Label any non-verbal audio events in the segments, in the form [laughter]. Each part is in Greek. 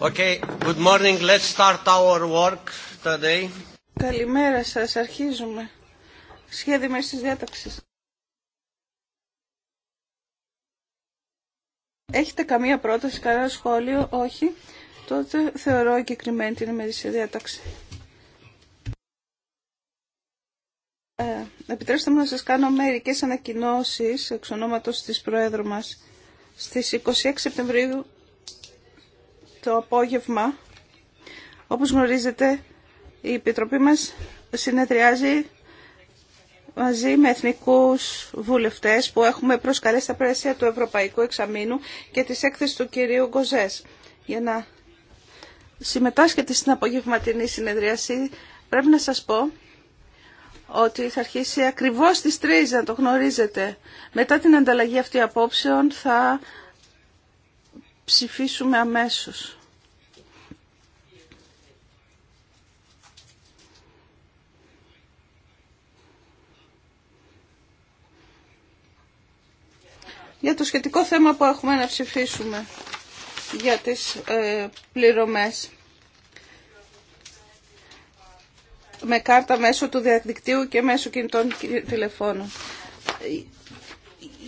Okay, good morning. Let's start our work today. Καλημέρα σας. Αρχίζουμε. Σχέδιο μέσα διάταξης. Έχετε καμία πρόταση, κανένα σχόλιο, όχι. Τότε θεωρώ εγκεκριμένη την ημερήσια διάταξη. Ε, επιτρέψτε μου να σας κάνω μερικές ανακοινώσεις εξ ονόματος της Προέδρου μας. Στις 26 Σεπτεμβρίου το απόγευμα, όπως γνωρίζετε, η Επιτροπή μας συνεδριάζει μαζί με εθνικούς βουλευτές που έχουμε προσκαλέσει στα πλαίσια του Ευρωπαϊκού Εξαμήνου και της έκθεσης του κυρίου Γκοζές. Για να συμμετάσχετε στην απογευματινή συνεδρίαση πρέπει να σας πω ότι θα αρχίσει ακριβώς στις 3 να το γνωρίζετε. Μετά την ανταλλαγή αυτή απόψεων θα ψηφίσουμε αμέσως. για το σχετικό θέμα που έχουμε να ψηφίσουμε για τις ε, πληρωμές με κάρτα μέσω του διαδικτύου και μέσω κινητών τηλεφώνων.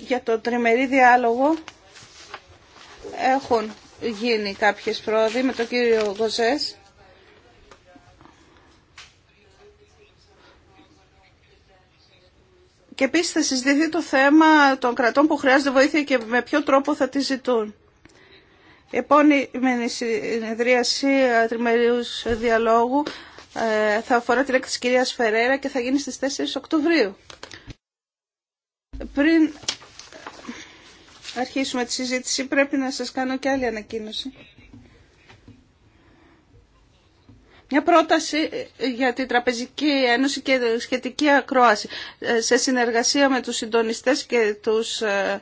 Για το τριμερή διάλογο έχουν γίνει κάποιες πρόοδοι με τον κύριο Γοζές Και επίση θα συζητηθεί το θέμα των κρατών που χρειάζεται βοήθεια και με ποιο τρόπο θα τη ζητούν. Η επόμενη συνεδρίαση ε, τριμερίου διαλόγου ε, θα αφορά την λέξη της κυρίας και θα γίνει στις 4 Οκτωβρίου. Πριν αρχίσουμε τη συζήτηση πρέπει να σας κάνω και άλλη ανακοίνωση. Μια πρόταση ε, για την Τραπεζική Ένωση και σχετική ακρόαση ε, σε συνεργασία με τους συντονιστές και τους ε,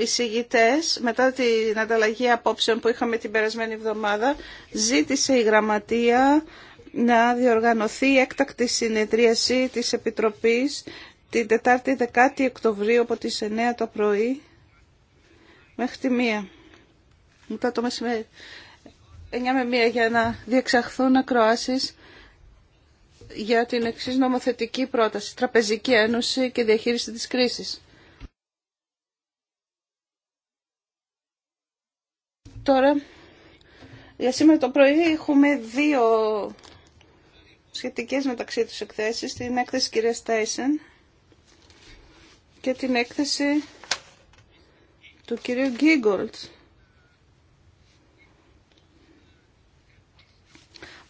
εισηγητές μετά την ανταλλαγή απόψεων που είχαμε την περασμένη εβδομάδα ζήτησε η Γραμματεία να διοργανωθεί η έκτακτη συνεδρίαση της Επιτροπής την Τετάρτη 10η Οκτωβρίου από τις 9 το πρωί μέχρι τη 1 μετά το μεσημέρι 9 με 1 για να διεξαχθούν ακροάσεις για την εξής νομοθετική πρόταση, Τραπεζική Ένωση και Διαχείριση της Κρίσης. Τώρα, για σήμερα το πρωί έχουμε δύο σχετικές μεταξύ τους εκθέσεις, την έκθεση κυρία Τάισεν και την έκθεση του κυρίου Γκίγκολτ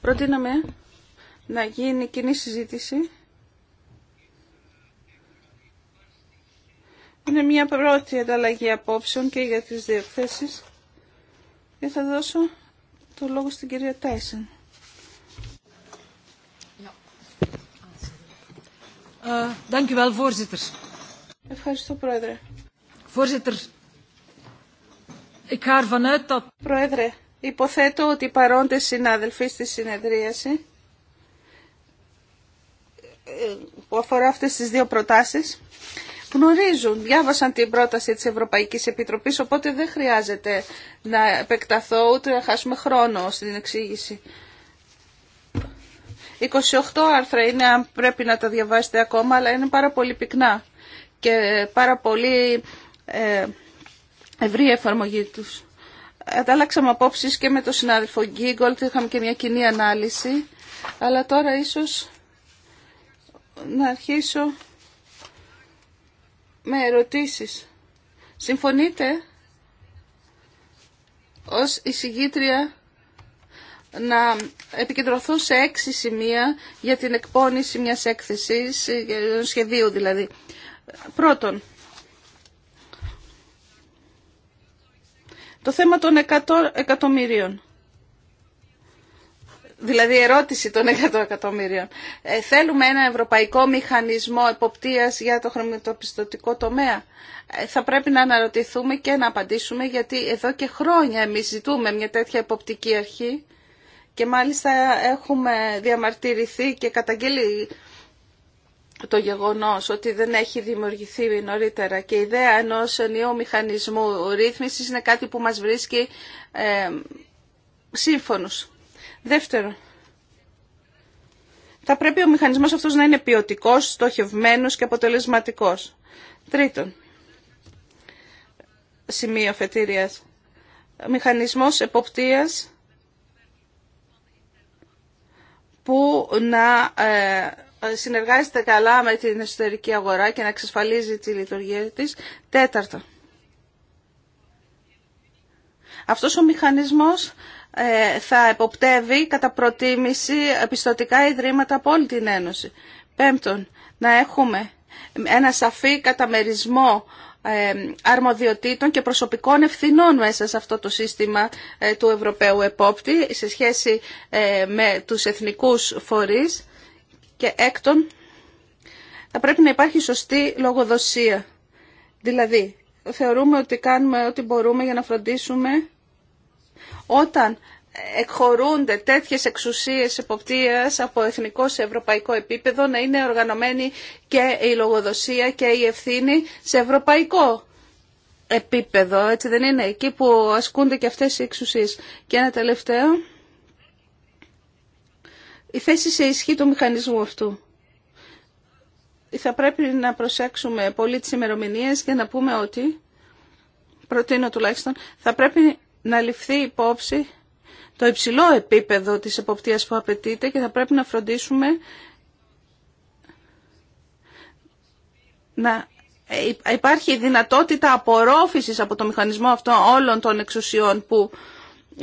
προτείναμε να γίνει κοινή συζήτηση. Είναι μια πρώτη ανταλλαγή απόψεων και για τις δύο Και θα δώσω το λόγο στην κυρία Τάισεν. Ευχαριστώ, Πρόεδρε. Πρόεδρε, Υποθέτω ότι οι παρόντες συνάδελφοι στη συνεδρίαση που αφορά αυτές τις δύο προτάσεις γνωρίζουν, διάβασαν την πρόταση της Ευρωπαϊκής Επιτροπής οπότε δεν χρειάζεται να επεκταθώ ούτε να χάσουμε χρόνο στην εξήγηση. 28 άρθρα είναι αν πρέπει να τα διαβάσετε ακόμα αλλά είναι πάρα πολύ πυκνά και πάρα πολύ ε, ευρύ εφαρμογή τους. Αντάλλαξαμε απόψεις και με τον συνάδελφο Γκίγκολτ, είχαμε και μια κοινή ανάλυση, αλλά τώρα ίσως να αρχίσω με ερωτήσεις. Συμφωνείτε ως εισηγήτρια να επικεντρωθώ σε έξι σημεία για την εκπόνηση μιας έκθεσης, ε, σχεδίου δηλαδή. Πρώτον, Το θέμα των 100 εκατομμυρίων. Δηλαδή ερώτηση των 100 εκατομμυρίων. Ε, θέλουμε ένα ευρωπαϊκό μηχανισμό εποπτείας για το χρηματοπιστωτικό τομέα. Ε, θα πρέπει να αναρωτηθούμε και να απαντήσουμε γιατί εδώ και χρόνια εμείς ζητούμε μια τέτοια εποπτική αρχή και μάλιστα έχουμε διαμαρτυρηθεί και καταγγείλει το γεγονός ότι δεν έχει δημιουργηθεί νωρίτερα και η ιδέα ενός νέου μηχανισμού ρύθμισης είναι κάτι που μας βρίσκει ε, σύμφωνος. Δεύτερον, θα πρέπει ο μηχανισμός αυτός να είναι ποιοτικός, στοχευμένος και αποτελεσματικός. Τρίτον, σημείο φετήριας, μηχανισμός εποπτείας που να... Ε, συνεργάζεται καλά με την εσωτερική αγορά και να εξασφαλίζει τη λειτουργία της. Τέταρτο. Αυτός ο μηχανισμός ε, θα εποπτεύει κατά προτίμηση επιστοτικά ιδρύματα από όλη την Ένωση. Πέμπτον, να έχουμε ένα σαφή καταμερισμό ε, αρμοδιοτήτων και προσωπικών ευθυνών μέσα σε αυτό το σύστημα ε, του Ευρωπαίου Επόπτη σε σχέση με τους εθνικούς φορείς και έκτον, θα πρέπει να υπάρχει σωστή λογοδοσία. Δηλαδή, θεωρούμε ότι κάνουμε ό,τι μπορούμε για να φροντίσουμε όταν εκχωρούνται τέτοιες εξουσίες εποπτείας από εθνικό σε ευρωπαϊκό επίπεδο να είναι οργανωμένη και η λογοδοσία και η ευθύνη σε ευρωπαϊκό επίπεδο. Έτσι δεν είναι εκεί που ασκούνται και αυτές οι εξουσίες. Και ένα τελευταίο η θέση σε ισχύ του μηχανισμού αυτού. Θα πρέπει να προσέξουμε πολύ τις ημερομηνίε και να πούμε ότι, προτείνω τουλάχιστον, θα πρέπει να ληφθεί υπόψη το υψηλό επίπεδο της εποπτείας που απαιτείται και θα πρέπει να φροντίσουμε να υπάρχει δυνατότητα απορρόφησης από το μηχανισμό αυτό όλων των εξουσιών που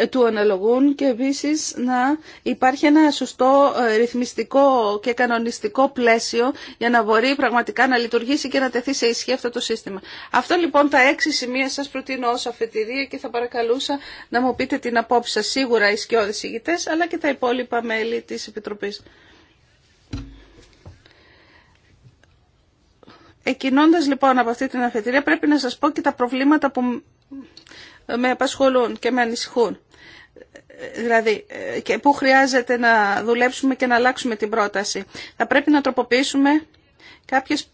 του αναλογούν και επίσης να υπάρχει ένα σωστό ε, ρυθμιστικό και κανονιστικό πλαίσιο για να μπορεί πραγματικά να λειτουργήσει και να τεθεί σε ισχύ αυτό το σύστημα. Αυτό λοιπόν τα έξι σημεία σας προτείνω ως αφετηρία και θα παρακαλούσα να μου πείτε την απόψη σας σίγουρα οι σκιώδες ηγητές αλλά και τα υπόλοιπα μέλη της Επιτροπής. Εκινώντας λοιπόν από αυτή την αφετηρία πρέπει να σας πω και τα προβλήματα που με απασχολούν και με ανησυχούν. Δηλαδή, και πού χρειάζεται να δουλέψουμε και να αλλάξουμε την πρόταση. Θα πρέπει να τροποποιήσουμε κάποιες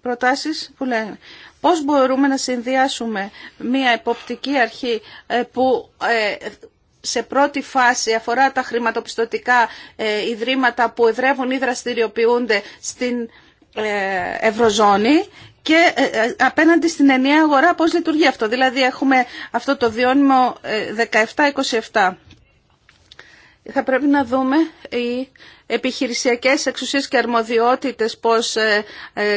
προτάσεις που λένε πώς μπορούμε να συνδυάσουμε μια εποπτική αρχή ε, που ε, σε πρώτη φάση αφορά τα χρηματοπιστωτικά ε, ιδρύματα που εδρεύουν ή δραστηριοποιούνται στην Ευρωζώνη και ε, ε, απέναντι στην ενιαία αγορά πώς λειτουργεί αυτό. Δηλαδή έχουμε αυτό το διώνυμο 17-27. Ε, θα πρέπει να δούμε οι επιχειρησιακές εξουσίες και αρμοδιότητες πώς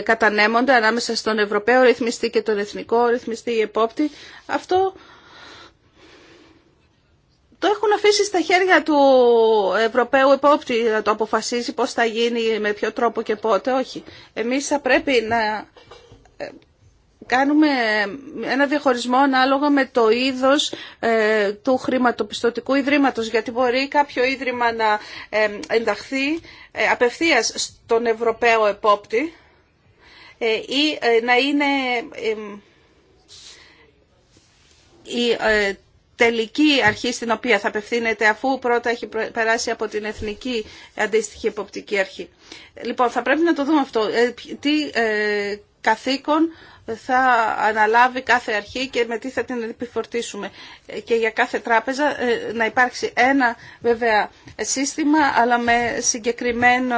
κατανέμονται ανάμεσα στον Ευρωπαίο ρυθμιστή και τον Εθνικό ρυθμιστή ή επόπτη. Αυτό το έχουν αφήσει στα χέρια του Ευρωπαίου επόπτη να το αποφασίζει πώς θα γίνει, με ποιο τρόπο και πότε. Όχι. Εμείς θα πρέπει να κάνουμε ένα διαχωρισμό ανάλογα με το είδος ε, του χρηματοπιστωτικού ιδρύματος, γιατί μπορεί κάποιο ίδρυμα να ε, ενταχθεί ε, απευθείας στον Ευρωπαίο επόπτη ή να είναι η τελική αρχή στην οποία θα απευθύνεται αφού πρώτα έχει περάσει από την εθνική αντίστοιχη εποπτική αρχή. Λοιπόν, θα πρέπει να το δούμε αυτό. Τι καθήκον θα αναλάβει κάθε αρχή και με τι θα την επιφορτήσουμε. Και για κάθε τράπεζα ε, να υπάρξει ένα βέβαια σύστημα, αλλά με συγκεκριμένο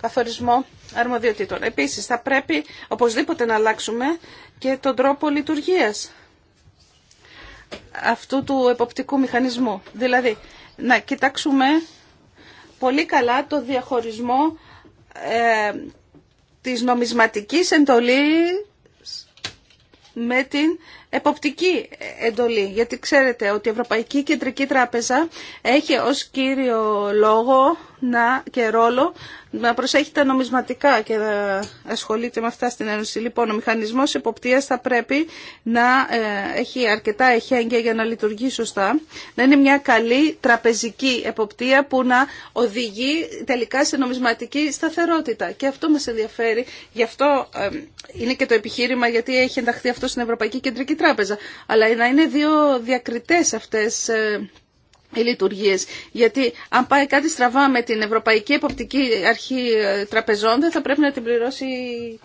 καθορισμό αρμοδιοτήτων. Επίσης, θα πρέπει οπωσδήποτε να αλλάξουμε και τον τρόπο λειτουργίας αυτού του εποπτικού μηχανισμού. Δηλαδή, να κοιτάξουμε πολύ καλά το διαχωρισμό ε, της νομισματικής εντολής με την εποπτική εντολή. Γιατί ξέρετε ότι η Ευρωπαϊκή Κεντρική Τράπεζα έχει ως κύριο λόγο να, και ρόλο να προσέχει τα νομισματικά και να ασχολείται με αυτά στην Ένωση. Λοιπόν, ο μηχανισμός εποπτείας θα πρέπει να ε, έχει αρκετά εχέγγυα για να λειτουργεί σωστά, να είναι μια καλή τραπεζική εποπτεία που να οδηγεί τελικά σε νομισματική σταθερότητα. Και αυτό μας ενδιαφέρει, γι' αυτό ε, είναι και το επιχείρημα γιατί έχει ενταχθεί αυτό στην Ευρωπαϊκή Κεντρική Τράπεζα. Αλλά να είναι δύο διακριτές αυτές ε, οι Γιατί αν πάει κάτι στραβά με την Ευρωπαϊκή Εποπτική Αρχή ε, Τραπεζών δεν θα πρέπει να την πληρώσει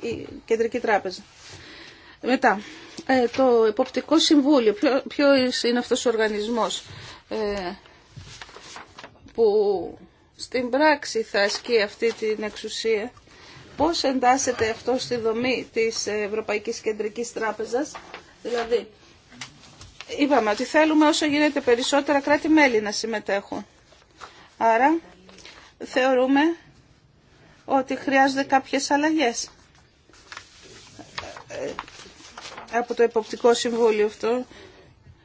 η Κεντρική Τράπεζα. Μετά, ε, το Εποπτικό Συμβούλιο. Ποιο, είναι αυτός ο οργανισμός ε, που στην πράξη θα ασκεί αυτή την εξουσία. Πώς εντάσσεται αυτό στη δομή της Ευρωπαϊκής Κεντρικής Τράπεζας. Δηλαδή, Είπαμε ότι θέλουμε όσο γίνεται περισσότερα κράτη-μέλη να συμμετέχουν. Άρα θεωρούμε ότι χρειάζονται κάποιες αλλαγές ε, από το Εποπτικό Συμβούλιο αυτό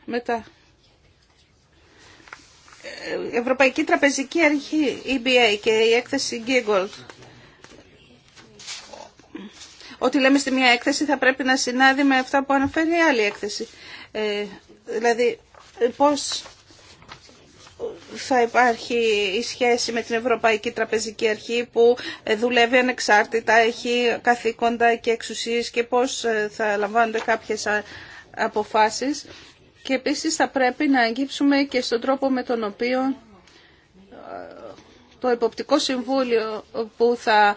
μετά. Ε, Ευρωπαϊκή Τραπεζική Αρχή, EBA και η έκθεση Giggold. Ό,τι λέμε στη μία έκθεση θα πρέπει να συνάδει με αυτά που αναφέρει η άλλη έκθεση. Ε, Δηλαδή, πώς θα υπάρχει η σχέση με την Ευρωπαϊκή Τραπεζική Αρχή που ε, δουλεύει ανεξάρτητα, έχει καθήκοντα και εξουσίες και πώς ε, θα λαμβάνονται κάποιες αποφάσεις. Και επίσης θα πρέπει να αγγίψουμε και στον τρόπο με τον οποίο ε, το Εποπτικό Συμβούλιο που θα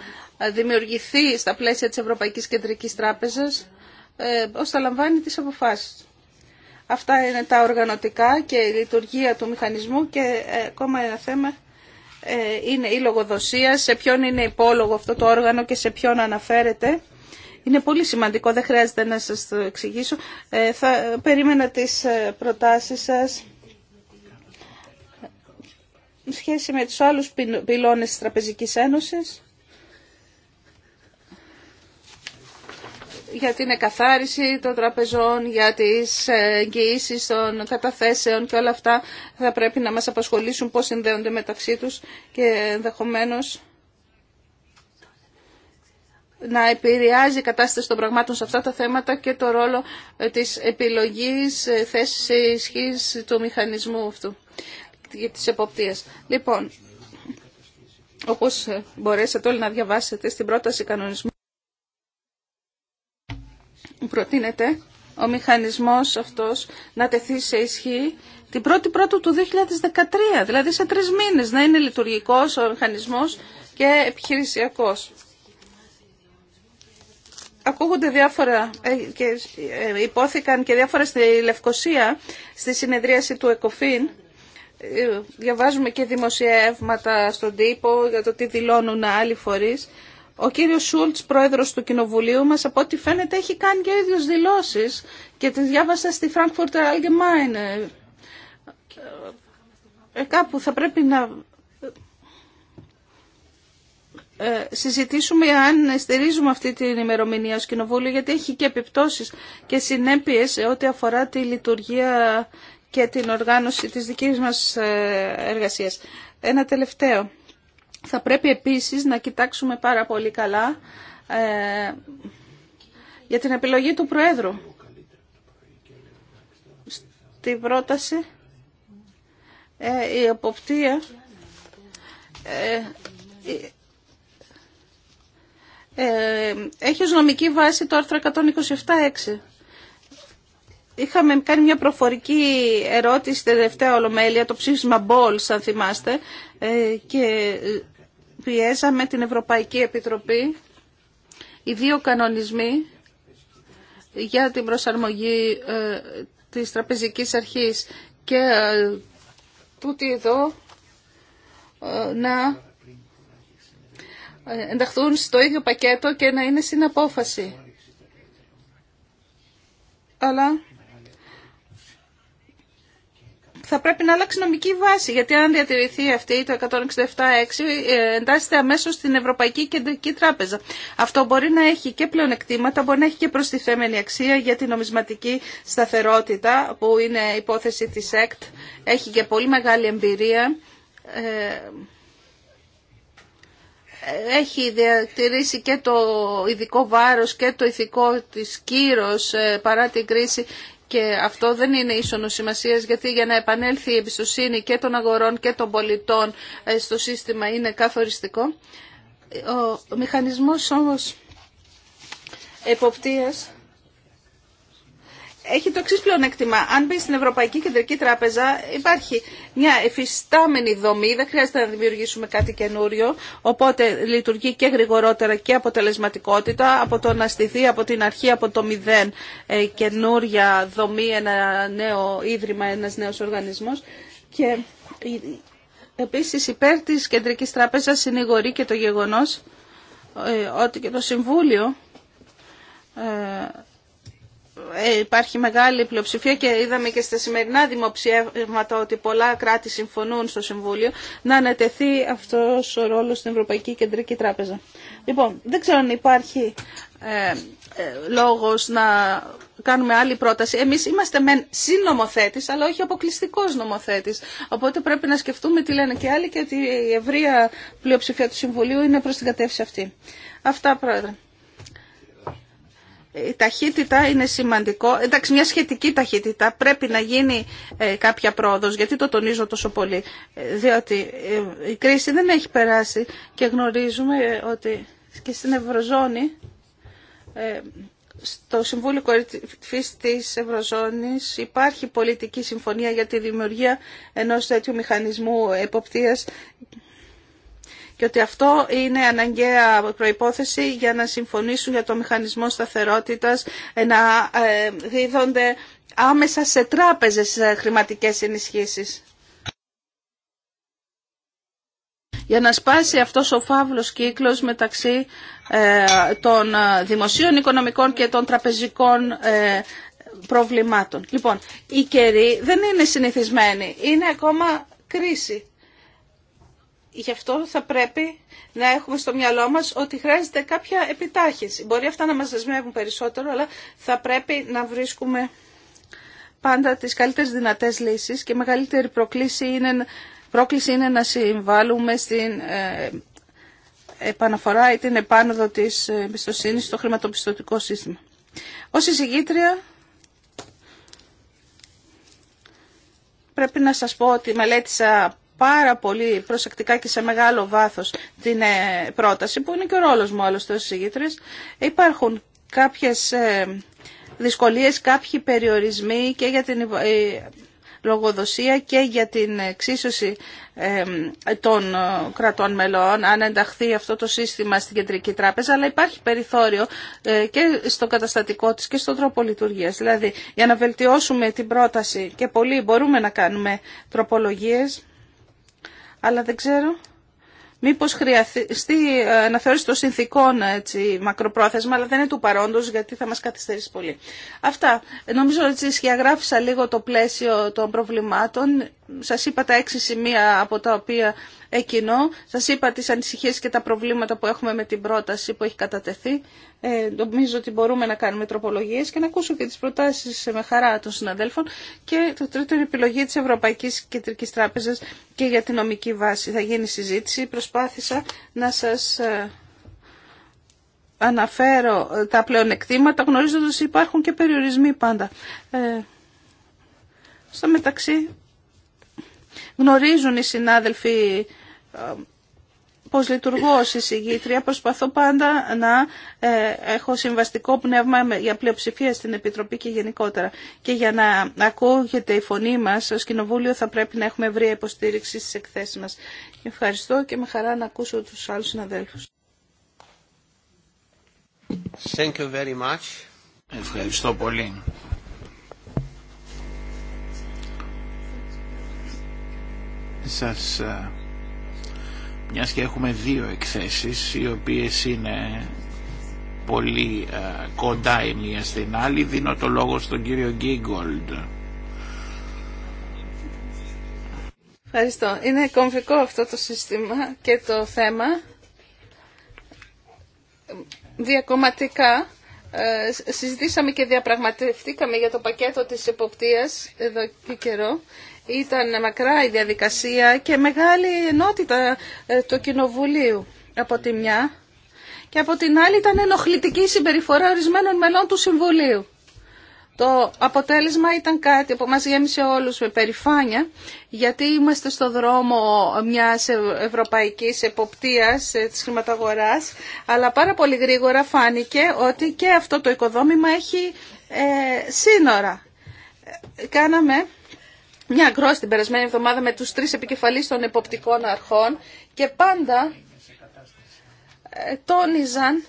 δημιουργηθεί στα πλαίσια της Ευρωπαϊκής Κεντρικής Τράπεζας, ώστε να λαμβάνει τις αποφάσεις. Αυτά είναι τα οργανωτικά και η λειτουργία του μηχανισμού και ε, ακόμα ένα θέμα ε, είναι η λογοδοσία, σε ποιον είναι υπόλογο αυτό το όργανο και σε ποιον αναφέρεται. Είναι πολύ σημαντικό, δεν χρειάζεται να σας το εξηγήσω. Ε, θα περίμενα τις προτάσεις σας σχέση με τους άλλους πυλώνες της Τραπεζικής Ένωσης. για την εκαθάριση των τραπεζών, για τις εγγυήσει των καταθέσεων και όλα αυτά θα πρέπει να μας απασχολήσουν πώς συνδέονται μεταξύ τους και ενδεχομένω να επηρεάζει η κατάσταση των πραγμάτων σε αυτά τα θέματα και το ρόλο της επιλογής θέσης ισχύς του μηχανισμού αυτού και της εποπτείας. Λοιπόν, όπως μπορέσατε όλοι να διαβάσετε στην πρόταση κανονισμού, προτείνεται ο μηχανισμός αυτός να τεθεί σε ισχύ την 1η Πρώτου του 2013, δηλαδή σε τρεις μήνες να είναι λειτουργικός ο μηχανισμός και επιχειρησιακός. Ακούγονται διάφορα ε, και ε, υπόθηκαν και διάφορα στη Λευκοσία στη συνεδρίαση του ΕΚΟΦΗΝ. Ε, διαβάζουμε και δημοσιεύματα στον τύπο για το τι δηλώνουν άλλοι φορείς. Ο κύριος Σούλτς, πρόεδρος του Κοινοβουλίου μας, από ό,τι φαίνεται έχει κάνει και ίδιους δηλώσεις και τις διάβασα στη Frankfurter Allgemeine. Ε, κάπου θα πρέπει να ε, συζητήσουμε αν στηρίζουμε αυτή την ημερομηνία ως Κοινοβούλιο γιατί έχει και επιπτώσεις και συνέπειες ό,τι αφορά τη λειτουργία και την οργάνωση της δικής μας ε, εργασίας. Ένα τελευταίο. Θα πρέπει επίσης να κοιτάξουμε πάρα πολύ καλά ε, για την επιλογή του Προέδρου. Στην πρόταση ε, η αποπτία ε, ε, ε, έχει ως νομική βάση το άρθρο 127.6. Είχαμε κάνει μια προφορική ερώτηση στην τελευταία ολομέλεια, το ψήφισμα Μπόλ, αν θυμάστε, και πιέζαμε την Ευρωπαϊκή Επιτροπή οι δύο κανονισμοί για την προσαρμογή ε, της τραπεζικής αρχής και ε, τούτοι εδώ ε, να ενταχθούν στο ίδιο πακέτο και να είναι στην απόφαση. Αλλά θα πρέπει να αλλάξει νομική βάση, γιατί αν διατηρηθεί αυτή το 167-6 ε, εντάσσεται αμέσω στην Ευρωπαϊκή Κεντρική Τράπεζα. Αυτό μπορεί να έχει και πλεονεκτήματα, μπορεί να έχει και προστιθέμενη αξία για την νομισματική σταθερότητα, που είναι υπόθεση της ΕΚΤ, έχει και πολύ μεγάλη εμπειρία ε, έχει διατηρήσει και το ειδικό βάρος και το ηθικό της κύρος ε, παρά την κρίση και αυτό δεν είναι ίσονο σημασία γιατί για να επανέλθει η εμπιστοσύνη και των αγορών και των πολιτών ε, στο σύστημα είναι καθοριστικό. Ο μηχανισμός όμως εποπτείας έχει το εξή πλεονέκτημα. Αν μπει στην Ευρωπαϊκή Κεντρική Τράπεζα, υπάρχει μια εφιστάμενη δομή, δεν χρειάζεται να δημιουργήσουμε κάτι καινούριο. Οπότε λειτουργεί και γρηγορότερα και αποτελεσματικότητα από το να στηθεί από την αρχή, από το μηδέν, ε, καινούρια δομή, ένα νέο ίδρυμα, ένα νέο οργανισμό. Και επίση υπέρ τη Κεντρική Τράπεζα συνηγορεί και το γεγονό ε, ότι και το Συμβούλιο. Ε, ε, υπάρχει μεγάλη πλειοψηφία και είδαμε και στα σημερινά δημοψιεύματα ότι πολλά κράτη συμφωνούν στο Συμβούλιο να ανατεθεί αυτός ο ρόλος στην Ευρωπαϊκή Κεντρική Τράπεζα. Λοιπόν, δεν ξέρω αν υπάρχει ε, ε, λόγος να κάνουμε άλλη πρόταση. Εμείς είμαστε μεν συνομοθέτης, αλλά όχι αποκλειστικός νομοθέτης. Οπότε πρέπει να σκεφτούμε τι λένε και άλλοι και ότι η ευρεία πλειοψηφία του Συμβουλίου είναι προς την κατεύθυνση αυτή. Αυτά, Πρόεδρε. Ε, η ταχύτητα είναι σημαντικό. Εντάξει, μια σχετική ταχύτητα πρέπει να γίνει ε, κάποια πρόοδος. Γιατί το τονίζω τόσο πολύ. Ε, διότι η κρίση δεν έχει περάσει και γνωρίζουμε ότι και στην Ευρωζώνη, στο Συμβούλιο Κορυφής της Ευρωζώνης υπάρχει πολιτική συμφωνία για τη δημιουργία ενός τέτοιου μηχανισμού εποπτείας και ότι αυτό είναι αναγκαία προϋπόθεση για να συμφωνήσουν για το μηχανισμό σταθερότητας, να ε, δίδονται άμεσα σε τράπεζες ε, χρηματικές ενισχύσεις. για να σπάσει αυτός ο φαύλος κύκλος μεταξύ ε, των δημοσίων οικονομικών και των τραπεζικών προβλημάτων. Λοιπόν, οι καιροί δεν είναι συνηθισμένοι, είναι ακόμα κρίση. Γι' αυτό θα πρέπει να έχουμε στο μυαλό μας ότι χρειάζεται κάποια επιτάχυνση. Μπορεί αυτά να μας δεσμεύουν περισσότερο, αλλά θα πρέπει να βρίσκουμε πάντα τις καλύτερες δυνατές λύσεις και μεγαλύτερη προκλήση είναι, πρόκληση είναι να συμβάλλουμε στην ε, επαναφορά ή την επάνωδο της εμπιστοσύνη στο χρηματοπιστωτικό σύστημα. Ως εισηγήτρια πρέπει να σας πω ότι μελέτησα πάρα πολύ προσεκτικά και σε μεγάλο βάθος την ε, πρόταση, που είναι και ο ρόλος μου άλλωστε ως συγγήτρες. Υπάρχουν κάποιες ε, δυσκολίες, κάποιοι περιορισμοί και για την ε, λογοδοσία και για την εξίσωση των κρατών μελών, αν ενταχθεί αυτό το σύστημα στην Κεντρική Τράπεζα, αλλά υπάρχει περιθώριο και στο καταστατικό της και στον τρόπο λειτουργία. Δηλαδή, για να βελτιώσουμε την πρόταση και πολύ μπορούμε να κάνουμε τροπολογίες, αλλά δεν ξέρω μήπως χρειαστεί ε, να θεωρήσει το συνθήκον ε, έτσι, μακροπρόθεσμα, αλλά δεν είναι του παρόντος γιατί θα μας καθυστερήσει πολύ. Αυτά. Νομίζω ότι σχεδιαγράφησα λίγο το πλαίσιο των προβλημάτων σας είπα τα έξι σημεία από τα οποία εκείνο. Σας είπα τις ανησυχίες και τα προβλήματα που έχουμε με την πρόταση που έχει κατατεθεί. Ε, νομίζω ότι μπορούμε να κάνουμε τροπολογίες και να ακούσω και τις προτάσεις με χαρά των συναδέλφων. Και το τρίτο είναι η επιλογή της Ευρωπαϊκής Κεντρικής Τράπεζας και για την νομική βάση. Θα γίνει συζήτηση. Προσπάθησα να σας ε, αναφέρω ε, τα πλεονεκτήματα γνωρίζοντας ότι υπάρχουν και περιορισμοί πάντα. Ε, στο μεταξύ Γνωρίζουν οι συνάδελφοι ε, πώς λειτουργώ ως εισηγήτρια. Προσπαθώ πάντα να ε, έχω συμβαστικό πνεύμα για πλειοψηφία στην Επιτροπή και γενικότερα. Και για να ακούγεται η φωνή μας ως Κοινοβούλιο θα πρέπει να έχουμε ευρία υποστήριξη στις εκθέσεις μας. Ευχαριστώ και με χαρά να ακούσω τους άλλους συναδέλφους. Thank you very much. Ευχαριστώ πολύ. σας ε, μιας και έχουμε δύο εκθέσεις οι οποίες είναι πολύ ε, κοντά η μία στην άλλη δίνω το λόγο στον κύριο Γκίγκολντ Ευχαριστώ. Είναι κομβικό αυτό το σύστημα και το θέμα διακομματικά ε, συζητήσαμε και διαπραγματευτήκαμε για το πακέτο της εποπτείας εδώ και καιρό ήταν μακρά η διαδικασία και μεγάλη ενότητα ε, του Κοινοβουλίου από τη μια και από την άλλη ήταν ενοχλητική συμπεριφορά ορισμένων μελών του Συμβουλίου. Το αποτέλεσμα ήταν κάτι που μας γέμισε όλους με περηφάνεια, γιατί είμαστε στο δρόμο μιας ευρωπαϊκής εποπτείας ε, της χρηματαγοράς, αλλά πάρα πολύ γρήγορα φάνηκε ότι και αυτό το οικοδόμημα έχει ε, σύνορα. Κάναμε μια ακρόαση την περασμένη εβδομάδα με τους τρεις επικεφαλείς των εποπτικών αρχών και πάντα ε, τόνιζαν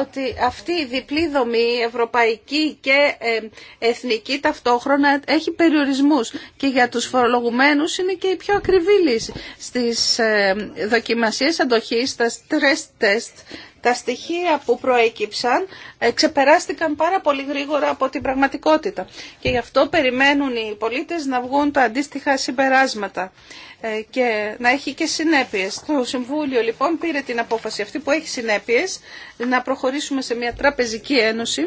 ότι αυτή η διπλή δομή, ευρωπαϊκή και ε, εθνική ταυτόχρονα, έχει περιορισμούς και για τους φορολογουμένους είναι και η πιο ακριβή λύση. Στις ε, δοκιμασίες αντοχής, στα stress test, τα στοιχεία που προέκυψαν ε, ξεπεράστηκαν πάρα πολύ γρήγορα από την πραγματικότητα. Και γι' αυτό περιμένουν οι πολίτες να βγουν τα αντίστοιχα συμπεράσματα ε, και να έχει και συνέπειες. Το Συμβούλιο λοιπόν πήρε την απόφαση αυτή που έχει συνέπειες να προχωρήσουμε σε μια τραπεζική ένωση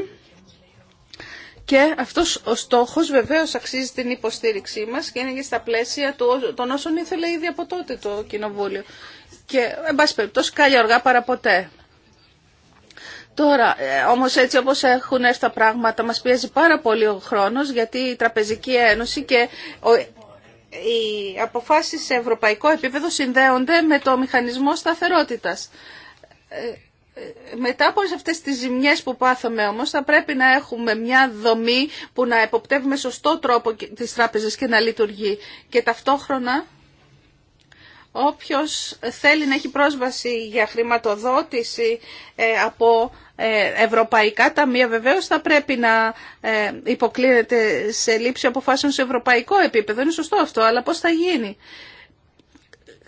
και αυτός ο στόχος βεβαίως αξίζει την υποστήριξή μας και είναι και στα πλαίσια των όσων ήθελε ήδη από τότε το Κοινοβούλιο. Και, εν πάση περιπτώσει, καλή αργά παραποτέ. Τώρα, ε, όμως έτσι όπως έχουν έρθει τα πράγματα, μας πιέζει πάρα πολύ ο χρόνος γιατί η Τραπεζική Ένωση και οι αποφάσεις σε ευρωπαϊκό επίπεδο συνδέονται με το μηχανισμό σταθερότητας. Ε, ε, μετά από αυτές τις ζημιές που πάθαμε όμως θα πρέπει να έχουμε μια δομή που να εποπτεύουμε σωστό τρόπο τις τράπεζες και να λειτουργεί. Και ταυτόχρονα όποιος θέλει να έχει πρόσβαση για χρηματοδότηση ε, από ε, ευρωπαϊκά ταμεία βεβαίως θα πρέπει να ε, υποκλίνεται σε λήψη αποφάσεων σε ευρωπαϊκό επίπεδο. Είναι σωστό αυτό, αλλά πώς θα γίνει.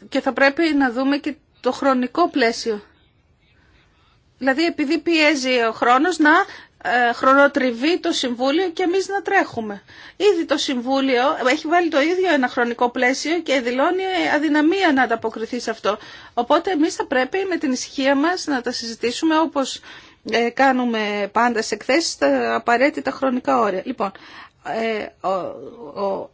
Και θα πρέπει να δούμε και το χρονικό πλαίσιο. Δηλαδή επειδή πιέζει ο χρόνος να ε, χρονοτριβεί το Συμβούλιο και εμείς να τρέχουμε. Ήδη το Συμβούλιο έχει βάλει το ίδιο ένα χρονικό πλαίσιο και δηλώνει αδυναμία να ανταποκριθεί σε αυτό. Οπότε εμείς θα πρέπει με την ησυχία μας να τα συζητήσουμε όπως ε, κάνουμε πάντα σε εκθέσεις τα απαραίτητα χρονικά όρια. Λοιπόν, ε, ο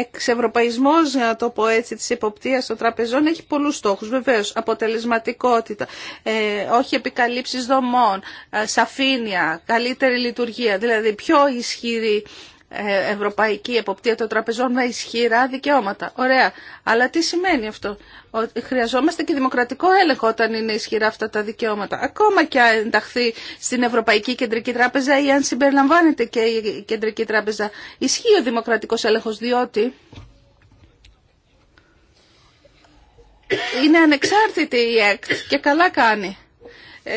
εξευρωπαϊσμός, να το πω έτσι, της υποπτίας των τραπεζών έχει πολλούς στόχους. Βεβαίως, αποτελεσματικότητα, ε, όχι επικαλύψεις δομών, ε, σαφήνεια, καλύτερη λειτουργία, δηλαδή πιο ισχυρή ε, ευρωπαϊκή εποπτεία των τραπεζών με ισχυρά δικαιώματα. Ωραία. Αλλά τι σημαίνει αυτό. Ότι χρειαζόμαστε και δημοκρατικό έλεγχο όταν είναι ισχυρά αυτά τα δικαιώματα. Ακόμα και αν ενταχθεί στην Ευρωπαϊκή Κεντρική Τράπεζα ή αν συμπεριλαμβάνεται και η Κεντρική Τράπεζα. Ισχύει ο δημοκρατικός έλεγχος διότι είναι ανεξάρτητη η ΕΚΤ και καλά κάνει. Ε,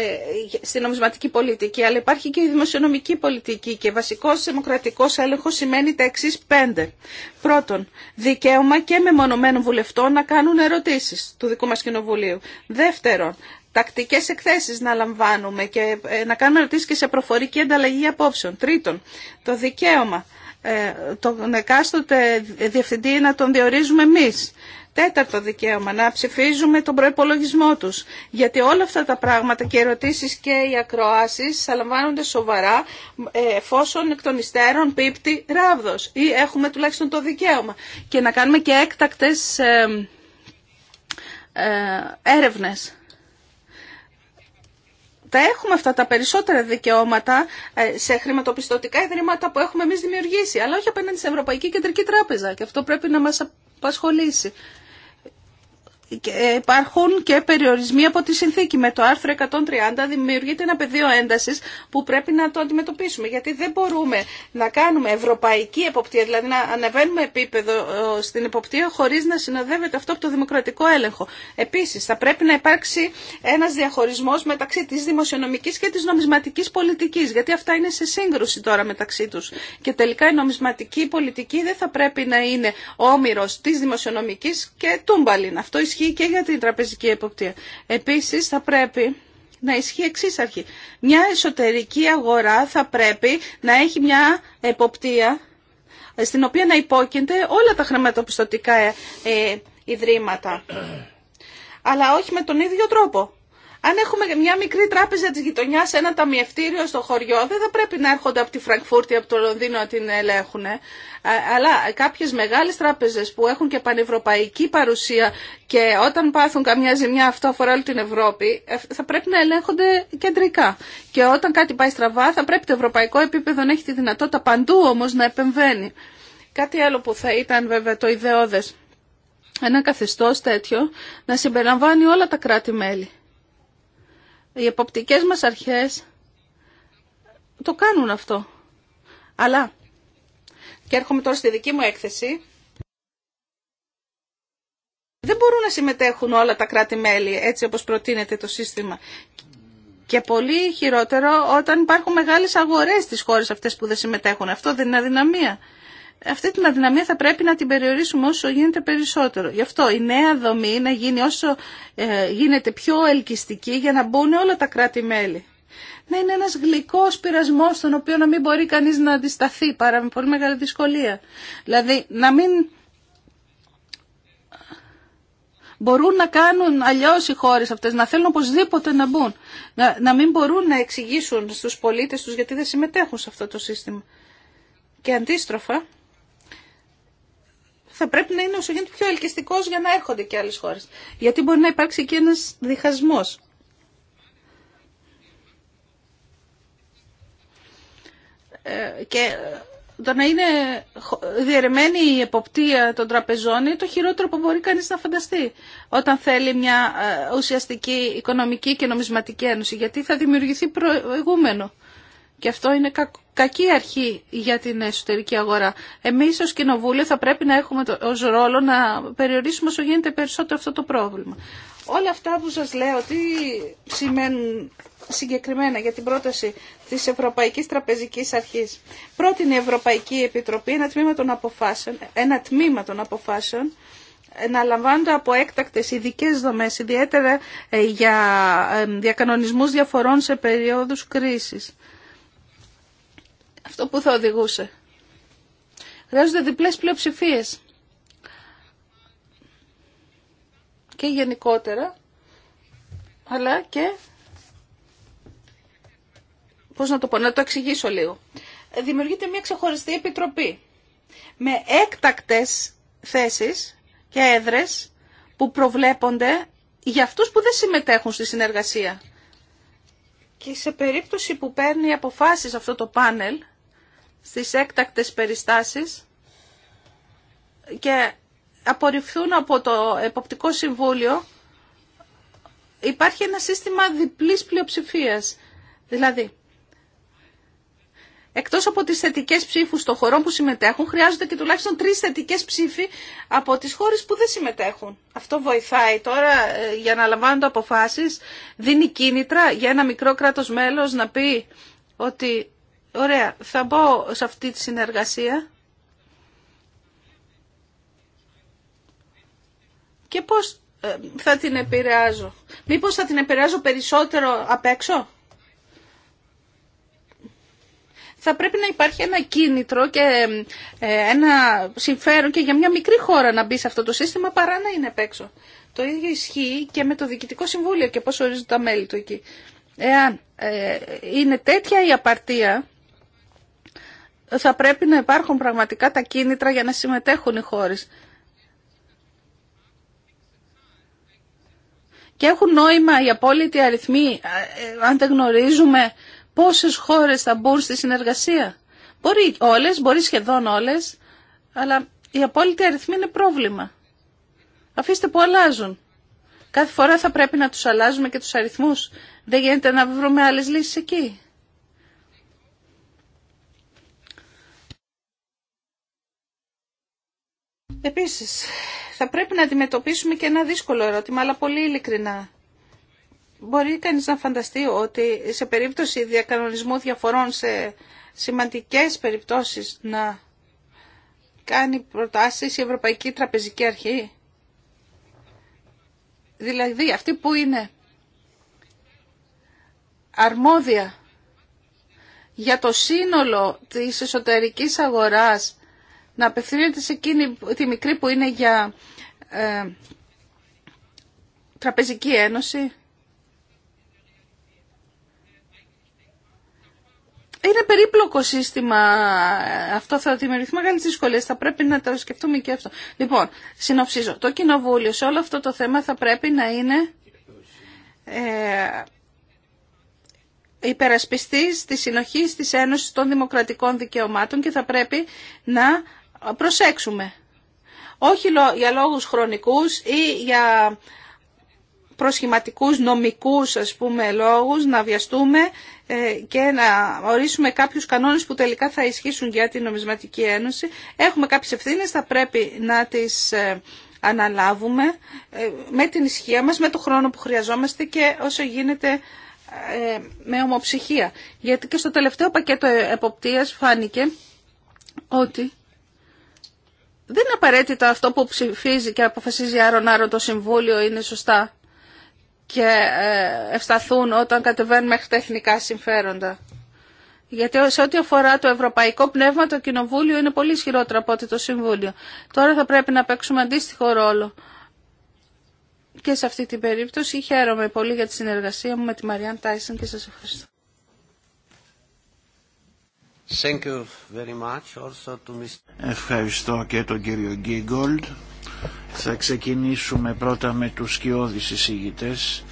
στην νομισματική πολιτική, αλλά υπάρχει και η δημοσιονομική πολιτική και βασικός δημοκρατικός έλεγχος σημαίνει τα εξή πέντε. Πρώτον, δικαίωμα και με μονομένων βουλευτών να κάνουν ερωτήσεις του δικού μας κοινοβουλίου. Δεύτερον, τακτικές εκθέσεις να λαμβάνουμε και ε, να κάνουμε ερωτήσεις και σε προφορική ανταλλαγή απόψεων. Τρίτον, το δικαίωμα ε, τον εκάστοτε διευθυντή να τον διορίζουμε εμείς Τέταρτο δικαίωμα, να ψηφίζουμε τον προπολογισμό τους. Γιατί όλα αυτά τα πράγματα και οι ερωτήσεις και οι ακροάσεις θα λαμβάνονται σοβαρά ε, εφόσον εκ των υστέρων πίπτει ράβδος ή έχουμε τουλάχιστον το δικαίωμα. Και να κάνουμε και έκτακτες ε, ε, έρευνες. Τα έχουμε αυτά τα περισσότερα δικαιώματα ε, σε χρηματοπιστωτικά ιδρύματα που έχουμε εμείς δημιουργήσει, αλλά όχι απέναντι στην Ευρωπαϊκή Κεντρική Τράπεζα. Και αυτό πρέπει να μας απασχολήσει υπάρχουν και περιορισμοί από τη συνθήκη. Με το άρθρο 130 δημιουργείται ένα πεδίο ένταση που πρέπει να το αντιμετωπίσουμε. Γιατί δεν μπορούμε να κάνουμε ευρωπαϊκή εποπτεία, δηλαδή να ανεβαίνουμε επίπεδο ε, στην εποπτεία χωρί να συνοδεύεται αυτό από το δημοκρατικό έλεγχο. Επίση, θα πρέπει να υπάρξει ένα διαχωρισμό μεταξύ τη δημοσιονομική και τη νομισματική πολιτική, γιατί αυτά είναι σε σύγκρουση τώρα μεταξύ του. Και τελικά η νομισματική πολιτική δεν θα πρέπει να είναι όμοιρο τη δημοσιονομική και τούμπαλιν. Αυτό ισχύει και για την τραπεζική εποπτεία. Επίσης θα πρέπει να ισχύει εξή αρχή. Μια εσωτερική αγορά θα πρέπει να έχει μια εποπτεία ε, στην οποία να υπόκεινται όλα τα χρηματοπιστωτικά ε, ε, ιδρύματα. [coughs] Αλλά όχι με τον ίδιο τρόπο. Αν έχουμε μια μικρή τράπεζα τη γειτονιά, ένα ταμιευτήριο στο χωριό, δεν θα πρέπει να έρχονται από τη Φραγκφούρτη, από το Λονδίνο να την ελέγχουν. Αλλά κάποιε μεγάλε τράπεζε που έχουν και πανευρωπαϊκή παρουσία και όταν πάθουν καμιά ζημιά αυτό αφορά όλη την Ευρώπη, ε, θα πρέπει να ελέγχονται κεντρικά. Και όταν κάτι πάει στραβά θα πρέπει το ευρωπαϊκό επίπεδο να έχει τη δυνατότητα παντού όμω να επεμβαίνει. Κάτι άλλο που θα ήταν βέβαια το ιδεώδε. Ένα καθεστώ τέτοιο να συμπεριλαμβάνει όλα τα κράτη-μέλη. Οι εποπτικές μας αρχές το κάνουν αυτό. Αλλά, και έρχομαι τώρα στη δική μου έκθεση, δεν μπορούν να συμμετέχουν όλα τα κράτη-μέλη έτσι όπως προτείνεται το σύστημα. Και πολύ χειρότερο όταν υπάρχουν μεγάλες αγορές στις χώρες αυτές που δεν συμμετέχουν. Αυτό δεν είναι αδυναμία αυτή την αδυναμία θα πρέπει να την περιορίσουμε όσο γίνεται περισσότερο. Γι' αυτό η νέα δομή να γίνει όσο ε, γίνεται πιο ελκυστική για να μπουν όλα τα κράτη-μέλη. Να είναι ένας γλυκός πειρασμός στον οποίο να μην μπορεί κανείς να αντισταθεί παρά με πολύ μεγάλη δυσκολία. Δηλαδή να μην μπορούν να κάνουν αλλιώς οι χώρες αυτές, να θέλουν οπωσδήποτε να μπουν. Να, μην μπορούν να εξηγήσουν στους πολίτες τους γιατί δεν συμμετέχουν σε αυτό το σύστημα. Και αντίστροφα, θα πρέπει να είναι όσο γίνεται πιο ελκυστικό για να έρχονται και άλλε χώρε. Γιατί μπορεί να υπάρξει και ένα διχασμό. Ε, και το να είναι διαιρεμένη η εποπτεία των τραπεζών είναι το χειρότερο που μπορεί κανείς να φανταστεί όταν θέλει μια ε, ουσιαστική οικονομική και νομισματική ένωση γιατί θα δημιουργηθεί προηγούμενο. Και αυτό είναι κακή αρχή για την εσωτερική αγορά. Εμείς ως Κοινοβούλιο θα πρέπει να έχουμε ω ρόλο να περιορίσουμε όσο γίνεται περισσότερο αυτό το πρόβλημα. Όλα αυτά που σας λέω, τι σημαίνουν συγκεκριμένα για την πρόταση της Ευρωπαϊκής Τραπεζικής Αρχής. Πρότεινε η Ευρωπαϊκή Επιτροπή ένα τμήμα των αποφάσεων, ένα τμήμα των αποφάσεων να λαμβάνονται από έκτακτες ειδικέ δομές, ιδιαίτερα ε, για ε, διακανονισμούς διαφορών σε περίοδους κρίσης. Αυτό που θα οδηγούσε. Χρειάζονται διπλές πλειοψηφίες. Και γενικότερα, αλλά και... Πώς να το πω, να το εξηγήσω λίγο. Δημιουργείται μια ξεχωριστή επιτροπή με έκτακτες θέσεις και έδρες που προβλέπονται για αυτούς που δεν συμμετέχουν στη συνεργασία. Και σε περίπτωση που παίρνει αποφάσεις αυτό το πάνελ, στις έκτακτες περιστάσεις και απορριφθούν από το Εποπτικό Συμβούλιο υπάρχει ένα σύστημα διπλής πλειοψηφίας. Δηλαδή, εκτός από τις θετικές ψήφους των χωρών που συμμετέχουν, χρειάζονται και τουλάχιστον τρεις θετικές ψήφοι από τις χώρες που δεν συμμετέχουν. Αυτό βοηθάει τώρα ε, για να λαμβάνονται αποφάσεις, δίνει κίνητρα για ένα μικρό κράτος μέλος να πει ότι Ωραία, θα μπω σε αυτή τη συνεργασία. Και πώς ε, θα την επηρεάζω. Μήπως θα την επηρεάζω περισσότερο απ' έξω. Θα πρέπει να υπάρχει ένα κίνητρο και ε, ένα συμφέρον και για μια μικρή χώρα να μπει σε αυτό το σύστημα παρά να είναι απ' έξω. Το ίδιο ισχύει και με το Διοικητικό Συμβούλιο και πώς ορίζουν τα μέλη του εκεί. Εάν ε, είναι τέτοια η απαρτία θα πρέπει να υπάρχουν πραγματικά τα κίνητρα για να συμμετέχουν οι χώρες. Και έχουν νόημα οι απόλυτοι αριθμοί, ε, ε, αν δεν γνωρίζουμε πόσες χώρες θα μπουν στη συνεργασία. Μπορεί όλες, μπορεί σχεδόν όλες, αλλά οι απόλυτοι αριθμοί είναι πρόβλημα. Αφήστε που αλλάζουν. Κάθε φορά θα πρέπει να τους αλλάζουμε και τους αριθμούς. Δεν γίνεται να βρούμε άλλες λύσεις εκεί. Επίσης, θα πρέπει να αντιμετωπίσουμε και ένα δύσκολο ερώτημα, αλλά πολύ ειλικρινά. Μπορεί κανείς να φανταστεί ότι σε περίπτωση διακανονισμού διαφορών σε σημαντικές περιπτώσεις να κάνει προτάσεις η Ευρωπαϊκή Τραπεζική Αρχή. Δηλαδή αυτή που είναι αρμόδια για το σύνολο της εσωτερικής αγοράς να απευθύνεται σε εκείνη τη μικρή που είναι για ε, τραπεζική ένωση. Είναι περίπλοκο σύστημα. Αυτό θα δημιουργηθεί μεγάλε δυσκολίε. Θα πρέπει να το σκεφτούμε και αυτό. Λοιπόν, συνοψίζω. Το κοινοβούλιο σε όλο αυτό το θέμα θα πρέπει να είναι ε, υπερασπιστής της συνοχής της Ένωσης των Δημοκρατικών Δικαιωμάτων και θα πρέπει να προσέξουμε. Όχι για λόγους χρονικούς ή για προσχηματικούς νομικούς ας πούμε λόγους να βιαστούμε ε, και να ορίσουμε κάποιους κανόνες που τελικά θα ισχύσουν για την νομισματική ένωση. Έχουμε κάποιες ευθύνες, θα πρέπει να τις ε, αναλάβουμε ε, με την ισχύα μας, με το χρόνο που χρειαζόμαστε και όσο γίνεται με ομοψυχία. Γιατί και στο τελευταίο πακέτο εποπτείας φάνηκε ότι δεν είναι απαραίτητα αυτό που ψηφίζει και αποφασίζει άρον άρον το Συμβούλιο είναι σωστά και ε, ευσταθούν όταν κατεβαίνουν μέχρι τα εθνικά συμφέροντα. Γιατί σε ό,τι αφορά το ευρωπαϊκό πνεύμα το Κοινοβούλιο είναι πολύ ισχυρότερο από ότι το Συμβούλιο. Τώρα θα πρέπει να παίξουμε αντίστοιχο ρόλο. Και σε αυτή την περίπτωση χαίρομαι πολύ για τη συνεργασία μου με τη Μαριάν Τάισον και σας ευχαριστώ. Ευχαριστώ και τον κύριο Γκίγκολτ. Θα ξεκινήσουμε πρώτα με τους σκιώδεις εισηγητές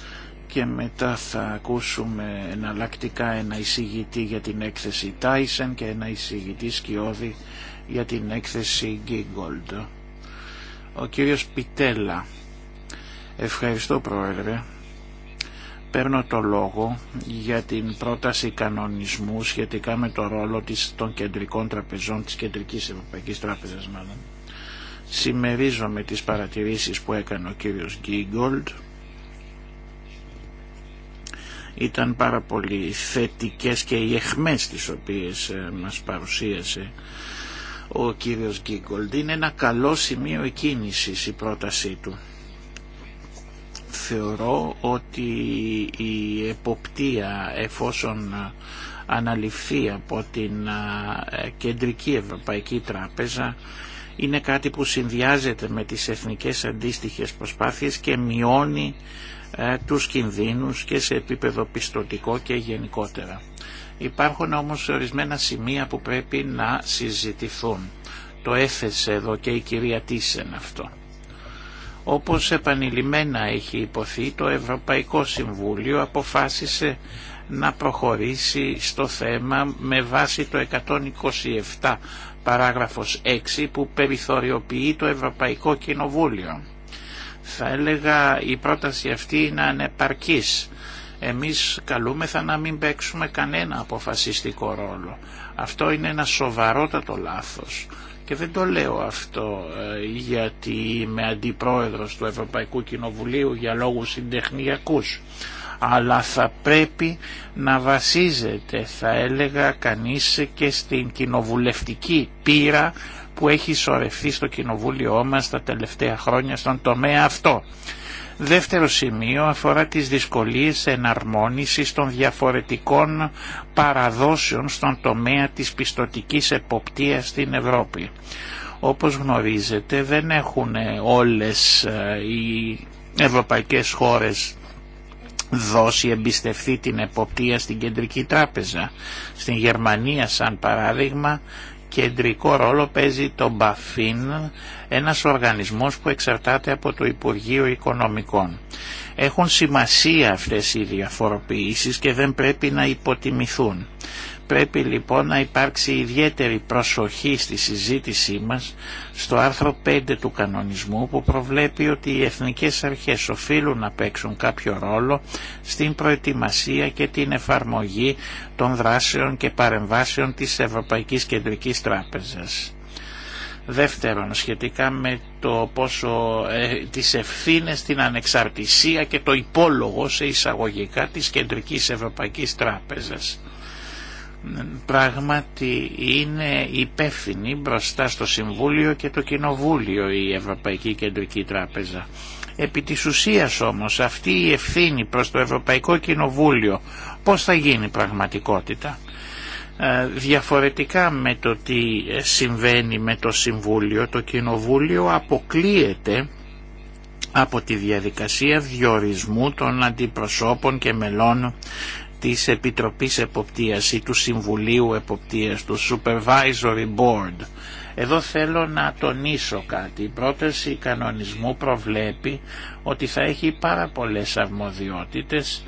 και μετά θα ακούσουμε εναλλακτικά ένα εισηγητή για την έκθεση Tyson και ένα εισηγητή σκιώδη για την έκθεση Γκίγκολτ. Ο κύριος Πιτέλα. Ευχαριστώ πρόεδρε παίρνω το λόγο για την πρόταση κανονισμού σχετικά με το ρόλο της, των κεντρικών τραπεζών, της Κεντρικής Ευρωπαϊκής Τράπεζας μάλλον. με τις παρατηρήσεις που έκανε ο κύριος Γκίγκολτ. Ήταν πάρα πολύ θετικές και οι εχμές τις οποίες ε, μας παρουσίασε ο κύριος Γκίγκολτ. Είναι ένα καλό σημείο εκκίνησης η πρότασή του θεωρώ ότι η εποπτεία εφόσον αναλυφθεί από την Κεντρική Ευρωπαϊκή Τράπεζα είναι κάτι που συνδυάζεται με τις εθνικές αντίστοιχες προσπάθειες και μειώνει ε, τους κινδύνους και σε επίπεδο πιστοτικό και γενικότερα. Υπάρχουν όμως ορισμένα σημεία που πρέπει να συζητηθούν. Το έθεσε εδώ και η κυρία Τίσεν αυτό. Όπως επανειλημμένα έχει υποθεί, το Ευρωπαϊκό Συμβούλιο αποφάσισε να προχωρήσει στο θέμα με βάση το 127 παράγραφος 6 που περιθωριοποιεί το Ευρωπαϊκό Κοινοβούλιο. Θα έλεγα η πρόταση αυτή είναι ανεπαρκής. Εμείς καλούμεθα να μην παίξουμε κανένα αποφασιστικό ρόλο. Αυτό είναι ένα σοβαρότατο λάθος και δεν το λέω αυτό ε, γιατί είμαι αντιπρόεδρος του Ευρωπαϊκού Κοινοβουλίου για λόγους συντεχνιακούς αλλά θα πρέπει να βασίζεται θα έλεγα κανείς και στην κοινοβουλευτική πείρα που έχει σωρευτεί στο κοινοβούλιο μας τα τελευταία χρόνια στον τομέα αυτό. Δεύτερο σημείο αφορά τις δυσκολίες εναρμόνισης των διαφορετικών παραδόσεων στον τομέα της πιστοτικής εποπτείας στην Ευρώπη. Όπως γνωρίζετε δεν έχουν όλες ε, οι ευρωπαϊκές χώρες δώσει, εμπιστευτεί την εποπτεία στην Κεντρική Τράπεζα. Στην Γερμανία σαν παράδειγμα κεντρικό ρόλο παίζει το Μπαφίν, ένας οργανισμός που εξαρτάται από το Υπουργείο Οικονομικών. Έχουν σημασία αυτές οι διαφοροποιήσεις και δεν πρέπει να υποτιμηθούν. Πρέπει λοιπόν να υπάρξει ιδιαίτερη προσοχή στη συζήτησή μας στο άρθρο 5 του κανονισμού που προβλέπει ότι οι εθνικές αρχές οφείλουν να παίξουν κάποιο ρόλο στην προετοιμασία και την εφαρμογή των δράσεων και παρεμβάσεων της Ευρωπαϊκής Κεντρικής Τράπεζας. Δεύτερον, σχετικά με το πόσο ε, τις ευθύνες, την ανεξαρτησία και το υπόλογο σε εισαγωγικά της Κεντρικής Ευρωπαϊκής Τράπεζας πράγματι είναι υπεύθυνη μπροστά στο Συμβούλιο και το Κοινοβούλιο η Ευρωπαϊκή Κεντρική Τράπεζα. Επί της ουσίας όμως αυτή η ευθύνη προς το Ευρωπαϊκό Κοινοβούλιο πώς θα γίνει πραγματικότητα ε, διαφορετικά με το τι συμβαίνει με το Συμβούλιο το Κοινοβούλιο αποκλείεται από τη διαδικασία διορισμού των αντιπροσώπων και μελών της Επιτροπής Εποπτείας ή του Συμβουλίου Εποπτείας, του Supervisory Board. Εδώ θέλω να τονίσω κάτι. Η πρόταση κανονισμού προβλέπει ότι θα έχει πάρα πολλές αρμοδιότητες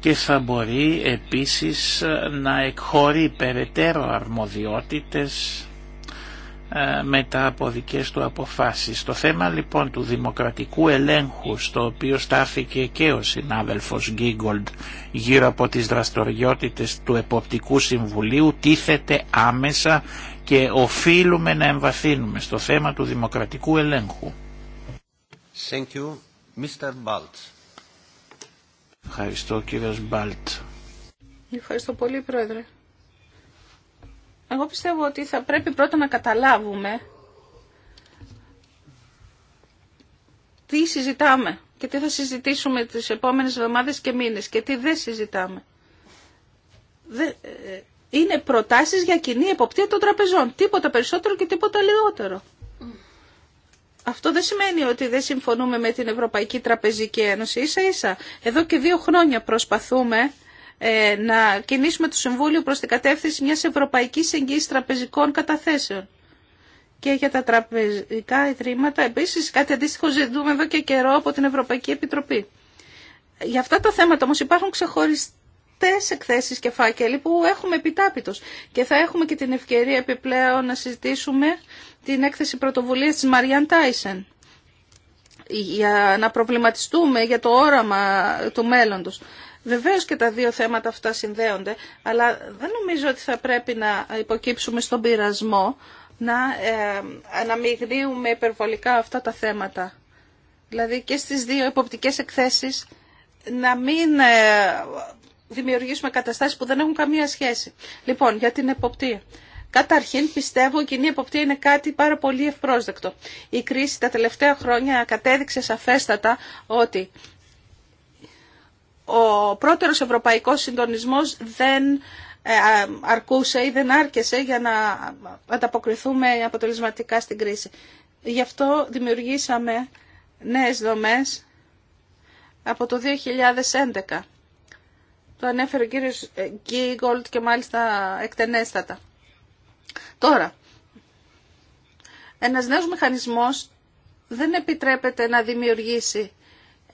και θα μπορεί επίσης να εκχωρεί περαιτέρω αρμοδιότητες ε, με τα δικές του αποφάσεις. Το θέμα λοιπόν του δημοκρατικού ελέγχου στο οποίο στάθηκε και ο συνάδελφος Γκίγκολντ γύρω από τις δραστηριότητες του Εποπτικού Συμβουλίου τίθεται άμεσα και οφείλουμε να εμβαθύνουμε στο θέμα του δημοκρατικού ελέγχου. Thank you. Mr. Balt. Ευχαριστώ κύριος Μπάλτ. Ευχαριστώ πολύ πρόεδρε. Εγώ πιστεύω ότι θα πρέπει πρώτα να καταλάβουμε τι συζητάμε και τι θα συζητήσουμε τις επόμενες εβδομάδες και μήνες και τι δεν συζητάμε. Ε, είναι προτάσεις για κοινή εποπτεία των τραπεζών. Τίποτα περισσότερο και τίποτα λιγότερο. Αυτό δεν σημαίνει ότι δεν συμφωνούμε με την Ευρωπαϊκή Τραπεζική Ένωση. Ίσα ίσα. Εδώ και δύο χρόνια προσπαθούμε ε, να κινήσουμε το Συμβούλιο προς την κατεύθυνση μιας ευρωπαϊκής εγγύησης τραπεζικών καταθέσεων. Και για τα τραπεζικά ιδρύματα, επίσης κάτι αντίστοιχο ζητούμε εδώ και καιρό από την Ευρωπαϊκή Επιτροπή. Για αυτά τα θέματα όμως υπάρχουν ξεχωριστές εκθέσει εκθέσεις και φάκελοι που έχουμε επιτάπητος και θα έχουμε και την ευκαιρία επιπλέον να συζητήσουμε την έκθεση πρωτοβουλίας της Μαριάν Τάισεν για να προβληματιστούμε για το όραμα του μέλλοντος. Βεβαίως και τα δύο θέματα αυτά συνδέονται, αλλά δεν νομίζω ότι θα πρέπει να υποκύψουμε στον πειρασμό να ε, αναμειγνύουμε υπερβολικά αυτά τα θέματα. Δηλαδή και στις δύο εποπτικές εκθέσεις να μην ε, δημιουργήσουμε καταστάσεις που δεν έχουν καμία σχέση. Λοιπόν, για την εποπτεία. Καταρχήν πιστεύω η κοινή εποπτεία είναι κάτι πάρα πολύ ευπρόσδεκτο. Η κρίση τα τελευταία χρόνια κατέδειξε σαφέστατα ότι ο πρώτερος ευρωπαϊκός συντονισμός δεν ε, αρκούσε ή δεν άρκεσε για να ανταποκριθούμε αποτελεσματικά στην κρίση. Γι' αυτό δημιουργήσαμε νέες δομές από το 2011. Το ανέφερε ο κύριος ε, Γκίγκολτ και μάλιστα εκτενέστατα. Τώρα, ένας νέος μηχανισμός δεν επιτρέπεται να δημιουργήσει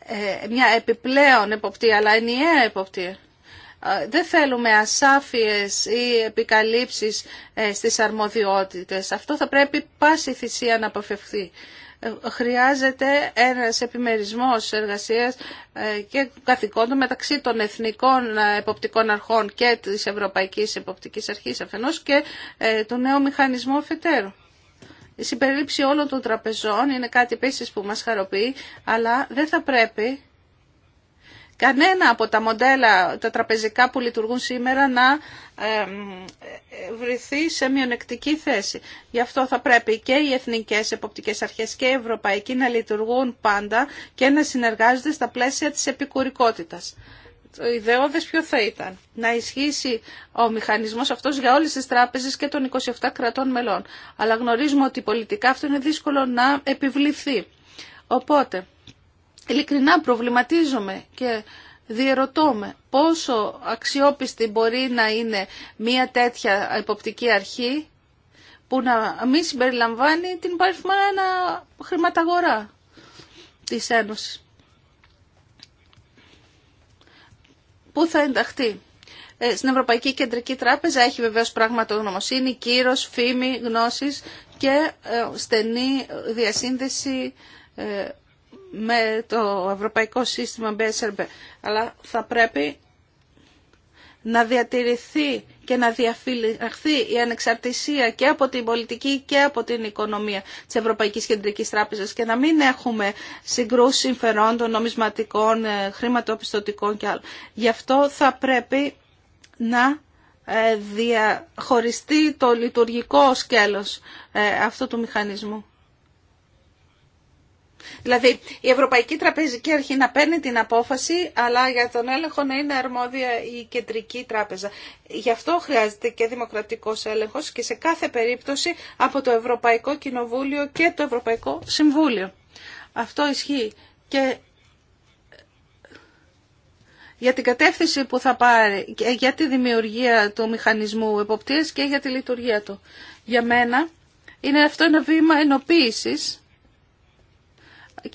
ε, μια επιπλέον εποπτεία, αλλά ενιαία εποπτεία. Ε, δεν θέλουμε ασάφειες ή επικαλύψεις ε, στις αρμοδιότητες. Αυτό θα πρέπει πάση θυσία να αποφευχθεί. Χρειάζεται ένας επιμερισμός εργασίας και καθηκόντων μεταξύ των εθνικών εποπτικών αρχών και της Ευρωπαϊκής Εποπτικής Αρχής αφενός και του νέου μηχανισμού αφετέρου. Η συμπερίληψη όλων των τραπεζών είναι κάτι επίσης που μας χαροποιεί, αλλά δεν θα πρέπει κανένα από τα μοντέλα, τα τραπεζικά που λειτουργούν σήμερα να ε, βρεθεί σε μειονεκτική θέση. Γι' αυτό θα πρέπει και οι εθνικές εποπτικές αρχές και οι ευρωπαϊκοί να λειτουργούν πάντα και να συνεργάζονται στα πλαίσια της επικουρικότητας το ιδεώδες ποιο θα ήταν. Να ισχύσει ο μηχανισμός αυτός για όλες τις τράπεζες και των 27 κρατών μελών. Αλλά γνωρίζουμε ότι πολιτικά αυτό είναι δύσκολο να επιβληθεί. Οπότε, ειλικρινά προβληματίζομαι και διερωτώμε πόσο αξιόπιστη μπορεί να είναι μια τέτοια υποπτική αρχή που να μην συμπεριλαμβάνει την ένα χρηματαγορά της Ένωσης. που θα ενταχθεί. Ε, στην Ευρωπαϊκή Κεντρική Τράπεζα έχει βεβαίως πραγματογνωμοσύνη, κύρος, φήμη, γνώσεις και ε, στενή διασύνδεση ε, με το Ευρωπαϊκό Σύστημα BSRB. Αλλά θα πρέπει να διατηρηθεί και να διαφυλαχθεί η ανεξαρτησία και από την πολιτική και από την οικονομία της Ευρωπαϊκής Κεντρικής Τράπεζας και να μην έχουμε συγκρούσεις συμφερόντων, νομισματικών, ε, χρηματοπιστωτικών και άλλων. Γι' αυτό θα πρέπει να ε, διαχωριστεί το λειτουργικό σκέλος ε, αυτού του μηχανισμού. Δηλαδή η Ευρωπαϊκή Τραπεζική Αρχή να παίρνει την απόφαση, αλλά για τον έλεγχο να είναι αρμόδια η Κεντρική Τράπεζα. Γι' αυτό χρειάζεται και δημοκρατικός έλεγχος και σε κάθε περίπτωση από το Ευρωπαϊκό Κοινοβούλιο και το Ευρωπαϊκό Συμβούλιο. Αυτό ισχύει και για την κατεύθυνση που θα πάρει, για τη δημιουργία του μηχανισμού εποπτείας και για τη λειτουργία του. Για μένα είναι αυτό ένα βήμα ενοποίησης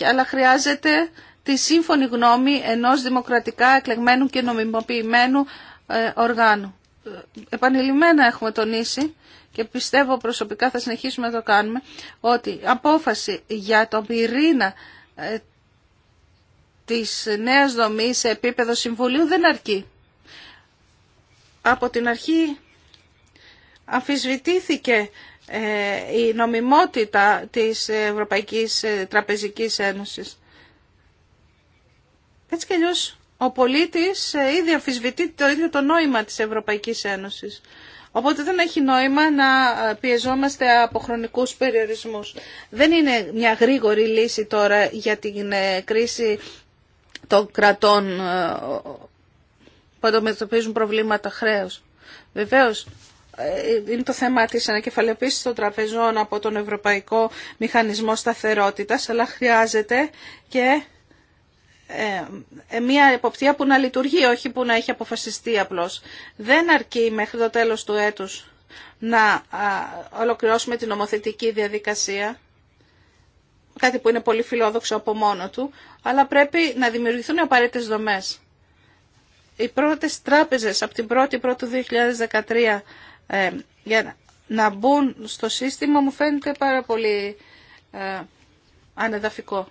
αλλά χρειάζεται τη σύμφωνη γνώμη ενός δημοκρατικά εκλεγμένου και νομιμοποιημένου ε, οργάνου. Ε, επανειλημμένα έχουμε τονίσει και πιστεύω προσωπικά θα συνεχίσουμε να το κάνουμε ότι απόφαση για τον πυρήνα ε, της νέας δομής σε επίπεδο συμβουλίου δεν αρκεί. Από την αρχή αμφισβητήθηκε ε, η νομιμότητα της Ευρωπαϊκής ε, Τραπεζικής Ένωσης. Έτσι κι αλλιώς ο πολίτης ε, ήδη αφισβητεί το ίδιο το νόημα της Ευρωπαϊκής Ένωσης. Οπότε δεν έχει νόημα να πιεζόμαστε από χρονικού περιορισμούς. Δεν είναι μια γρήγορη λύση τώρα για την κρίση των κρατών που αντιμετωπίζουν προβλήματα χρέους. Βεβαίως, ε, είναι το θέμα της ανακεφαλαιοποίησης των τραπεζών από τον Ευρωπαϊκό Μηχανισμό Σταθερότητας, αλλά χρειάζεται και ε, ε, μια εποπτεία που να λειτουργεί, όχι που να έχει αποφασιστεί απλώς. Δεν αρκεί μέχρι το τέλος του έτους να ολοκληρώσουμε την νομοθετική διαδικασία, κάτι που είναι πολύ φιλόδοξο από μόνο του, αλλά πρέπει να δημιουργηθούν οι απαραίτητες δομές. Οι πρώτες τράπεζες από την 1η 1 του 2013 ε, για να μπουν στο σύστημα μου φαίνεται πάρα πολύ ε, ανεδαφικό.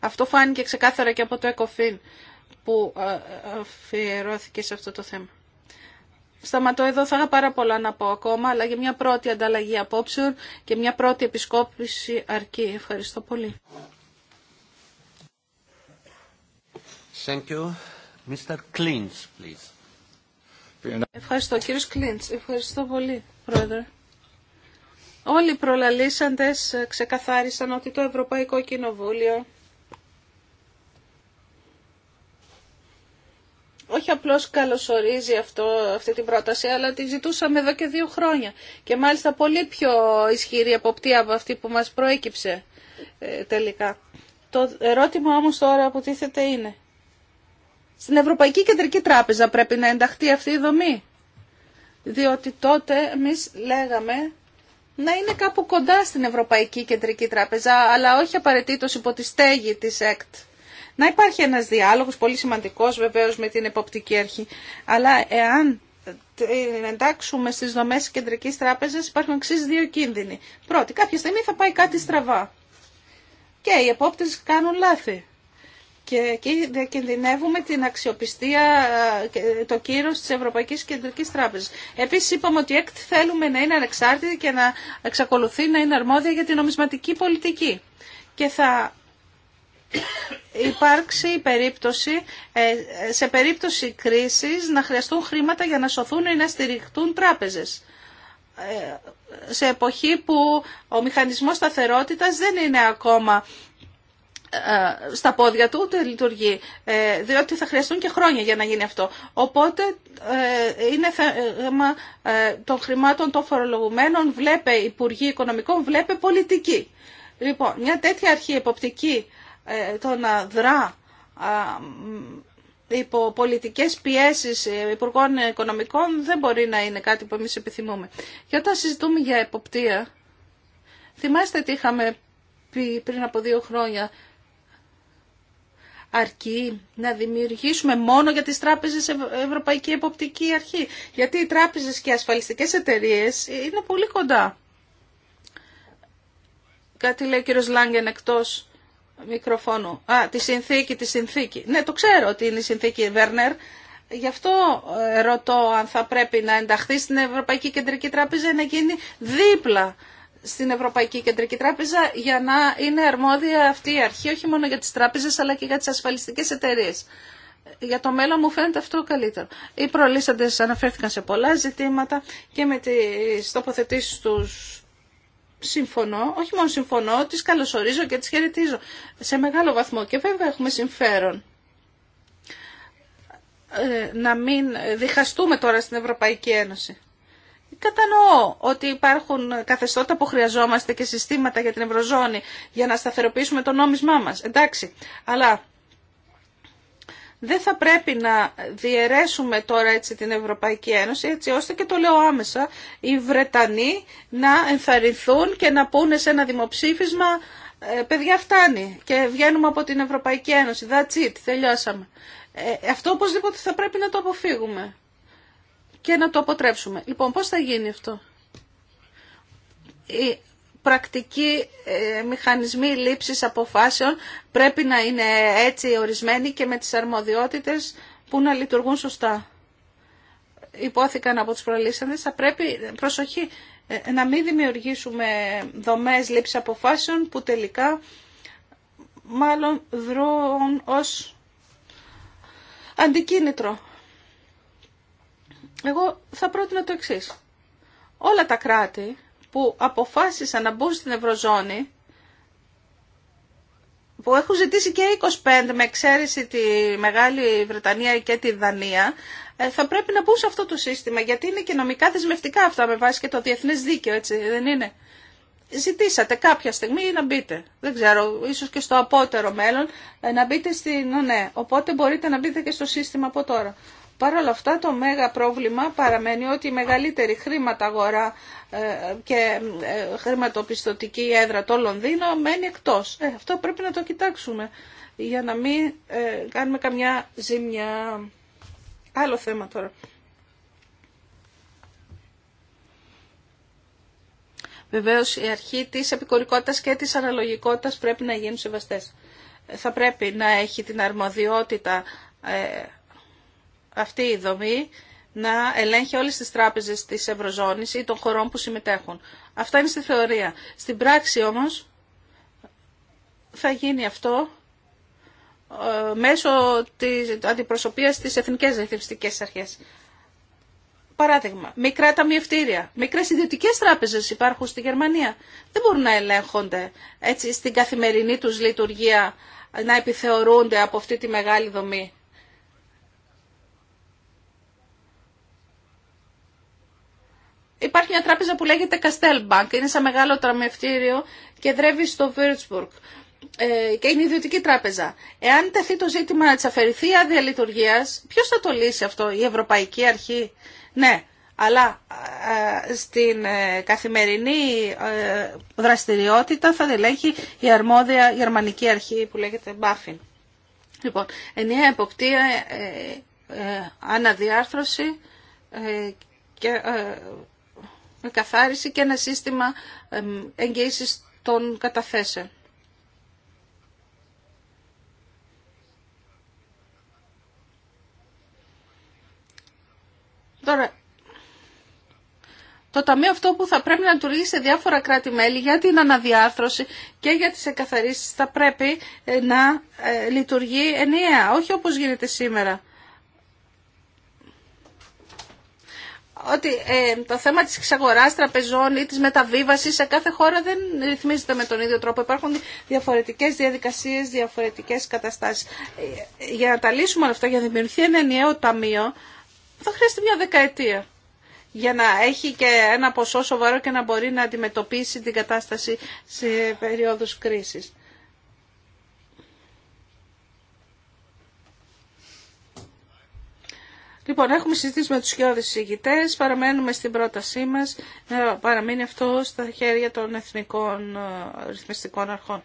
Αυτό φάνηκε ξεκάθαρα και από το ΕΚΟΦΗΝ που ε, ε, αφιερώθηκε σε αυτό το θέμα. Σταματώ εδώ, θα είχα πάρα πολλά να πω ακόμα, αλλά για μια πρώτη ανταλλαγή απόψεων και μια πρώτη επισκόπηση αρκεί. Ευχαριστώ πολύ. Mr. Ευχαριστώ κύριος Κλίντς. Ευχαριστώ πολύ πρόεδρε. Όλοι οι προλαλήσαντε ξεκαθάρισαν ότι το Ευρωπαϊκό Κοινοβούλιο όχι απλώς καλωσορίζει αυτό, αυτή την πρόταση, αλλά τη ζητούσαμε εδώ και δύο χρόνια. Και μάλιστα πολύ πιο ισχυρή αποπτία από αυτή που μας προέκυψε ε, τελικά. Το ερώτημα όμω τώρα που τίθεται είναι, στην Ευρωπαϊκή Κεντρική Τράπεζα πρέπει να ενταχθεί αυτή η δομή. Διότι τότε εμείς λέγαμε να είναι κάπου κοντά στην Ευρωπαϊκή Κεντρική Τράπεζα, αλλά όχι απαραίτητο υπό τη στέγη της ΕΚΤ. Να υπάρχει ένας διάλογος, πολύ σημαντικός βεβαίως με την εποπτική αρχή, αλλά εάν την εντάξουμε στις δομές της Κεντρικής Τράπεζας υπάρχουν εξή δύο κίνδυνοι. Πρώτη, κάποια στιγμή θα πάει κάτι στραβά και οι επόπτες κάνουν λάθη και εκεί διακινδυνεύουμε την αξιοπιστία, ε, το κύρος της Ευρωπαϊκής Κεντρικής Τράπεζας. Επίσης είπαμε ότι η θέλουμε να είναι ανεξάρτητη και να εξακολουθεί να είναι αρμόδια για την νομισματική πολιτική. Και θα υπάρξει η περίπτωση, ε, σε περίπτωση κρίσης, να χρειαστούν χρήματα για να σωθούν ή να στηριχτούν τράπεζες ε, σε εποχή που ο μηχανισμός σταθερότητας δεν είναι ακόμα ε, στα πόδια του ούτε λειτουργεί, ε, διότι θα χρειαστούν και χρόνια για να γίνει αυτό. Οπότε ε, είναι θέμα των χρημάτων των φορολογουμένων, βλέπε Υπουργοί Οικονομικών, βλέπε πολιτική. Λοιπόν, μια τέτοια αρχή εποπτική το να δρά υπό πολιτικές πιέσεις Υπουργών Οικονομικών δεν μπορεί να είναι κάτι που εμείς επιθυμούμε. Και όταν συζητούμε για εποπτεία, θυμάστε τι είχαμε πριν από δύο χρόνια αρκεί να δημιουργήσουμε μόνο για τις τράπεζες Ευρωπαϊκή Εποπτική Αρχή. Γιατί οι τράπεζες και οι ασφαλιστικές εταιρείες είναι πολύ κοντά. Κάτι λέει ο κύριος Λάγκεν εκτός μικροφώνου. Α, τη συνθήκη, τη συνθήκη. Ναι, το ξέρω ότι είναι η συνθήκη Βέρνερ. Γι' αυτό ε, ρωτώ αν θα πρέπει να ενταχθεί στην Ευρωπαϊκή Κεντρική Τράπεζα να γίνει δίπλα στην Ευρωπαϊκή Κεντρική Τράπεζα για να είναι αρμόδια αυτή η αρχή όχι μόνο για τις τράπεζες αλλά και για τις ασφαλιστικές εταιρείες. Για το μέλλον μου φαίνεται αυτό καλύτερο. Οι προλύσαντες αναφέρθηκαν σε πολλά ζητήματα και με τις τοποθετήσεις τους συμφωνώ, όχι μόνο συμφωνώ, τις καλωσορίζω και τις χαιρετίζω σε μεγάλο βαθμό και βέβαια έχουμε συμφέρον ε, να μην διχαστούμε τώρα στην Ευρωπαϊκή Ένωση. Κατανοώ ότι υπάρχουν καθεστώτα που χρειαζόμαστε και συστήματα για την Ευρωζώνη για να σταθεροποιήσουμε το νόμισμά μας. Εντάξει, αλλά δεν θα πρέπει να διαιρέσουμε τώρα έτσι την Ευρωπαϊκή Ένωση έτσι ώστε και το λέω άμεσα οι Βρετανοί να ενθαρρυνθούν και να πούνε σε ένα δημοψήφισμα ε, παιδιά φτάνει και βγαίνουμε από την Ευρωπαϊκή Ένωση. That's it, τελειώσαμε. Ε, αυτό οπωσδήποτε θα πρέπει να το αποφύγουμε και να το αποτρέψουμε. Λοιπόν, πώς θα γίνει αυτό. Οι πρακτικοί ε, μηχανισμοί λήψης αποφάσεων πρέπει να είναι έτσι ορισμένοι και με τις αρμοδιότητες που να λειτουργούν σωστά. Υπόθηκαν από τους προλήσαντες, θα πρέπει, προσοχή, ε, να μην δημιουργήσουμε δομές λήψης αποφάσεων που τελικά μάλλον δρούν ως αντικίνητρο εγώ θα πρότεινα το εξή. Όλα τα κράτη που αποφάσισαν να μπουν στην Ευρωζώνη, που έχουν ζητήσει και 25 με εξαίρεση τη Μεγάλη Βρετανία και τη Δανία, ε, θα πρέπει να μπουν σε αυτό το σύστημα, γιατί είναι και νομικά δεσμευτικά αυτά με βάση και το διεθνές δίκαιο, έτσι δεν είναι. Ζητήσατε κάποια στιγμή να μπείτε, δεν ξέρω, ίσως και στο απότερο μέλλον, ε, να μπείτε στην ΟΝΕ, ναι, οπότε μπορείτε να μπείτε και στο σύστημα από τώρα. Παρ' όλα αυτά το μέγα πρόβλημα παραμένει ότι η μεγαλύτερη χρήματα αγορά ε, και ε, χρηματοπιστωτική έδρα το Λονδίνο μένει εκτός. Ε, αυτό πρέπει να το κοιτάξουμε για να μην κάνουμε καμιά ζημιά. Άλλο θέμα τώρα. Βεβαίω η αρχή τη επικορικότητα και της αναλογικότητα πρέπει να γίνουν σεβαστέ. Θα πρέπει να έχει την αρμοδιότητα αυτή η δομή να ελέγχει όλες τις τράπεζες της Ευρωζώνης ή των χωρών που συμμετέχουν. Αυτά είναι στη θεωρία. Στην πράξη όμως θα γίνει αυτό ε, μέσω της αντιπροσωπείας της Εθνικές Ρυθμιστικές Αρχές. Παράδειγμα, μικρά ταμιευτήρια, μικρέ ιδιωτικέ τράπεζε υπάρχουν στη Γερμανία. Δεν μπορούν να ελέγχονται έτσι στην καθημερινή του λειτουργία, να επιθεωρούνται από αυτή τη μεγάλη δομή. Υπάρχει μια τράπεζα που λέγεται Castell Bank, είναι σαν μεγάλο τραμευτήριο και δρεύει στο Würzburg ε, και είναι ιδιωτική τράπεζα. Εάν τεθεί το ζήτημα τη αφαιρηθεί λειτουργίας, ποιο θα το λύσει αυτό, η Ευρωπαϊκή Αρχή. Ναι, αλλά ε, στην ε, καθημερινή δραστηριότητα θα ελέγχει η αρμόδια γερμανική αρχή που λέγεται Μπάφιν. Λοιπόν, ενιαία εποπτεία, αναδιάρθρωση και καθάριση και ένα σύστημα εγγύησης των καταθέσεων. Τώρα, το ταμείο αυτό που θα πρέπει να λειτουργεί σε διάφορα κράτη-μέλη για την αναδιάρθρωση και για τις εκαθαρίσεις θα πρέπει ε, να ε, λειτουργεί ενιαία, όχι όπως γίνεται σήμερα. ότι ε, το θέμα της εξαγοράς τραπεζών ή της μεταβίβασης σε κάθε χώρα δεν ρυθμίζεται με τον ίδιο τρόπο. Υπάρχουν διαφορετικές διαδικασίες, διαφορετικές καταστάσεις. Ε, για να τα λύσουμε όλα αυτά, για να δημιουργηθεί ένα ενιαίο ταμείο, θα χρειαστεί μια δεκαετία για να έχει και ένα ποσό σοβαρό και να μπορεί να αντιμετωπίσει την κατάσταση σε περίοδους κρίσης. Λοιπόν, έχουμε συζητήσει με τους σκιώδεις συζητητές, παραμένουμε στην πρότασή μας, να παραμείνει αυτό στα χέρια των εθνικών ε, ρυθμιστικών αρχών.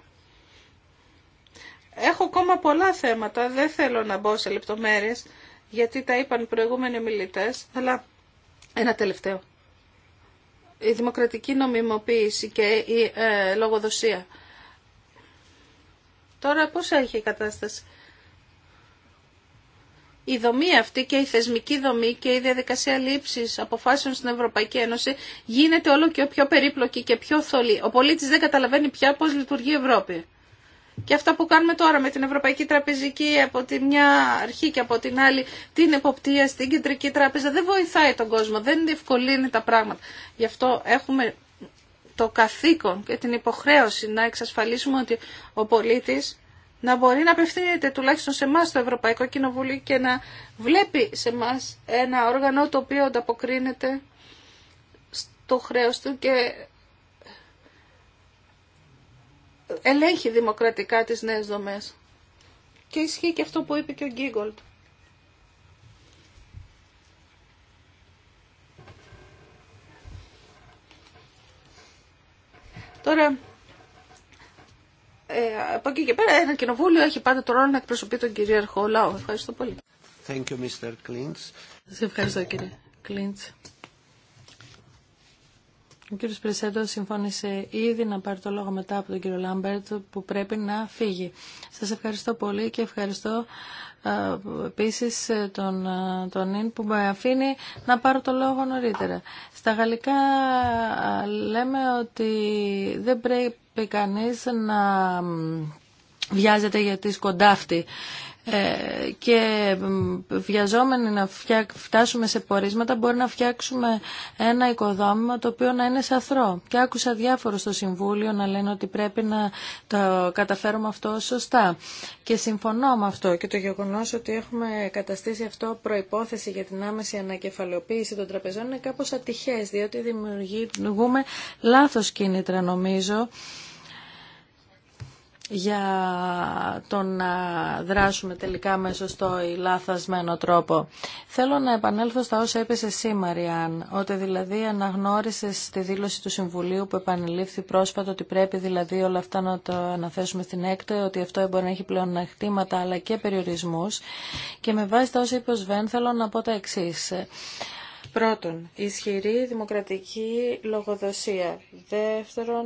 Έχω ακόμα πολλά θέματα, δεν θέλω να μπω σε λεπτομέρειες, γιατί τα είπαν οι προηγούμενοι μιλητές, αλλά ένα τελευταίο. Η δημοκρατική νομιμοποίηση και η ε, λογοδοσία. Τώρα πώς έχει η κατάσταση η δομή αυτή και η θεσμική δομή και η διαδικασία λήψη αποφάσεων στην Ευρωπαϊκή Ένωση γίνεται όλο και πιο περίπλοκη και πιο θολή. Ο πολίτη δεν καταλαβαίνει πια πώ λειτουργεί η Ευρώπη. Και αυτά που κάνουμε τώρα με την Ευρωπαϊκή Τραπεζική από τη μια αρχή και από την άλλη την εποπτεία στην Κεντρική Τράπεζα δεν βοηθάει τον κόσμο, δεν διευκολύνει τα πράγματα. Γι' αυτό έχουμε το καθήκον και την υποχρέωση να εξασφαλίσουμε ότι ο πολίτης να μπορεί να απευθύνεται τουλάχιστον σε εμά το Ευρωπαϊκό Κοινοβούλιο και να βλέπει σε εμά ένα όργανο το οποίο ανταποκρίνεται στο χρέος του και ελέγχει δημοκρατικά τις νέες δομές. Και ισχύει και αυτό που είπε και ο Γκίγκολτ. Τώρα, ε, από εκεί και πέρα ένα κοινοβούλιο έχει πάντα το ρόλο να εκπροσωπεί τον κυρίαρχο λαό. Ευχαριστώ πολύ. Thank you, Mr. Σας ευχαριστώ κύριε Κλίντς. Ο κύριος Πρεσέντο συμφώνησε ήδη να πάρει το λόγο μετά από τον κύριο Λάμπερτ που πρέπει να φύγει. Σας ευχαριστώ πολύ και ευχαριστώ επίσης τον, τον Ιν που με αφήνει να πάρω το λόγο νωρίτερα. Στα γαλλικά λέμε ότι δεν πρέπει πρέπει κανείς να βιάζεται για σκοντάφτει σκοντάφτη ε, και βιαζόμενοι να φτάσουμε σε πορίσματα μπορεί να φτιάξουμε ένα οικοδόμημα το οποίο να είναι σαθρό. Και άκουσα διάφορο στο Συμβούλιο να λένε ότι πρέπει να το καταφέρουμε αυτό σωστά. Και συμφωνώ με αυτό και το γεγονός ότι έχουμε καταστήσει αυτό προϋπόθεση για την άμεση ανακεφαλαιοποίηση των τραπεζών είναι κάπως ατυχές διότι δημιουργούμε λάθος κίνητρα νομίζω για το να δράσουμε τελικά με σωστό ή λάθασμένο τρόπο. Θέλω να επανέλθω στα όσα είπε εσύ, Μαριάν, ότι δηλαδή αναγνώρισε τη δήλωση του Συμβουλίου που επανελήφθη πρόσφατα ότι πρέπει δηλαδή όλα αυτά να το αναθέσουμε στην έκτο, ότι αυτό μπορεί να έχει πλέον χτήματα αλλά και περιορισμού. Και με βάση τα όσα είπε ο Σβέν, θέλω να πω τα εξή. Πρώτον, ισχυρή δημοκρατική λογοδοσία. Δεύτερον,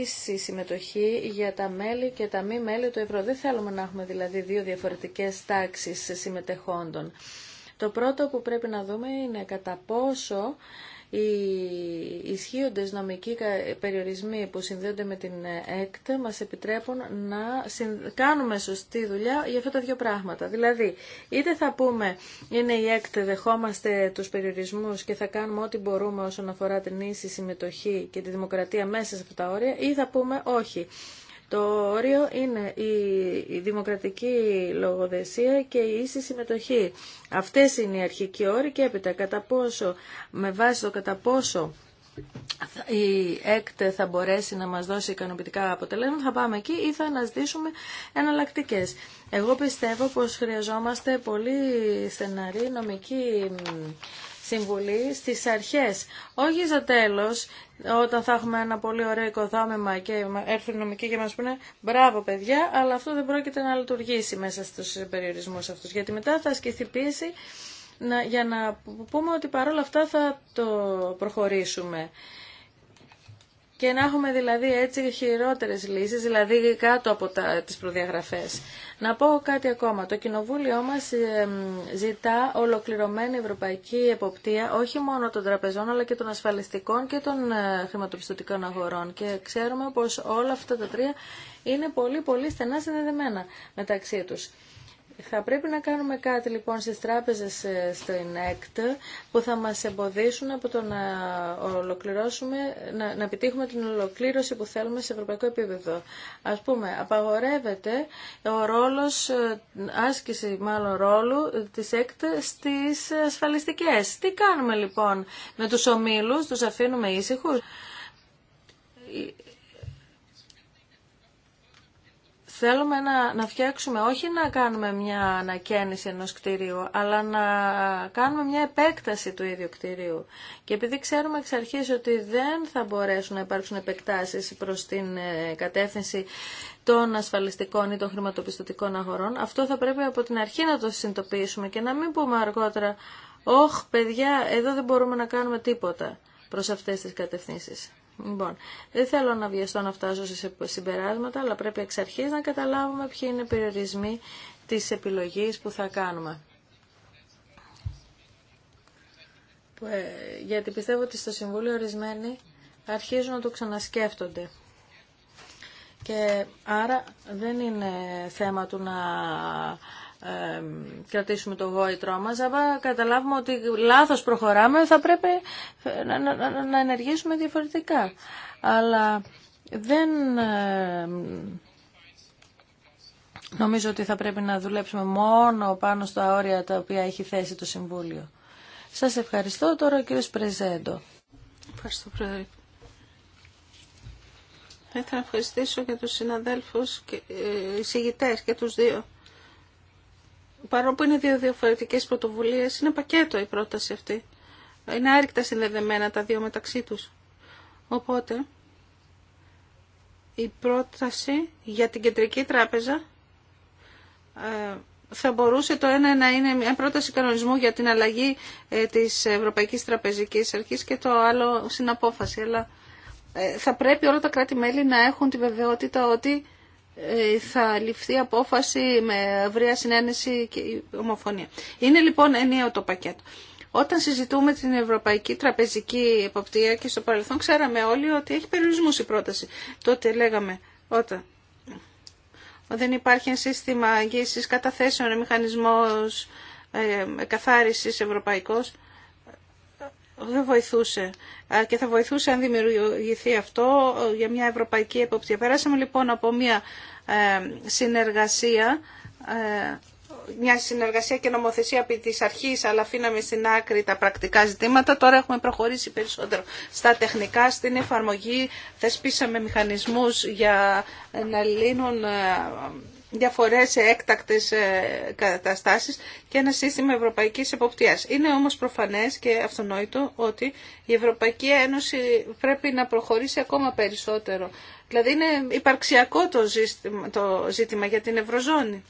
ίση συμμετοχή για τα μέλη και τα μη μέλη του ευρώ. Δεν θέλουμε να έχουμε δηλαδή δύο διαφορετικές τάξεις συμμετεχόντων. Το πρώτο που πρέπει να δούμε είναι κατά πόσο οι ισχύοντες νομικοί περιορισμοί που συνδέονται με την ΕΚΤ μας επιτρέπουν να κάνουμε σωστή δουλειά για αυτά τα δύο πράγματα. Δηλαδή, είτε θα πούμε είναι η ΕΚΤ, δεχόμαστε τους περιορισμούς και θα κάνουμε ό,τι μπορούμε όσον αφορά την ίση συμμετοχή και τη δημοκρατία μέσα σε αυτά τα όρια, ή θα πούμε όχι. Το όριο είναι η δημοκρατική λογοδεσία και η ίση συμμετοχή. Αυτές είναι οι αρχικοί όροι και έπειτα κατά πόσο, με βάση το κατά πόσο η ΕΚΤΕ θα μπορέσει να μας δώσει ικανοποιητικά αποτελέσματα, θα πάμε εκεί ή θα αναζητήσουμε εναλλακτικέ. Εγώ πιστεύω πως χρειαζόμαστε πολύ στεναρή νομική συμβουλή στις αρχές. Όχι στο τέλος, όταν θα έχουμε ένα πολύ ωραίο οικοδόμημα και έρθουν νομικοί και μας πούνε «Μπράβο παιδιά», αλλά αυτό δεν πρόκειται να λειτουργήσει μέσα στους περιορισμούς αυτούς, γιατί μετά θα ασκηθεί πίεση για να πούμε ότι παρόλα αυτά θα το προχωρήσουμε και να έχουμε δηλαδή έτσι χειρότερες λύσεις, δηλαδή κάτω από τα, τις προδιαγραφές. Να πω κάτι ακόμα. Το Κοινοβούλιο μας ζητά ολοκληρωμένη ευρωπαϊκή εποπτεία όχι μόνο των τραπεζών αλλά και των ασφαλιστικών και των ε, χρηματοπιστωτικών αγορών και ξέρουμε πως όλα αυτά τα τρία είναι πολύ πολύ στενά συνδεδεμένα μεταξύ τους. Θα πρέπει να κάνουμε κάτι λοιπόν στις τράπεζες ε, στο ΕΝΕΚΤ που θα μας εμποδίσουν από το να, ολοκληρώσουμε, να, να επιτύχουμε την ολοκλήρωση που θέλουμε σε ευρωπαϊκό επίπεδο. Ας πούμε, απαγορεύεται ο ρόλος, ε, άσκηση μάλλον ρόλου της ΕΚΤ στις ασφαλιστικές. Τι κάνουμε λοιπόν με τους ομίλους, τους αφήνουμε ήσυχους Θέλουμε να, να φτιάξουμε, όχι να κάνουμε μια ανακαίνιση ενός κτίριου, αλλά να κάνουμε μια επέκταση του ίδιου κτίριου. Και επειδή ξέρουμε εξ αρχής ότι δεν θα μπορέσουν να υπάρξουν επεκτάσεις προς την ε, κατεύθυνση των ασφαλιστικών ή των χρηματοπιστωτικών αγορών, αυτό θα πρέπει από την αρχή να το συνειδητοποιήσουμε και να μην πούμε αργότερα «Ωχ, παιδιά, εδώ δεν μπορούμε να κάνουμε τίποτα» προς αυτές τις κατευθύνσεις. Λοιπόν, δεν θέλω να βιαστώ να φτάσω σε συμπεράσματα, αλλά πρέπει εξ αρχής να καταλάβουμε ποιοι είναι οι περιορισμοί της επιλογής που θα κάνουμε. Ε, γιατί πιστεύω ότι στο Συμβούλιο ορισμένοι αρχίζουν να το ξανασκέφτονται. Και άρα δεν είναι θέμα του να κρατήσουμε το γόητρό μας, αλλά καταλάβουμε ότι λάθος προχωράμε, θα πρέπει ε, να, ενεργήσουμε διαφορετικά. Αλλά δεν... νομίζω ότι θα πρέπει να δουλέψουμε μόνο πάνω στα όρια τα οποία έχει θέσει το Συμβούλιο. Σας ευχαριστώ. Τώρα ο κύριος Πρεζέντο. Ευχαριστώ, Πρόεδρε. Θα ήθελα να ευχαριστήσω και τους συναδέλφους και ε, και τους δύο παρόλο που είναι δύο διαφορετικές πρωτοβουλίες, είναι πακέτο η πρόταση αυτή. Είναι άρρηκτα συνδεδεμένα τα δύο μεταξύ του. Οπότε, η πρόταση για την κεντρική τράπεζα ε, θα μπορούσε το ένα να είναι μια πρόταση κανονισμού για την αλλαγή ε, της Ευρωπαϊκής Τραπεζικής Αρχής και το άλλο στην απόφαση. Αλλά ε, θα πρέπει όλα τα κράτη-μέλη να έχουν τη βεβαιότητα ότι ε, θα ληφθεί απόφαση με βρία συνένεση και ομοφωνία. Είναι λοιπόν ενιαίο το πακέτο. Όταν συζητούμε την Ευρωπαϊκή Τραπεζική Εποπτεία και στο παρελθόν ξέραμε όλοι ότι έχει περιορισμούς η πρόταση. Τότε λέγαμε όταν δεν υπάρχει ένα σύστημα αγγίσης καταθέσεων, ένα μηχανισμός ε, καθάρισης ευρωπαϊκός, δεν βοηθούσε. Και θα βοηθούσε αν δημιουργηθεί αυτό για μια ευρωπαϊκή εποπτεία. Περάσαμε λοιπόν από μια ε, συνεργασία ε, μια συνεργασία και νομοθεσία από της αρχής, αλλά αφήναμε στην άκρη τα πρακτικά ζητήματα. Τώρα έχουμε προχωρήσει περισσότερο στα τεχνικά, στην εφαρμογή. Θεσπίσαμε μηχανισμούς για να λύνουν ε, διαφορές σε έκτακτες καταστάσεις και ένα σύστημα ευρωπαϊκής εποπτείας. Είναι όμως προφανές και αυτονόητο ότι η Ευρωπαϊκή Ένωση πρέπει να προχωρήσει ακόμα περισσότερο Δηλαδή είναι υπαρξιακό το, ζήτημα, για την Ευρωζώνη.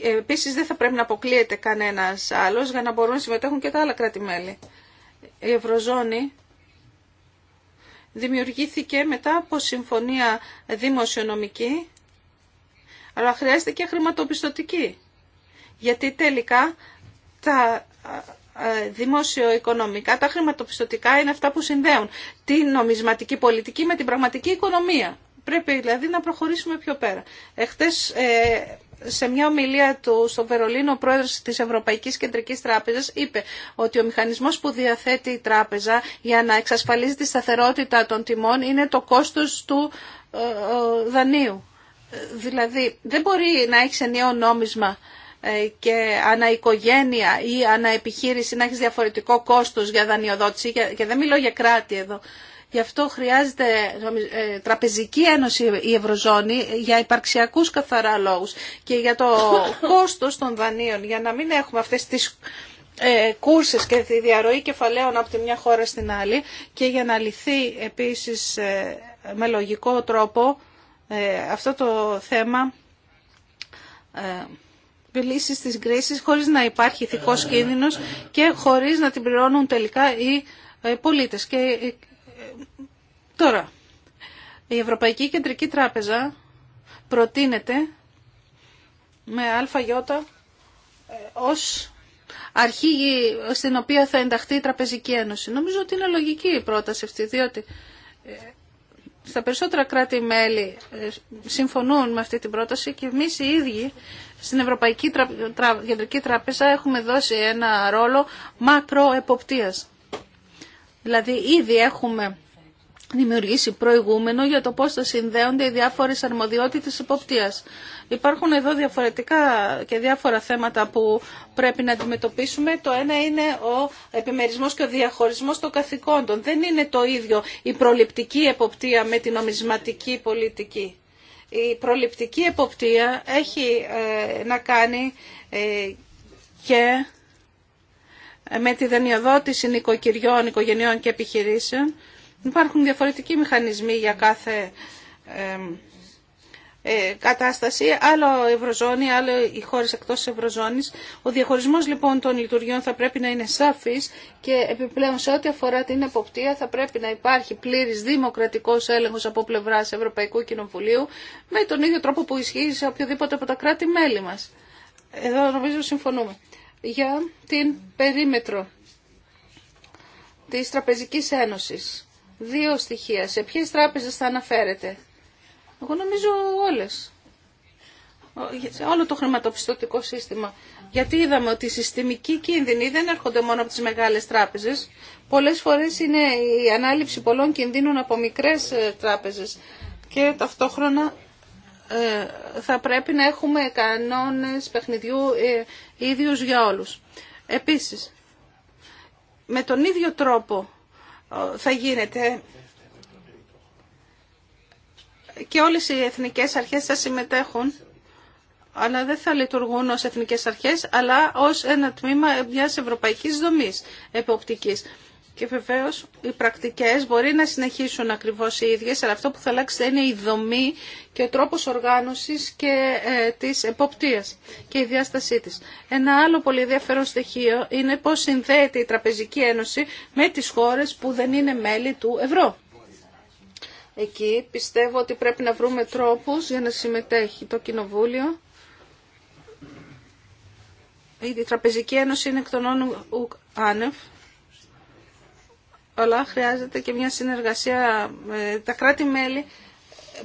Επίσης δεν θα πρέπει να αποκλείεται κανένας άλλος για να μπορούν να συμμετέχουν και τα άλλα κράτη-μέλη. Η Ευρωζώνη δημιουργήθηκε μετά από συμφωνία δημοσιονομική, αλλά χρειάζεται και χρηματοπιστωτική. Γιατί τελικά τα ε, δημόσιο-οικονομικά, τα χρηματοπιστωτικά είναι αυτά που συνδέουν την νομισματική πολιτική με την πραγματική οικονομία. Πρέπει δηλαδή να προχωρήσουμε πιο πέρα. Εχθές ε, σε μια ομιλία του στο Βερολίνο ο πρόεδρος της Ευρωπαϊκής Κεντρικής Τράπεζας είπε ότι ο μηχανισμός που διαθέτει η τράπεζα για να εξασφαλίζει τη σταθερότητα των τιμών είναι το κόστος του ε, δανείου. Δηλαδή δεν μπορεί να έχει ενιαίο νόμισμα ε, και αναοικογένεια ή αναεπιχείρηση να έχεις διαφορετικό κόστος για δανειοδότηση και δεν μιλώ για κράτη εδώ. Γι' αυτό χρειάζεται ε, τραπεζική ένωση η Ευρωζώνη για υπαρξιακούς καθαρά λόγους και για το [coughs] κόστος των δανείων για να μην έχουμε αυτές τις ε, κούρσες και τη διαρροή κεφαλαίων από τη μια χώρα στην άλλη και για να λυθεί επίσης ε, με λογικό τρόπο αυτό το θέμα επιλύσει της κρίσης χωρίς να υπάρχει ηθικός κίνδυνο και χωρίς να την πληρώνουν τελικά οι ε, πολίτες. Και ε, ε, τώρα, η Ευρωπαϊκή Κεντρική Τράπεζα προτείνεται με ΑΙ ως αρχή στην οποία θα ενταχθεί η Τραπεζική Ένωση. Νομίζω ότι είναι λογική η πρόταση αυτή, διότι στα περισσότερα κράτη-μέλη ε, συμφωνούν με αυτή την πρόταση και εμείς οι ίδιοι στην Ευρωπαϊκή Κεντρική Τράπεζα έχουμε δώσει ένα ρόλο μακροεποπτείας. Δηλαδή ήδη έχουμε δημιουργήσει προηγούμενο για το πώς θα συνδέονται οι διάφορες αρμοδιότητες υποπτίας. Υπάρχουν εδώ διαφορετικά και διάφορα θέματα που πρέπει να αντιμετωπίσουμε. Το ένα είναι ο επιμερισμός και ο διαχωρισμός των καθηκόντων. Δεν είναι το ίδιο η προληπτική εποπτεία με την νομισματική πολιτική. Η προληπτική εποπτεία έχει ε, να κάνει ε, και με τη δανειοδότηση νοικοκυριών, οικογενειών και επιχειρήσεων Υπάρχουν διαφορετικοί μηχανισμοί για κάθε ε, κατάσταση, άλλο Ευρωζώνη, άλλο οι χώρες εκτός Ευρωζώνης. Ο διαχωρισμός λοιπόν των λειτουργιών θα πρέπει να είναι σαφής και επιπλέον σε ό,τι αφορά την εποπτεία θα πρέπει να υπάρχει πλήρης δημοκρατικός έλεγχος από πλευράς Ευρωπαϊκού Κοινοβουλίου με τον ίδιο τρόπο που ισχύει σε οποιοδήποτε από τα κράτη-μέλη μας. Εδώ νομίζω συμφωνούμε. Για την περίμετρο της Τραπεζικής Ένωσης. Δύο στοιχεία. Σε ποιες τράπεζες θα αναφέρετε. Εγώ νομίζω όλες. Σε όλο το χρηματοπιστωτικό σύστημα. Γιατί είδαμε ότι οι συστημικοί κίνδυνοι δεν έρχονται μόνο από τι μεγάλες τράπεζες. Πολλές φορές είναι η ανάληψη πολλών κινδύνων από μικρές ε, τράπεζες. Και ταυτόχρονα ε, θα πρέπει να έχουμε κανόνες παιχνιδιού ε, ίδιους για όλους. Επίσης, με τον ίδιο τρόπο ε, θα γίνεται και όλες οι εθνικές αρχές θα συμμετέχουν αλλά δεν θα λειτουργούν ως εθνικές αρχές, αλλά ως ένα τμήμα μιας ευρωπαϊκής δομής εποπτικής. Και βεβαίω οι πρακτικέ μπορεί να συνεχίσουν ακριβώ οι ίδιε, αλλά αυτό που θα αλλάξει θα είναι η δομή και ο τρόπο οργάνωση και ε, τη εποπτεία και η διάστασή τη. Ένα άλλο πολύ ενδιαφέρον στοιχείο είναι πώ συνδέεται η Τραπεζική Ένωση με τι χώρε που δεν είναι μέλη του ευρώ. Εκεί πιστεύω ότι πρέπει να βρούμε τρόπους για να συμμετέχει το Κοινοβούλιο. Η Τραπεζική Ένωση είναι εκ των όνων άνευ αλλά χρειάζεται και μια συνεργασία με τα κράτη-μέλη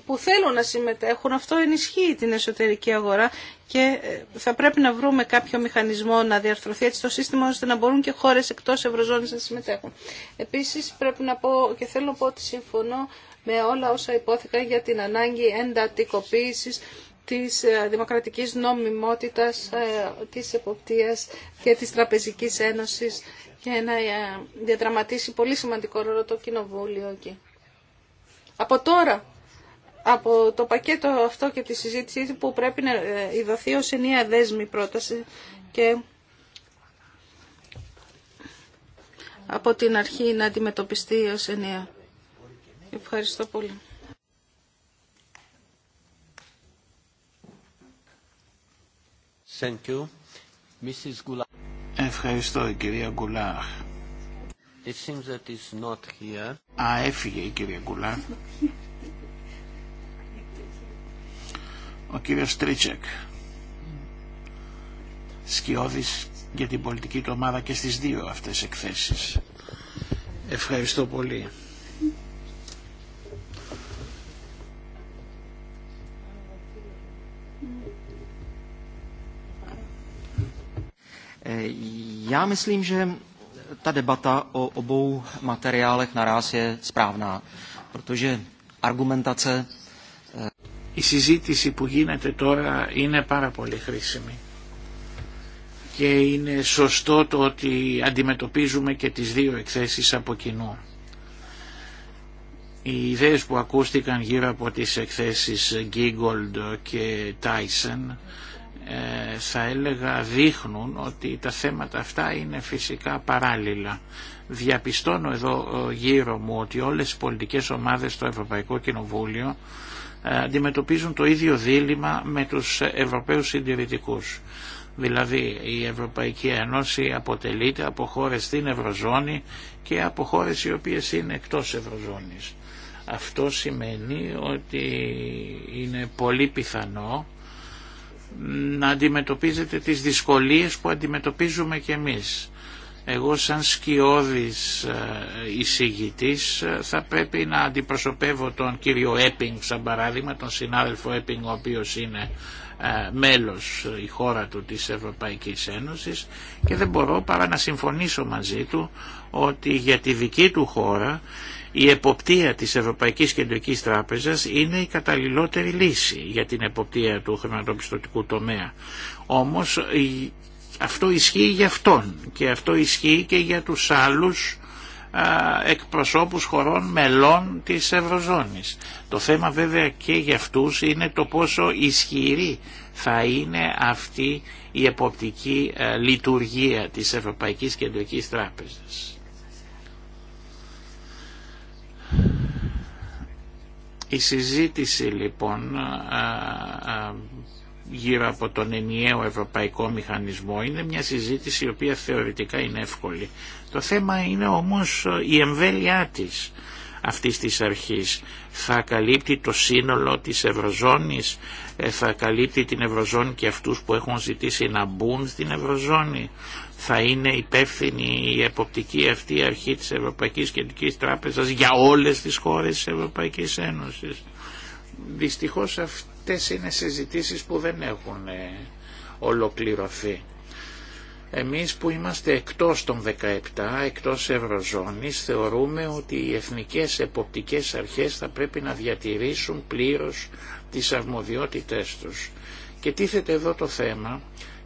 που θέλουν να συμμετέχουν. Αυτό ενισχύει την εσωτερική αγορά και ε, θα πρέπει να βρούμε κάποιο μηχανισμό να διαρθρωθεί έτσι το σύστημα ώστε να μπορούν και χώρες εκτός Ευρωζώνης να συμμετέχουν. Επίσης πρέπει να πω και θέλω να πω ότι συμφωνώ με όλα όσα υπόθηκαν για την ανάγκη εντατικοποίησης της ε, δημοκρατικής νομιμότητας, ε, της εποπτείας και της Τραπεζικής Ένωσης και να ε, διαδραματίσει πολύ σημαντικό ρόλο το Κοινοβούλιο εκεί. Από τώρα, από το πακέτο αυτό και τη συζήτηση που πρέπει να ειδωθεί ως ενία δέσμη πρόταση και από την αρχή να αντιμετωπιστεί ως ενία. Ευχαριστώ πολύ. Ευχαριστώ η κυρία Γκουλάχ. Α, έφυγε η κυρία Γκουλάχ. Ο κύριος Τρίτσεκ, σκιώδης για την πολιτική του ομάδα και στις δύο αυτές εκθέσεις. Ευχαριστώ πολύ. Eh, já myslím, Η συζήτηση που γίνεται τώρα είναι πάρα πολύ χρήσιμη και είναι σωστό το ότι αντιμετωπίζουμε και τις δύο εκθέσεις από κοινού. Οι ιδέες που ακούστηκαν γύρω από τις εκθέσεις Γίγκολντ και Τάισεν... Ε, θα έλεγα δείχνουν ότι τα θέματα αυτά είναι φυσικά παράλληλα. Διαπιστώνω εδώ ε, γύρω μου ότι όλες οι πολιτικές ομάδες στο Ευρωπαϊκό Κοινοβούλιο ε, αντιμετωπίζουν το ίδιο δίλημα με τους Ευρωπαίους συντηρητικούς. Δηλαδή η Ευρωπαϊκή Ένωση αποτελείται από χώρες στην Ευρωζώνη και από χώρες οι οποίες είναι εκτός Ευρωζώνης. Αυτό σημαίνει ότι είναι πολύ πιθανό να αντιμετωπίζετε τις δυσκολίες που αντιμετωπίζουμε και εμείς. Εγώ σαν σκιώδης ε, εισηγητής ε, θα πρέπει να αντιπροσωπεύω τον κύριο Έπινγκ σαν παράδειγμα, τον συνάδελφο Έπινγκ ο οποίος είναι ε, μέλος η χώρα του της Ευρωπαϊκής Ένωσης και δεν μπορώ παρά να συμφωνήσω μαζί του ότι για τη δική του χώρα η εποπτεία της Ευρωπαϊκής Κεντρικής Τράπεζας είναι η καταλληλότερη λύση για την εποπτεία του χρηματοπιστωτικού τομέα. Όμως αυτό ισχύει για αυτόν και αυτό ισχύει και για τους άλλους εκπροσώπους χωρών μελών της Ευρωζώνης. Το θέμα βέβαια και για αυτούς είναι το πόσο ισχυρή θα είναι αυτή η εποπτική λειτουργία της Ευρωπαϊκής Κεντρικής Τράπεζας. Η συζήτηση λοιπόν γύρω από τον ενιαίο ευρωπαϊκό μηχανισμό είναι μια συζήτηση η οποία θεωρητικά είναι εύκολη. Το θέμα είναι όμως η εμβέλειά της αυτής της αρχής. Θα καλύπτει το σύνολο της Ευρωζώνης, ε, θα καλύπτει την Ευρωζώνη και αυτούς που έχουν ζητήσει να μπουν στην Ευρωζώνη θα είναι υπεύθυνη η εποπτική αυτή αρχή της Ευρωπαϊκής Κεντρικής Τράπεζας για όλες τις χώρες της Ευρωπαϊκής Ένωσης. Δυστυχώς αυτές είναι συζητήσεις που δεν έχουν ε, ολοκληρωθεί. Εμείς που είμαστε εκτός των 17, εκτός Ευρωζώνης, θεωρούμε ότι οι εθνικές εποπτικές αρχές θα πρέπει να διατηρήσουν πλήρως τις αρμοδιότητές τους. Και τίθεται εδώ το θέμα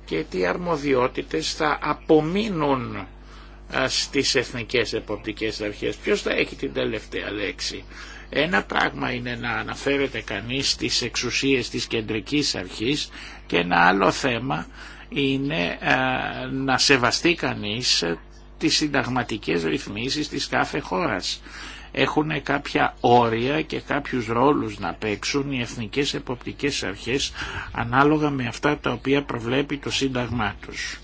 και τι αρμοδιότητες θα απομείνουν στις εθνικές εποπτικές αρχές. Ποιος θα έχει την τελευταία λέξη. Ένα πράγμα είναι να αναφέρεται κανείς στις εξουσίες της κεντρικής αρχής και ένα άλλο θέμα είναι να σεβαστεί κανείς τις συνταγματικές ρυθμίσεις της κάθε χώρας έχουν κάποια όρια και κάποιους ρόλους να παίξουν οι εθνικές εποπτικές αρχές ανάλογα με αυτά τα οποία προβλέπει το Σύνταγμά τους.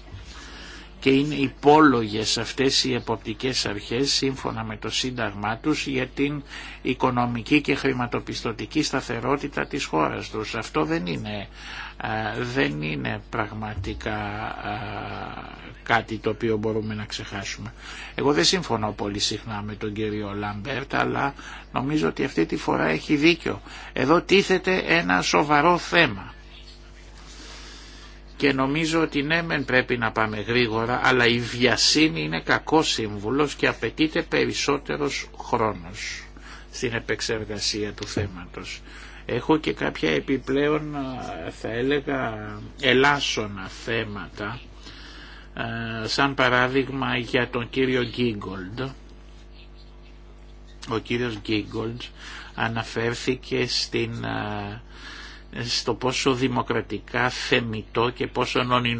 Και είναι υπόλογες αυτές οι εποπτικές αρχές σύμφωνα με το Σύνταγμά τους για την οικονομική και χρηματοπιστωτική σταθερότητα της χώρας τους. Αυτό δεν είναι δεν είναι πραγματικά κάτι το οποίο μπορούμε να ξεχάσουμε. Εγώ δεν συμφωνώ πολύ συχνά με τον κύριο Λαμπέρτα αλλά νομίζω ότι αυτή τη φορά έχει δίκιο. Εδώ τίθεται ένα σοβαρό θέμα. Και νομίζω ότι ναι, μεν πρέπει να πάμε γρήγορα, αλλά η βιασύνη είναι κακό σύμβουλος και απαιτείται περισσότερος χρόνος στην επεξεργασία του θέματος. Έχω και κάποια επιπλέον θα έλεγα ελάσσονα θέματα σαν παράδειγμα για τον κύριο Γκίγκολντ. Ο κύριος Γκίγκολντ αναφέρθηκε στην στο πόσο δημοκρατικά θεμητό και πόσο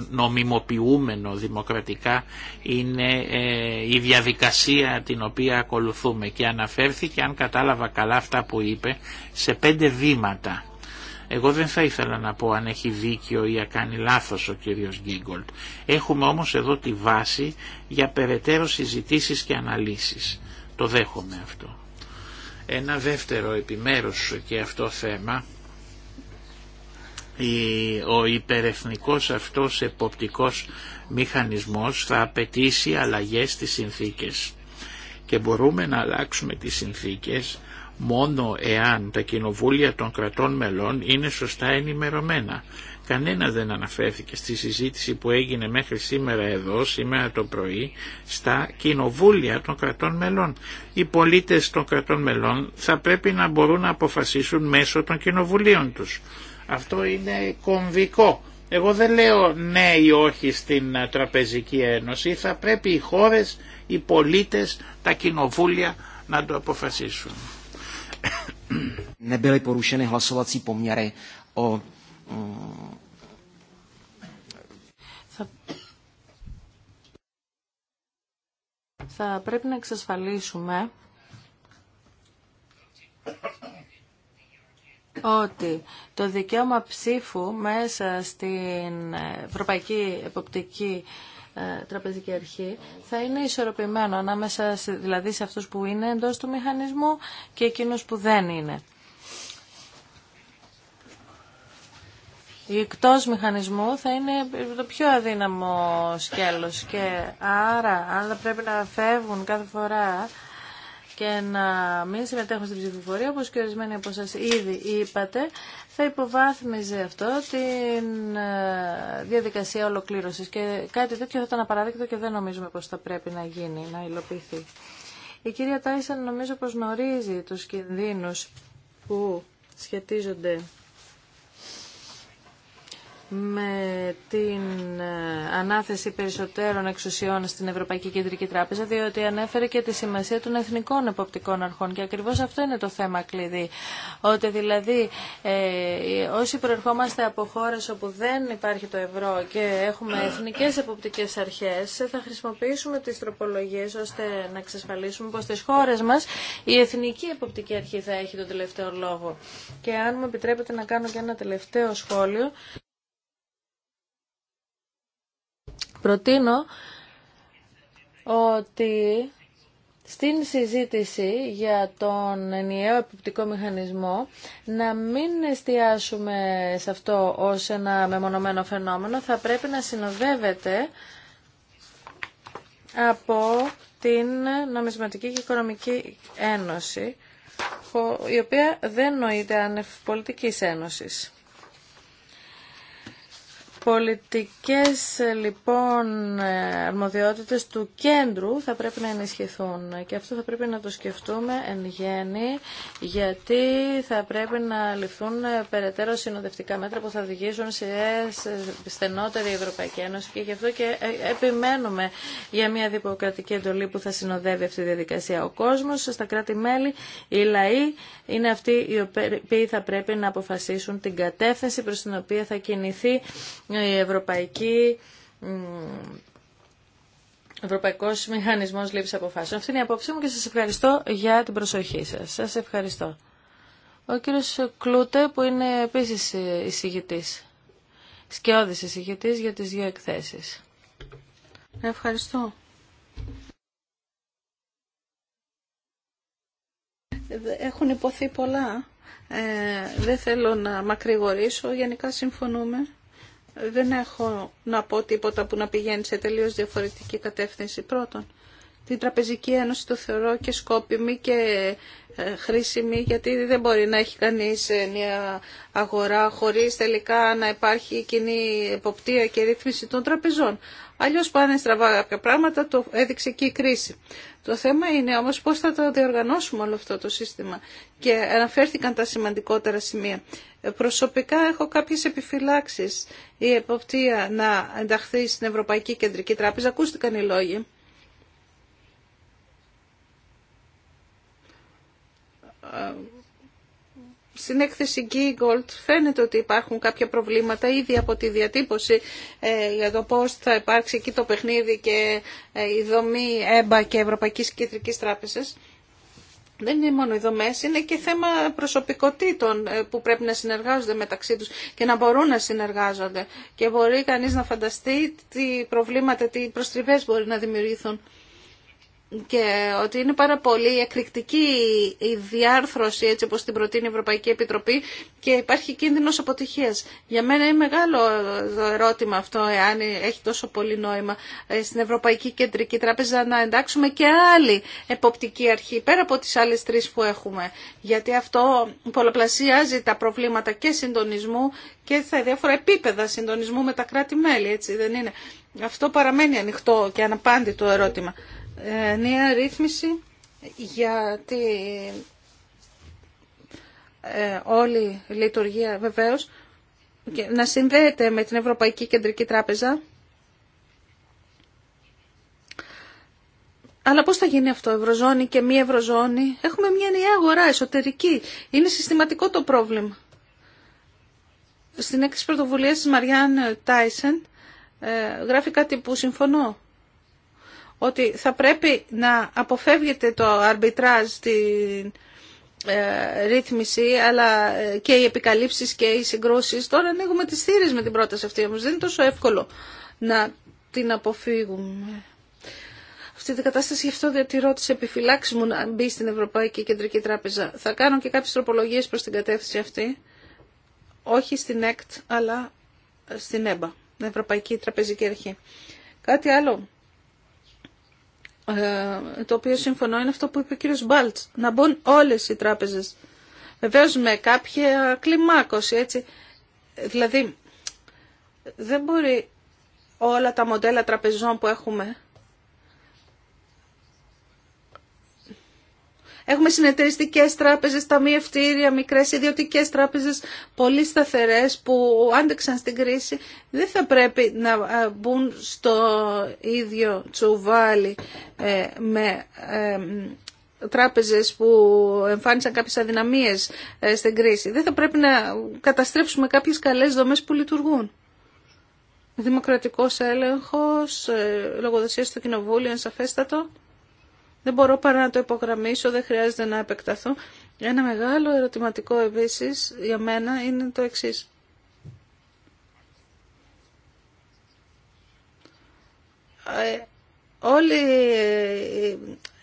νομιμοποιούμενο δημοκρατικά είναι ε, η διαδικασία την οποία ακολουθούμε και αναφέρθηκε αν κατάλαβα καλά αυτά που είπε σε πέντε βήματα. Εγώ δεν θα ήθελα να πω αν έχει δίκιο ή αν κάνει λάθος ο κύριος Γκίγκολτ. Έχουμε όμως εδώ τη βάση για περαιτέρω συζητήσεις και αναλύσεις. Το δέχομαι αυτό. Ένα δεύτερο επιμέρους και αυτό θέμα ο υπερεθνικός αυτός εποπτικός μηχανισμός θα απαιτήσει αλλαγές στις συνθήκες και μπορούμε να αλλάξουμε τις συνθήκες μόνο εάν τα κοινοβούλια των κρατών μελών είναι σωστά ενημερωμένα. Κανένα δεν αναφέρθηκε στη συζήτηση που έγινε μέχρι σήμερα εδώ, σήμερα το πρωί, στα κοινοβούλια των κρατών μελών. Οι πολίτες των κρατών μελών θα πρέπει να μπορούν να αποφασίσουν μέσω των κοινοβουλίων τους. Αυτό είναι κομβικό. Εγώ δεν λέω ναι ή όχι στην Τραπεζική Ένωση, θα πρέπει οι χώρες, οι πολίτες, τα κοινοβούλια να το αποφασίσουν. Mm, θα πρέπει να εξασφαλίσουμε ότι το δικαίωμα ψήφου μέσα στην Ευρωπαϊκή Εποπτική ε, Τραπεζική Αρχή θα είναι ισορροπημένο ανάμεσα σε, δηλαδή σε αυτούς που είναι εντός του μηχανισμού και εκείνους που δεν είναι. Η εκτός μηχανισμού θα είναι το πιο αδύναμο σκέλος και άρα αν θα πρέπει να φεύγουν κάθε φορά και να μην συμμετέχουν στην ψηφοφορία, όπως και ορισμένοι από σας ήδη είπατε, θα υποβάθμιζε αυτό την ε, διαδικασία ολοκλήρωσης και κάτι τέτοιο θα ήταν απαράδεκτο και δεν νομίζουμε πως θα πρέπει να γίνει, να υλοποιηθεί. Η κυρία Τάισαν νομίζω πως γνωρίζει τους κινδύνους που σχετίζονται με την ε, ανάθεση περισσότερων εξουσιών στην Ευρωπαϊκή Κεντρική Τράπεζα, διότι ανέφερε και τη σημασία των εθνικών εποπτικών αρχών. Και ακριβώς αυτό είναι το θέμα κλειδί. Ότι δηλαδή ε, όσοι προερχόμαστε από χώρες όπου δεν υπάρχει το ευρώ και έχουμε εθνικές εποπτικές αρχές, θα χρησιμοποιήσουμε τις τροπολογίες ώστε να εξασφαλίσουμε πως στις χώρες μας η εθνική εποπτική αρχή θα έχει τον τελευταίο λόγο. Και αν μου επιτρέπετε να κάνω και ένα τελευταίο σχόλιο, Προτείνω ότι στην συζήτηση για τον ενιαίο επιπτικό μηχανισμό να μην εστιάσουμε σε αυτό ως ένα μεμονωμένο φαινόμενο, θα πρέπει να συνοδεύεται από την Νομισματική και Οικονομική Ένωση, η οποία δεν νοείται ανευπολιτικής ένωσης. Πολιτικές λοιπόν αρμοδιότητες του κέντρου θα πρέπει να ενισχυθούν και αυτό θα πρέπει να το σκεφτούμε εν γέννη γιατί θα πρέπει να ληφθούν περαιτέρω συνοδευτικά μέτρα που θα οδηγήσουν σε στενότερη Ευρωπαϊκή Ένωση και γι' αυτό και ε, επιμένουμε για μια δημοκρατική εντολή που θα συνοδεύει αυτή τη διαδικασία. Ο κόσμος, στα κράτη-μέλη, οι λαοί είναι αυτοί οι οποίοι θα πρέπει να αποφασίσουν την κατεύθυνση προς την οποία θα κινηθεί η ευρωπαϊκή Ευρωπαϊκός Μηχανισμός Λήψης Αποφάσεων. Αυτή είναι η απόψη μου και σας ευχαριστώ για την προσοχή σας. Σας ευχαριστώ. Ο κύριος Κλούτε που είναι επίσης εισηγητής, σκιώδης εισηγητής για τις δύο εκθέσεις. Ευχαριστώ. Έχουν υποθεί πολλά. Ε, δεν θέλω να μακρηγορήσω. Γενικά συμφωνούμε δεν έχω να πω τίποτα που να πηγαίνει σε τελείως διαφορετική κατεύθυνση. Πρώτον, την Τραπεζική Ένωση το θεωρώ και σκόπιμη και ε, χρήσιμη γιατί δεν μπορεί να έχει κανείς ε, μια αγορά χωρίς τελικά να υπάρχει κοινή εποπτεία και ρύθμιση των τραπεζών. Αλλιώς πάνε στραβά κάποια πράγματα, το έδειξε και η κρίση. Το θέμα είναι όμως πώς θα το διοργανώσουμε όλο αυτό το σύστημα. Και αναφέρθηκαν τα σημαντικότερα σημεία. Προσωπικά έχω κάποιες επιφυλάξεις η εποπτεία να ενταχθεί στην Ευρωπαϊκή Κεντρική Τράπεζα. Ακούστηκαν οι λόγοι. Στην έκθεση Giggold φαίνεται ότι υπάρχουν κάποια προβλήματα ήδη από τη διατύπωση ε, για το πώς θα υπάρξει εκεί το παιχνίδι και ε, η δομή ΕΜΠΑ και Ευρωπαϊκής Κεντρικής Τράπεζας. Δεν είναι μόνο οι δομέ, είναι και θέμα προσωπικότητων ε, που πρέπει να συνεργάζονται μεταξύ του και να μπορούν να συνεργάζονται. Και μπορεί κανεί να φανταστεί τι προβλήματα, τι προστριβέ μπορεί να δημιουργηθούν και ότι είναι πάρα πολύ εκρηκτική η διάρθρωση έτσι όπως την προτείνει η Ευρωπαϊκή Επιτροπή και υπάρχει κίνδυνος αποτυχίας. Για μένα είναι μεγάλο το ερώτημα αυτό, εάν έχει τόσο πολύ νόημα ε, στην Ευρωπαϊκή Κεντρική Τράπεζα να εντάξουμε και άλλη εποπτική αρχή, πέρα από τις άλλες τρεις που έχουμε. Γιατί αυτό πολλαπλασιάζει τα προβλήματα και συντονισμού και στα διάφορα επίπεδα συντονισμού με τα κράτη-μέλη, έτσι δεν είναι. Αυτό παραμένει ανοιχτό και αναπάντητο ερώτημα. Ε, νέα ρύθμιση για τη ε, όλη λειτουργία βεβαίως και να συνδέεται με την Ευρωπαϊκή Κεντρική Τράπεζα. Αλλά πώς θα γίνει αυτό, Ευρωζώνη και μη Ευρωζώνη. Έχουμε μια νέα αγορά εσωτερική. Είναι συστηματικό το πρόβλημα. Στην έκθεση πρωτοβουλία της Μαριάν Τάισεν ε, γράφει κάτι που συμφωνώ ότι θα πρέπει να αποφεύγεται το αρμπιτράζ στην ε, ρύθμιση αλλά ε, και οι επικαλύψεις και οι συγκρούσεις. Τώρα ανοίγουμε τις θύρες με την πρόταση αυτή, όμως δεν είναι τόσο εύκολο να την αποφύγουμε. Αυτή την κατάσταση γι' αυτό διατηρώ τις επιφυλάξεις μου να μπει στην Ευρωπαϊκή Κεντρική Τράπεζα. Θα κάνω και κάποιες τροπολογίες προς την κατεύθυνση αυτή, όχι στην ΕΚΤ αλλά στην ΕΜΠΑ, την Ευρωπαϊκή Τραπεζική Αρχή. Κάτι άλλο ε, το οποίο συμφωνώ είναι αυτό που είπε ο κύριος Μπάλτ. να μπουν όλες οι τράπεζες. Βεβαίω με κάποια κλιμάκωση, έτσι. Δηλαδή, δεν μπορεί όλα τα μοντέλα τραπεζών που έχουμε Έχουμε συνεταιριστικές τράπεζες, ταμιευτήρια, μικρές ιδιωτικέ τράπεζε, πολύ σταθερές που άντεξαν στην κρίση. Δεν θα πρέπει να ε, μπουν στο ίδιο τσουβάλι ε, με τράπεζες που εμφάνισαν κάποιες αδυναμίες ε, στην κρίση. Δεν θα πρέπει να καταστρέψουμε κάποιες καλές δομές που λειτουργούν. Δημοκρατικός έλεγχος, λογοδοσία στο κοινοβούλιο, σαφέστατο δεν μπορώ παρά να το υπογραμμίσω, δεν χρειάζεται να επεκταθώ. Ένα μεγάλο ερωτηματικό επίσης για μένα είναι το εξής. Ε, όλη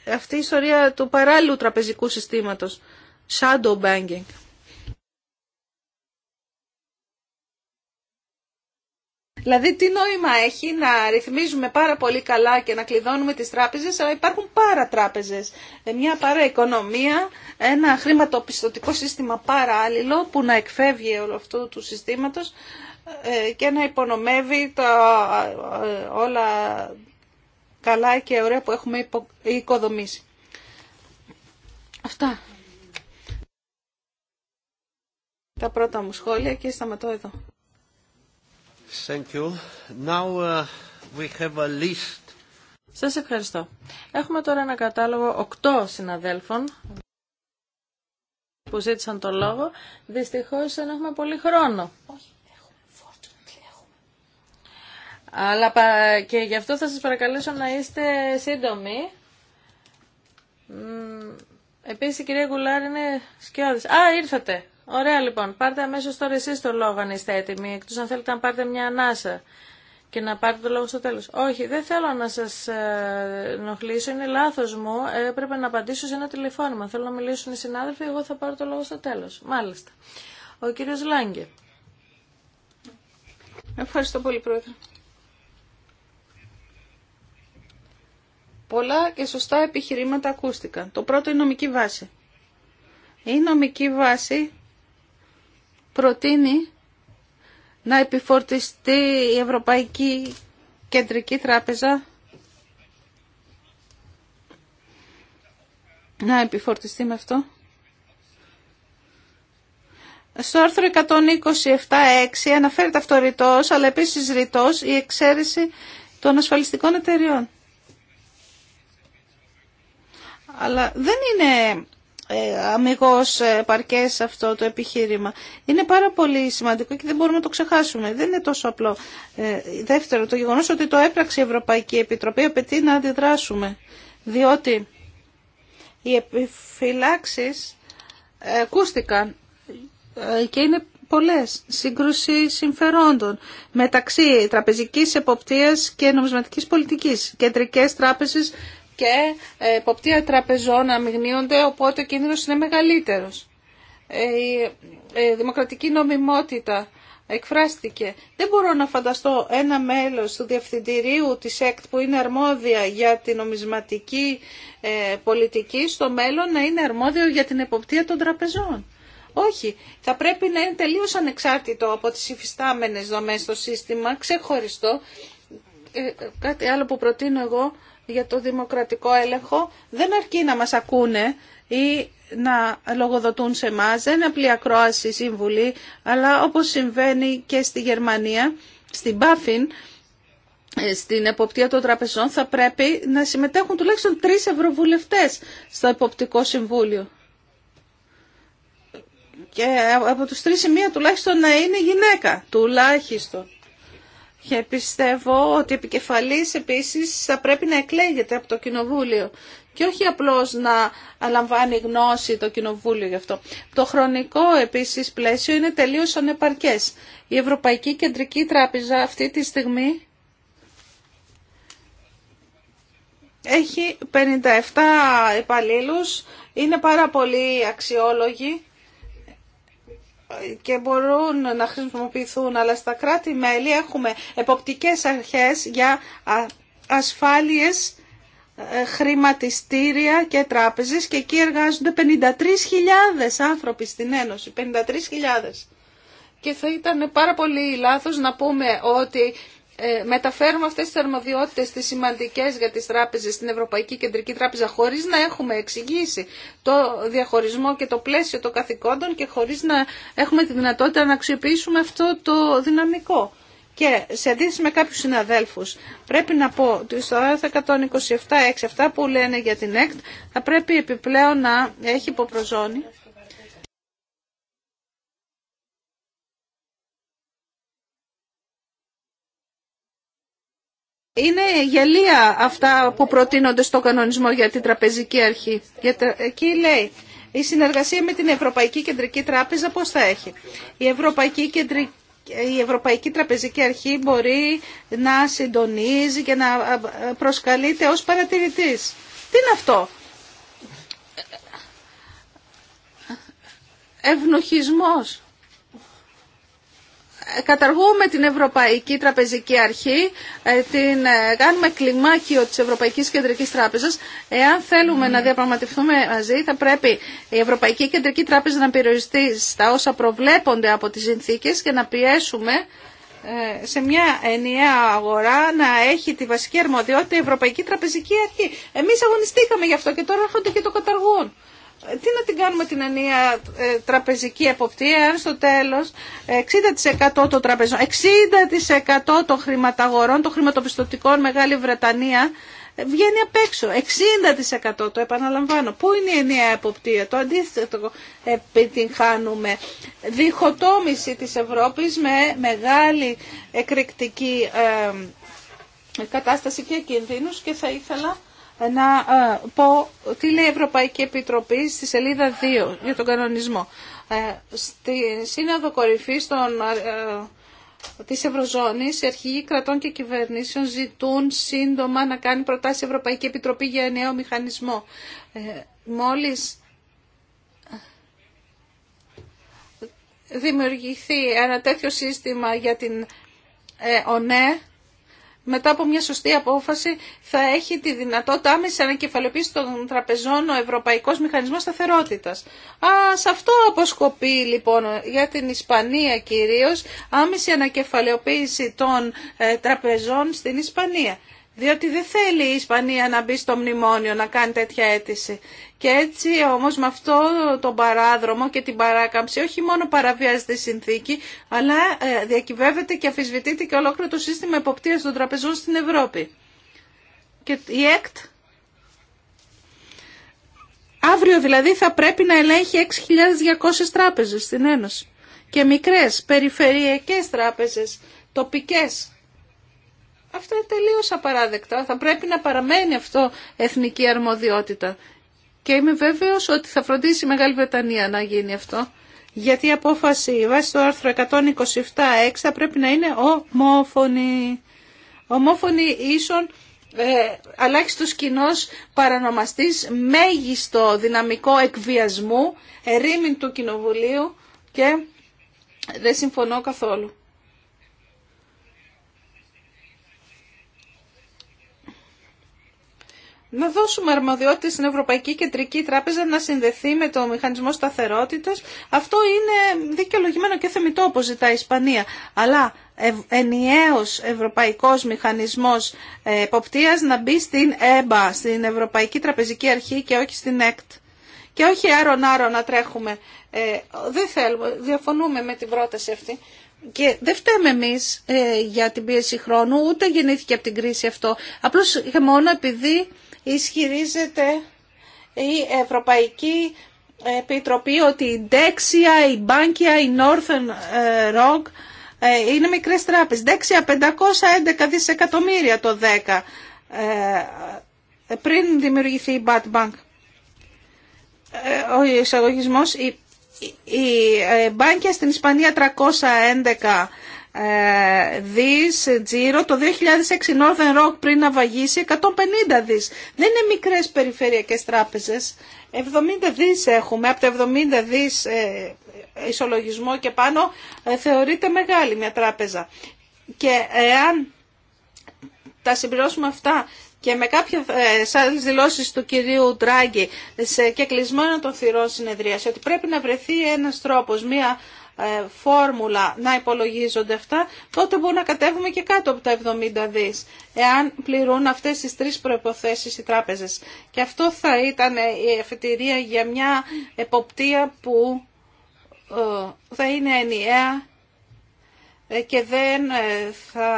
ε, αυτή η ιστορία του παράλληλου τραπεζικού συστήματος, shadow banking, Δηλαδή τι νόημα έχει να ρυθμίζουμε πάρα πολύ καλά και να κλειδώνουμε τις τράπεζες, αλλά υπάρχουν πάρα τράπεζες. Ε, μια παραοικονομία, ένα χρηματοπιστωτικό σύστημα παράλληλο που να εκφεύγει όλο αυτού του συστήματος ε, και να υπονομεύει τα, ε, όλα καλά και ωραία που έχουμε οικοδομήσει. Αυτά. Τα πρώτα μου σχόλια και σταματώ εδώ. Thank uh, Σας ευχαριστώ. Έχουμε τώρα ένα κατάλογο οκτώ συναδέλφων που ζήτησαν το λόγο. Δυστυχώς δεν έχουμε πολύ χρόνο. Αλλά και γι' αυτό θα σας παρακαλέσω να είστε σύντομοι. Επίσης η κυρία Γουλάρη είναι σκιώδης. Α, ήρθατε. Ωραία λοιπόν, πάρτε αμέσως τώρα εσείς το λόγο αν είστε έτοιμοι, εκτός αν θέλετε να πάρετε μια ανάσα και να πάρετε το λόγο στο τέλος. Όχι, δεν θέλω να σας ε, ενοχλήσω, είναι λάθος μου, ε, έπρεπε να απαντήσω σε ένα τηλεφώνημα. Θέλω να μιλήσουν οι συνάδελφοι, εγώ θα πάρω το λόγο στο τέλος. Μάλιστα. Ο κύριος Λάγκε. Ευχαριστώ πολύ πρόεδρε. Πολλά και σωστά επιχειρήματα ακούστηκαν. Το πρώτο είναι νομική βάση. Η νομική βάση προτείνει να επιφορτιστεί η Ευρωπαϊκή Κεντρική Τράπεζα να επιφορτιστεί με αυτό. Στο άρθρο 127.6 αναφέρεται αυτό ρητός, αλλά επίσης ρητός η εξαίρεση των ασφαλιστικών εταιριών. Αλλά δεν είναι ε, αμυγός ε, παρκές αυτό το επιχείρημα. Είναι πάρα πολύ σημαντικό και δεν μπορούμε να το ξεχάσουμε. Δεν είναι τόσο απλό. Ε, δεύτερο, το γεγονός ότι το έπραξε η Ευρωπαϊκή Επιτροπή απαιτεί να αντιδράσουμε. Διότι οι επιφυλάξεις ακούστηκαν και είναι πολλές. Σύγκρουση συμφερόντων μεταξύ τραπεζικής εποπτείας και νομισματικής πολιτικής. Κεντρικές τράπεζες και ε, εποπτεία τραπεζών αμειγνύονται, οπότε ο κίνδυνος είναι μεγαλύτερος. Ε, η ε, δημοκρατική νομιμότητα εκφράστηκε. Δεν μπορώ να φανταστώ ένα μέλος του Διευθυντηρίου της ΕΚΤ που είναι αρμόδια για την νομισματική πολιτική στο μέλλον να είναι αρμόδιο για την εποπτεία των τραπεζών. Όχι, θα πρέπει να είναι τελείως ανεξάρτητο από τις υφιστάμενες δομές στο σύστημα, ξεχωριστό. Κάτι άλλο που προτείνω εγώ για το δημοκρατικό έλεγχο δεν αρκεί να μας ακούνε ή να λογοδοτούν σε εμά, δεν είναι απλή ακρόαση σύμβουλη, αλλά όπως συμβαίνει και στη Γερμανία, στην Πάφιν, ε, στην εποπτεία των τραπεζών θα πρέπει να συμμετέχουν τουλάχιστον τρεις ευρωβουλευτές στο εποπτικό συμβούλιο. Και ε, από τους τρεις μία τουλάχιστον να είναι γυναίκα, τουλάχιστον. Και πιστεύω ότι επικεφαλής επίσης θα πρέπει να εκλέγεται από το Κοινοβούλιο και όχι απλώς να αλαμβάνει γνώση το Κοινοβούλιο γι' αυτό. Το χρονικό επίσης πλαίσιο είναι τελείως ανεπαρκές. Η Ευρωπαϊκή Κεντρική Τράπεζα αυτή τη στιγμή έχει 57 υπαλλήλους, είναι πάρα πολύ αξιόλογοι και μπορούν να χρησιμοποιηθούν, αλλά στα κράτη-μέλη έχουμε εποπτικές αρχές για ασφάλειες ε, χρηματιστήρια και τράπεζες και εκεί εργάζονται 53.000 άνθρωποι στην Ένωση, 53.000. Και θα ήταν πάρα πολύ λάθος να πούμε ότι ε, μεταφέρουμε αυτές τις αρμοδιότητες τις σημαντικές για τις τράπεζες στην Ευρωπαϊκή Κεντρική Τράπεζα χωρίς να έχουμε εξηγήσει το διαχωρισμό και το πλαίσιο των καθηκόντων και χωρίς να έχουμε τη δυνατότητα να αξιοποιήσουμε αυτό το δυναμικό. Και σε αντίθεση με κάποιους συναδέλφους, πρέπει να πω ότι στο άρθρο 127.6 αυτά που λένε για την ΕΚΤ θα πρέπει επιπλέον να έχει υποπροζώνη Είναι γελία αυτά που προτείνονται στον κανονισμό για την τραπεζική αρχή. Εκεί λέει η συνεργασία με την Ευρωπαϊκή Κεντρική Τράπεζα πώς θα έχει. Η Ευρωπαϊκή, η Ευρωπαϊκή Τραπεζική Αρχή μπορεί να συντονίζει και να προσκαλείται ως παρατηρητής. Τι είναι αυτό. Ευνοχισμός καταργούμε την Ευρωπαϊκή Τραπεζική Αρχή, ε, την ε, κάνουμε κλιμάκιο της Ευρωπαϊκής Κεντρικής Τράπεζας. Εάν θέλουμε να διαπραγματευτούμε μαζί, θα πρέπει η Ευρωπαϊκή Κεντρική Τράπεζα να περιοριστεί στα όσα προβλέπονται από τις συνθήκες και να πιέσουμε ε, σε μια ενιαία αγορά να έχει τη βασική αρμοδιότητα η Ευρωπαϊκή Τραπεζική Αρχή. Εμείς αγωνιστήκαμε γι' αυτό και τώρα έρχονται και το καταργούν τι να την κάνουμε την ενία ε, τραπεζική εποπτεία αν στο τέλος 60% ε, των τραπεζών, 60% των χρηματαγορών, των χρηματοπιστωτικών Μεγάλη Βρετανία ε, βγαίνει απ' έξω. 60% το επαναλαμβάνω. Πού είναι η ενιαία εποπτεία. Το αντίθετο επιτυγχάνουμε. Διχοτόμηση της Ευρώπης με μεγάλη εκρηκτική κατάσταση και κινδύνους και θα ήθελα να ε, πω τι λέει η Ευρωπαϊκή Επιτροπή στη σελίδα 2 για τον κανονισμό. Ε, στη Σύνοδο Κορυφή των, ε, της Ευρωζώνης, οι αρχηγοί κρατών και κυβερνήσεων ζητούν σύντομα να κάνει προτάσεις η Ευρωπαϊκή Επιτροπή για νέο μηχανισμό. Μόλις δημιουργηθεί ένα τέτοιο σύστημα για την ΟΝΕ, μετά από μια σωστή απόφαση θα έχει τη δυνατότητα άμεση ανακεφαλαιοποίηση των τραπεζών ο Ευρωπαϊκό Μηχανισμό σταθερότητα. Α, σε αυτό αποσκοπεί λοιπόν για την Ισπανία κυρίως άμεση ανακεφαλαιοποίηση των ε, τραπεζών στην Ισπανία διότι δεν θέλει η Ισπανία να μπει στο μνημόνιο να κάνει τέτοια αίτηση. Και έτσι όμως με αυτό τον παράδρομο και την παράκαμψη όχι μόνο παραβιάζεται η συνθήκη, αλλά ε, διακυβεύεται και αφισβητείται και ολόκληρο το σύστημα εποπτείας των τραπεζών στην Ευρώπη. Και η ΕΚΤ αύριο δηλαδή θα πρέπει να ελέγχει 6.200 τράπεζες στην Ένωση και μικρές περιφερειακές τράπεζες, τοπικές αυτό είναι τελείως απαράδεκτο. Θα πρέπει να παραμένει αυτό εθνική αρμοδιότητα. Και είμαι βέβαιος ότι θα φροντίσει η Μεγάλη Βρετανία να γίνει αυτό. Γιατί η απόφαση βάσει το άρθρο 127.6 θα πρέπει να είναι ομόφωνη. Ομόφωνη ίσον ε, του κοινό παρανομαστής, μέγιστο δυναμικό εκβιασμού, ερήμην του Κοινοβουλίου και δεν συμφωνώ καθόλου. να δώσουμε αρμοδιότητα στην Ευρωπαϊκή Κεντρική Τράπεζα να συνδεθεί με το μηχανισμό σταθερότητας. Αυτό είναι δικαιολογημένο και θεμητό όπως ζητάει η Ισπανία. Αλλά ενιαίος ευρωπαϊκός μηχανισμός ε, εποπτείας να μπει στην ΕΜΠΑ, στην Ευρωπαϊκή Τραπεζική Αρχή και όχι στην ΕΚΤ. Και όχι άρον-άρον να τρέχουμε. Ε, δεν θέλουμε, διαφωνούμε με την πρόταση αυτή. Και δεν φταίμε εμεί ε, για την πίεση χρόνου, ούτε γεννήθηκε από την κρίση αυτό. Απλώ μόνο επειδή ισχυρίζεται η Ευρωπαϊκή Επιτροπή ότι η Dexia, η Bankia, η Northern ε, Rock ε, είναι μικρές τράπεζες. Δέξια 511 δισεκατομμύρια το 10 ε, πριν δημιουργηθεί η Bad Bank. Ο εισαγωγισμός, η, η Bankia στην Ισπανία 311 ε, δις τζίρο, το 2006 Northern Rock πριν να βαγίσει 150 δις. Δεν είναι μικρές περιφερειακές τράπεζες. 70 δις έχουμε, από τα 70 δις ε, ισολογισμό και πάνω ε, θεωρείται μεγάλη μια τράπεζα. Και εάν τα συμπληρώσουμε αυτά και με κάποιε άλλε δηλώσει του κυρίου Ντράγκη σε κεκλεισμένο των θυρών συνεδρίαση ότι πρέπει να βρεθεί ένα τρόπο, μία ε, φόρμουλα να υπολογίζονται αυτά, τότε μπορούμε να κατέβουμε και κάτω από τα 70 δις, εάν πληρούν αυτές τις τρεις προϋποθέσεις οι τράπεζες. Και αυτό θα ήταν ε, η εφετηρία για μια εποπτεία που ε, θα είναι ενιαία και δεν θα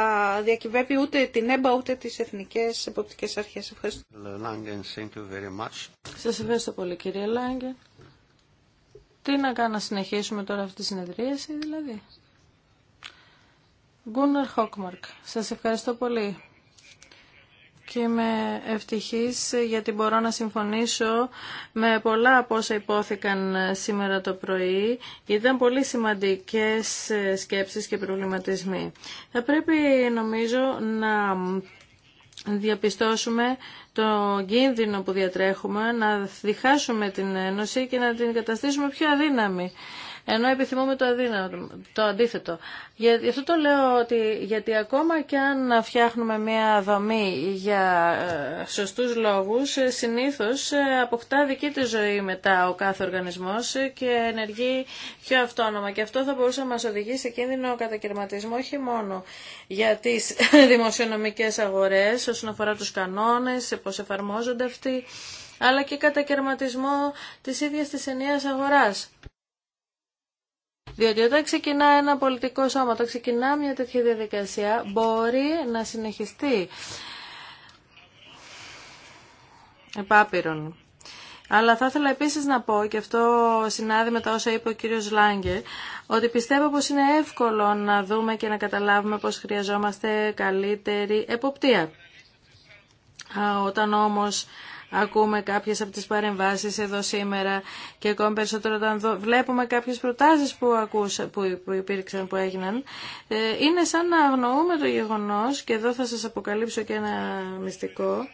διακυβεύει ούτε την ΕΜΠΑ ούτε τις Εθνικές Εποπτικές Αρχές. Ευχαριστώ. Σας ευχαριστώ πολύ κύριε Λάγκεν. Τι να κάνω να συνεχίσουμε τώρα αυτή τη συνεδρίαση δηλαδή. Γκούνερ Χόκμαρκ, σας ευχαριστώ πολύ και είμαι ευτυχής γιατί μπορώ να συμφωνήσω με πολλά από όσα υπόθηκαν σήμερα το πρωί ήταν πολύ σημαντικές σκέψεις και προβληματισμοί. Θα πρέπει νομίζω να διαπιστώσουμε το κίνδυνο που διατρέχουμε να διχάσουμε την Ένωση και να την καταστήσουμε πιο αδύναμη. Ενώ επιθυμούμε το, το αντίθετο. Για, γι' αυτό το λέω ότι γιατί ακόμα και αν φτιάχνουμε μια δομή για ε, σωστούς λόγους, ε, συνήθως ε, αποκτά δική τη ζωή μετά ο κάθε οργανισμός και ενεργεί πιο αυτόνομα. Και αυτό θα μπορούσε να μας οδηγήσει σε κίνδυνο κατακαιρματισμό όχι μόνο για τις [laughs] δημοσιονομικές αγορές όσον αφορά τους κανόνες, πώς εφαρμόζονται αυτοί, αλλά και κατακαιρματισμό της ίδιας της ενιαίας αγοράς. Διότι όταν ξεκινά ένα πολιτικό σώμα, όταν ξεκινά μια τέτοια διαδικασία, μπορεί να συνεχιστεί επάπειρον. Αλλά θα ήθελα επίσης να πω, και αυτό συνάδει με τα όσα είπε ο κύριος Λάγκε, ότι πιστεύω πως είναι εύκολο να δούμε και να καταλάβουμε πως χρειαζόμαστε καλύτερη εποπτεία. Όταν όμως ακούμε κάποιες από τις παρεμβάσεις εδώ σήμερα και ακόμα περισσότερο όταν βλέπουμε κάποιες προτάσεις που, ακούσα, που υπήρξαν, που έγιναν, ε, είναι σαν να αγνοούμε το γεγονός, και εδώ θα σας αποκαλύψω και ένα μυστικό,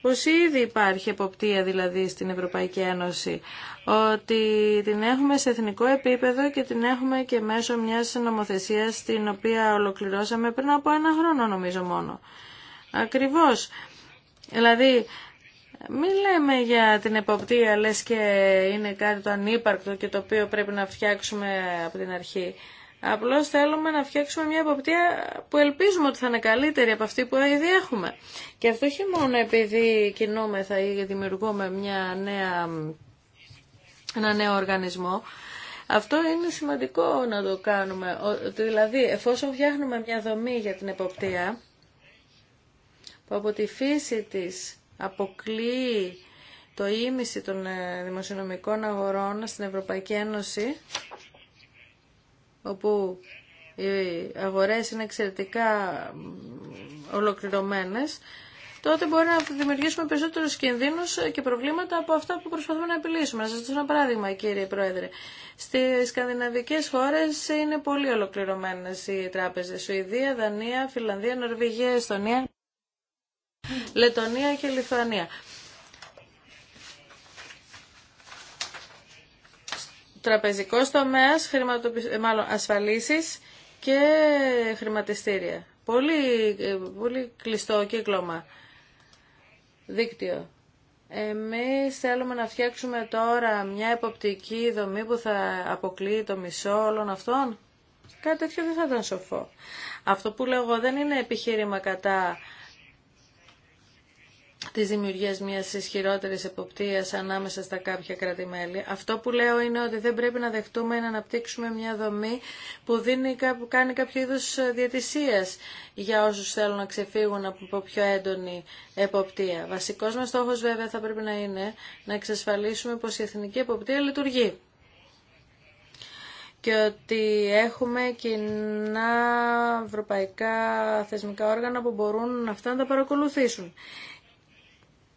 πως ήδη υπάρχει εποπτεία δηλαδή στην Ευρωπαϊκή Ένωση, ότι την έχουμε σε εθνικό επίπεδο και την έχουμε και μέσω μιας νομοθεσίας την οποία ολοκληρώσαμε πριν από ένα χρόνο νομίζω μόνο. Ακριβώς. Δηλαδή μην λέμε για την εποπτεία, λες και είναι κάτι το ανύπαρκτο και το οποίο πρέπει να φτιάξουμε από την αρχή. Απλώς θέλουμε να φτιάξουμε μια εποπτεία που ελπίζουμε ότι θα είναι καλύτερη από αυτή που ήδη έχουμε. Και αυτό όχι μόνο επειδή κινούμεθα ή δημιουργούμε μια νέα, ένα νέο οργανισμό, αυτό είναι σημαντικό να το κάνουμε. Δηλαδή, εφόσον φτιάχνουμε μια δομή για την εποπτεία, που από τη φύση της αποκλείει το ίμιση των ε, δημοσιονομικών αγορών στην Ευρωπαϊκή Ένωση, όπου οι αγορές είναι εξαιρετικά ολοκληρωμένες, τότε μπορεί να δημιουργήσουμε περισσότερους κινδύνους και προβλήματα από αυτά που προσπαθούμε να επιλύσουμε. Να σας δώσω ένα παράδειγμα, κύριε Πρόεδρε. Στις σκανδιναβικές χώρες είναι πολύ ολοκληρωμένες οι τράπεζες. Σουηδία, Δανία, Φιλανδία, Νορβηγία, Εστονία. Λετωνία και Λιθουανία. Τραπεζικό τομέα, ε, μάλλον ασφαλίσεις και χρηματιστήρια. Πολύ, ε, πολύ κλειστό κύκλωμα. Δίκτυο. Εμείς θέλουμε να φτιάξουμε τώρα μια εποπτική δομή που θα αποκλείει το μισό όλων αυτών. Κάτι τέτοιο δεν θα ήταν σοφό. Αυτό που λέω εγώ δεν είναι επιχείρημα κατά Τη δημιουργίας μια ισχυρότερη εποπτείας ανάμεσα στα κάποια κράτη-μέλη. Αυτό που λέω είναι ότι δεν πρέπει να δεχτούμε να αναπτύξουμε μια δομή που, δίνει, που κάνει κάποιο είδους διατησίες για όσου θέλουν να ξεφύγουν από πιο έντονη εποπτεία. Βασικός μας στόχος βέβαια θα πρέπει να είναι να εξασφαλίσουμε πω η εθνική εποπτεία λειτουργεί και ότι έχουμε κοινά ευρωπαϊκά θεσμικά όργανα που μπορούν αυτά να τα παρακολουθήσουν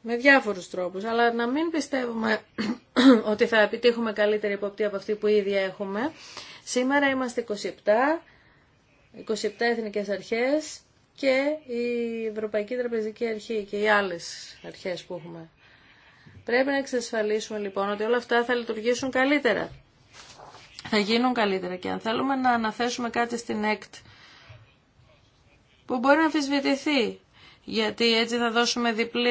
με διάφορους τρόπους, αλλά να μην πιστεύουμε [clears throat] ότι θα επιτύχουμε καλύτερη υποπτή από αυτή που ήδη έχουμε. Σήμερα είμαστε 27, 27 εθνικές αρχές και η Ευρωπαϊκή Τραπεζική Αρχή και οι άλλες αρχές που έχουμε. Πρέπει να εξασφαλίσουμε λοιπόν ότι όλα αυτά θα λειτουργήσουν καλύτερα. Θα γίνουν καλύτερα και αν θέλουμε να αναθέσουμε κάτι στην ΕΚΤ που μπορεί να αμφισβητηθεί γιατί έτσι θα δώσουμε διπλή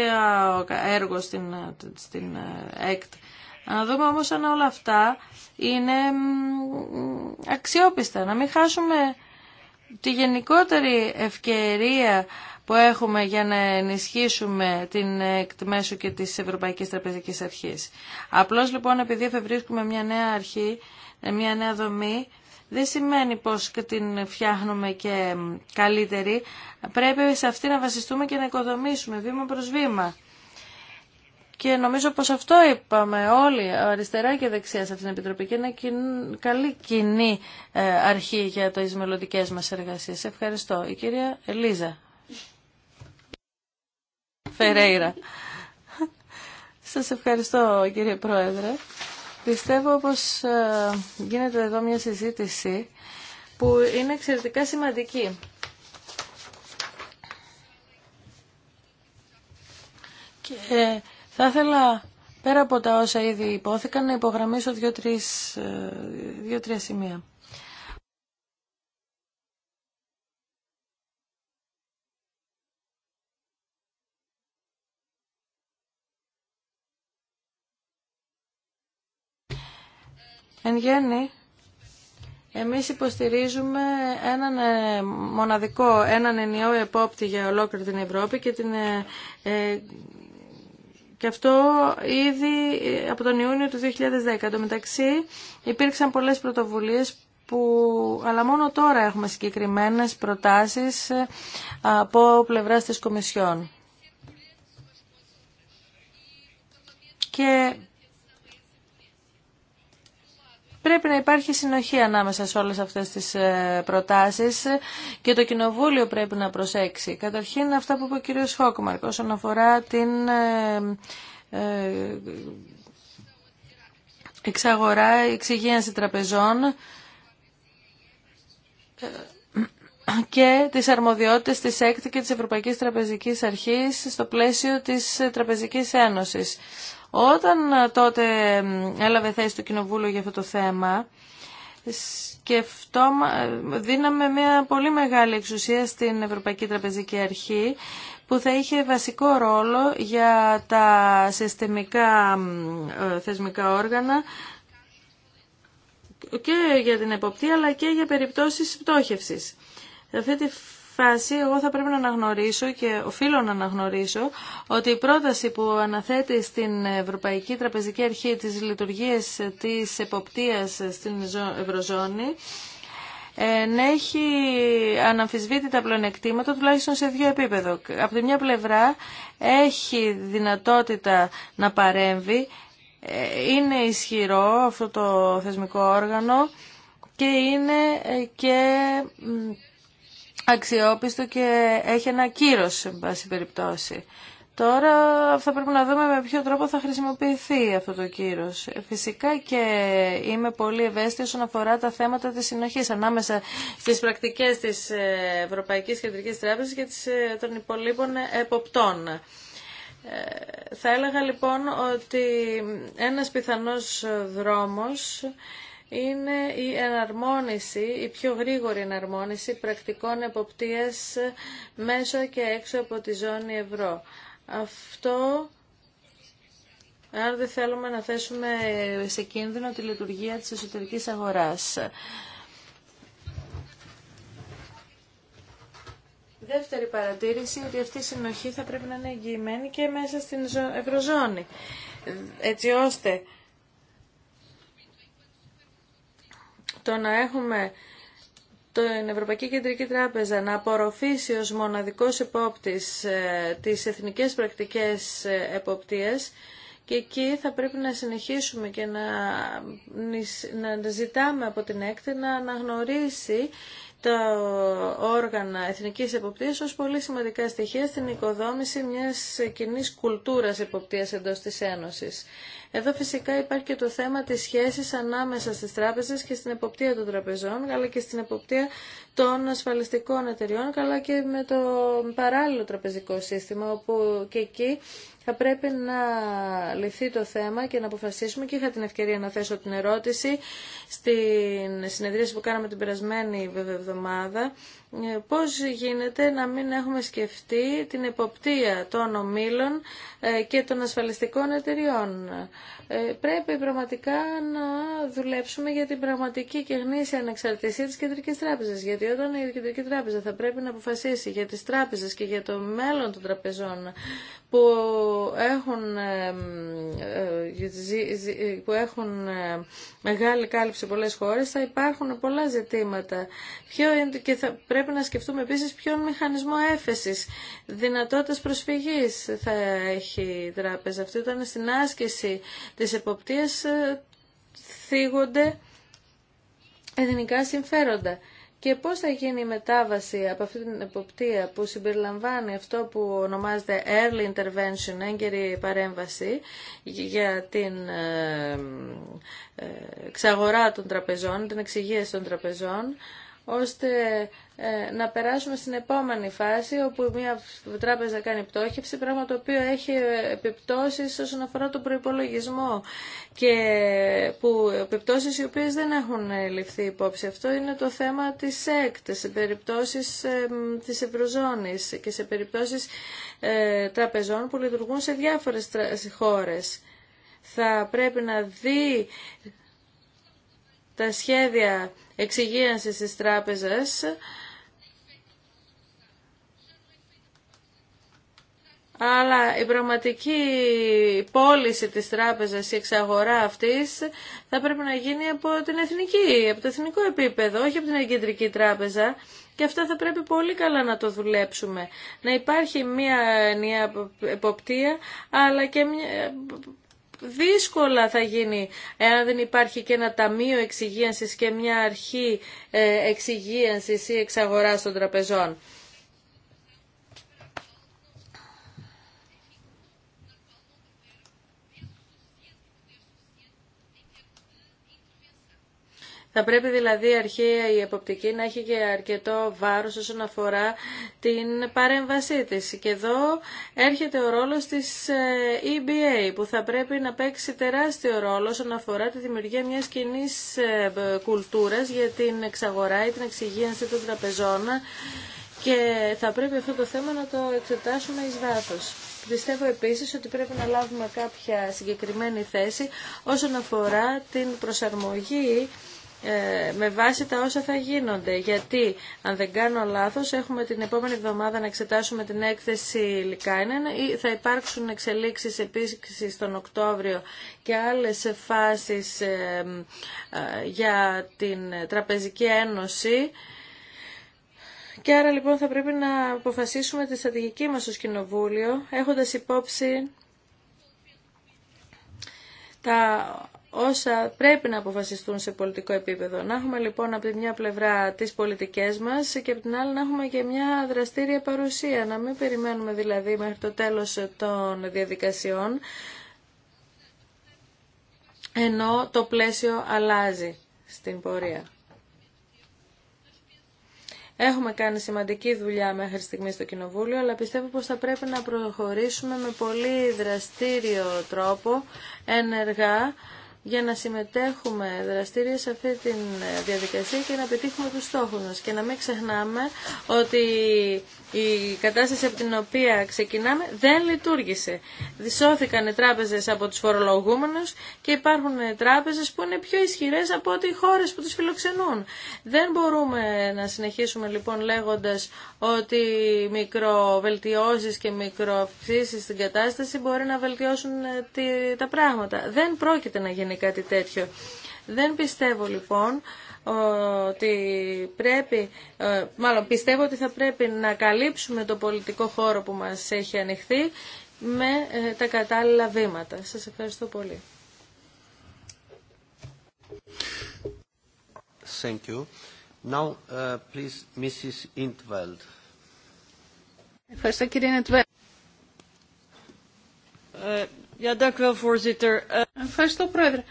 έργο στην, στην ε, ΕΚΤ. Να δούμε όμως αν όλα αυτά είναι αξιόπιστα, να μην χάσουμε τη γενικότερη ευκαιρία που έχουμε για να ενισχύσουμε την μέσω και της Ευρωπαϊκής Τραπεζικής Αρχής. Απλώς λοιπόν επειδή εφευρίσκουμε μια νέα αρχή, μια νέα δομή, δεν σημαίνει πως την φτιάχνουμε και καλύτερη. Πρέπει σε αυτή να βασιστούμε και να οικοδομήσουμε βήμα προς βήμα. Και νομίζω πως αυτό είπαμε όλοι, αριστερά και δεξιά σε αυτήν την Επιτροπή και είναι καλή κοινή ε, αρχή για τις μελλοντικέ μας εργασίες. Ευχαριστώ. Η κυρία Ελίζα Φερέιρα. [laughs] Σας ευχαριστώ κύριε Πρόεδρε. Πιστεύω πως ε, γίνεται εδώ μια συζήτηση που είναι εξαιρετικά σημαντική. Και ε, θα ήθελα πέρα από τα όσα ήδη υπόθηκαν να υπογραμμίσω ε, δύο-τρία δύο, σημεία. Εν γέννη, εμείς υποστηρίζουμε έναν ε, μοναδικό, έναν ενιαίο επόπτη για ολόκληρη την Ευρώπη και, την, ε, ε, και αυτό ήδη από τον Ιούνιο του 2010. Εν τω μεταξύ υπήρξαν πολλές πρωτοβουλίες που, αλλά μόνο τώρα έχουμε συγκεκριμένες προτάσεις από πλευράς της Κομισιόν. Και Πρέπει να υπάρχει συνοχή ανάμεσα σε όλες αυτές τις ε, προτάσεις και το Κοινοβούλιο πρέπει να προσέξει. Καταρχήν αυτά που είπε ο κύριος Χόκμαρκ όσον αφορά την ε, ε, εξαγορά, εξυγίανση τραπεζών και τις αρμοδιότητες της ΕΚΤ και της Ευρωπαϊκής Τραπεζικής Αρχής στο πλαίσιο της Τραπεζικής Ένωσης. Όταν ε, τότε έλαβε θέση το Κοινοβούλιο για αυτό το θέμα, σκεφτόμα, δίναμε μια πολύ μεγάλη εξουσία στην Ευρωπαϊκή Τραπεζική Αρχή που θα είχε βασικό ρόλο για τα συστημικά ε, θεσμικά όργανα και για την εποπτεία αλλά και για περιπτώσεις πτώχευσης. Αυτή τη εγώ θα πρέπει να αναγνωρίσω και οφείλω να αναγνωρίσω ότι η πρόταση που αναθέτει στην Ευρωπαϊκή Τραπεζική Αρχή της λειτουργίας της εποπτείας στην Ευρωζώνη ε, να έχει αναμφισβήτητα πλεονεκτήματα τουλάχιστον σε δύο επίπεδο. Από τη μια πλευρά έχει δυνατότητα να παρέμβει, ε, είναι ισχυρό αυτό το θεσμικό όργανο και είναι ε, και αξιόπιστο και έχει ένα κύρος, σε πάση περιπτώσει. Τώρα θα πρέπει να δούμε με ποιο τρόπο θα χρησιμοποιηθεί αυτό το κύρος. Φυσικά και είμαι πολύ ευαίσθητη όσον αφορά τα θέματα της συνοχής ανάμεσα στις πρακτικές της Ευρωπαϊκής Κεντρικής Τράπεζας και ε, των υπολείπων εποπτών. Ε, θα έλεγα λοιπόν ότι ένας πιθανός δρόμος είναι η εναρμόνιση, η πιο γρήγορη εναρμόνιση πρακτικών εποπτείας μέσω και έξω από τη ζώνη ευρώ. Αυτό αν δεν θέλουμε να θέσουμε σε κίνδυνο τη λειτουργία της εσωτερικής αγοράς. Δεύτερη παρατήρηση ότι αυτή η συνοχή θα πρέπει να είναι εγγυημένη και μέσα στην ευρωζώνη, έτσι ώστε το να έχουμε την Ευρωπαϊκή Κεντρική Τράπεζα να απορροφήσει ως μοναδικός επόπτης ε, τις εθνικές πρακτικές ε, εποπτείες και εκεί θα πρέπει να συνεχίσουμε και να, να ζητάμε από την έκτη να αναγνωρίσει τα όργανα εθνικής εποπτείας ως πολύ σημαντικά στοιχεία στην οικοδόμηση μιας κοινής κουλτούρας εποπτείας εντός της Ένωσης. Εδώ φυσικά υπάρχει και το θέμα της σχέσης ανάμεσα στις τράπεζες και στην εποπτεία των τραπεζών, αλλά και στην εποπτεία των ασφαλιστικών εταιριών, αλλά και με το παράλληλο τραπεζικό σύστημα, όπου και εκεί θα πρέπει να λυθεί το θέμα και να αποφασίσουμε και είχα την ευκαιρία να θέσω την ερώτηση στην συνεδρίαση που κάναμε την περασμένη εβδομάδα ε, πώς γίνεται να μην έχουμε σκεφτεί την εποπτεία των ομίλων ε, και των ασφαλιστικών εταιριών. Ε, πρέπει πραγματικά να δουλέψουμε για την πραγματική και γνήσια ανεξαρτησία της Κεντρικής Τράπεζας, γιατί όταν η Κεντρική Τράπεζα θα πρέπει να αποφασίσει για τις τράπεζες και για το μέλλον των τραπεζών που έχουν, ε, που έχουν ε, μεγάλη κάλυψη πολλές χώρες θα υπάρχουν πολλά ζητήματα Ποιο, και θα πρέπει να σκεφτούμε επίσης ποιον μηχανισμό έφεσης δυνατότητας προσφυγής θα έχει η τράπεζα αυτή όταν στην άσκηση της εποπτείας ε, θίγονται εθνικά συμφέροντα και πώς θα γίνει η μετάβαση από αυτή την εποπτεία που συμπεριλαμβάνει αυτό που ονομάζεται early intervention, έγκαιρη παρέμβαση για την ε, ε, εξαγορά των τραπεζών, την εξυγίαση των τραπεζών, ώστε ε, να περάσουμε στην επόμενη φάση όπου μια τράπεζα κάνει πτώχευση, πράγμα το οποίο έχει επιπτώσεις όσον αφορά τον προϋπολογισμό και που επιπτώσεις οι οποίες δεν έχουν ε, ληφθεί υπόψη. Αυτό είναι το θέμα της ΕΚΤ σε περιπτώσεις ε, της Ευρωζώνης και σε περιπτώσεις τραπεζών που λειτουργούν σε διάφορες χώρες θα πρέπει να δει τα σχέδια εξυγίανσης της τράπεζας αλλά η πραγματική πώληση της τράπεζας, η εξαγορά αυτής, θα πρέπει να γίνει από την εθνική, από το εθνικό επίπεδο, όχι από την εγκεντρική τράπεζα. Και αυτά θα πρέπει πολύ καλά να το δουλέψουμε. Να υπάρχει μία ενιαία εποπτεία, αλλά και μια δύσκολα θα γίνει εάν δεν υπάρχει και ένα ταμείο εξυγίανσης και μια αρχή ε, εξυγίανσης ή εξαγοράς των τραπεζών. Θα πρέπει δηλαδή η αρχαία η εποπτική να έχει και αρκετό βάρος όσον αφορά την παρέμβασή της. Και εδώ έρχεται ο ρόλος της ε, EBA που θα πρέπει να παίξει τεράστιο ρόλο όσον αφορά τη δημιουργία μιας κοινή ε, κουλτούρας για την εξαγορά ή την εξυγίανση των τραπεζών και θα πρέπει αυτό το θέμα να το εξετάσουμε εις βάθος. Πιστεύω επίσης ότι πρέπει να λάβουμε κάποια συγκεκριμένη θέση όσον αφορά την προσαρμογή ε, με βάση τα όσα θα γίνονται. Γιατί, αν δεν κάνω λάθος, έχουμε την επόμενη εβδομάδα να εξετάσουμε την έκθεση Λικάινεν. Θα υπάρξουν εξελίξεις επίσης τον Οκτώβριο και άλλες φάσεις ε, ε, για την Τραπεζική Ένωση. Και άρα λοιπόν θα πρέπει να αποφασίσουμε τη στρατηγική μας ως Κοινοβούλιο, έχοντας υπόψη τα όσα πρέπει να αποφασιστούν σε πολιτικό επίπεδο. Να έχουμε λοιπόν από τη μια πλευρά τις πολιτικές μας και από την άλλη να έχουμε και μια δραστήρια παρουσία. Να μην περιμένουμε δηλαδή μέχρι το τέλος των διαδικασιών ενώ το πλαίσιο αλλάζει στην πορεία. Έχουμε κάνει σημαντική δουλειά μέχρι στιγμή στο Κοινοβούλιο, αλλά πιστεύω πως θα πρέπει να προχωρήσουμε με πολύ δραστήριο τρόπο, ενεργά, για να συμμετέχουμε δραστήρια σε αυτή τη διαδικασία και να πετύχουμε τους στόχους μας και να μην ξεχνάμε ότι η κατάσταση από την οποία ξεκινάμε δεν λειτουργήσε. Δυσώθηκαν οι τράπεζες από τους φορολογούμενους και υπάρχουν τράπεζες που είναι πιο ισχυρές από ότι οι χώρες που τους φιλοξενούν. Δεν μπορούμε να συνεχίσουμε λοιπόν λέγοντας ότι μικροβελτιώσεις και μικροαυξήσεις στην κατάσταση μπορεί να βελτιώσουν ε, τα πράγματα. Δεν πρόκειται να γίνει γίνει κάτι τέτοιο. Δεν πιστεύω λοιπόν ότι πρέπει, ε, μάλλον πιστεύω ότι θα πρέπει να καλύψουμε το πολιτικό χώρο που μας έχει ανοιχθεί με ε, τα κατάλληλα βήματα. Σας ευχαριστώ πολύ. Thank you. Now, uh, please, Mrs. Intveld. Ευχαριστώ κύριε Νετβέλ voorzitter. Eh, Ευχαριστώ, Πρόεδρε.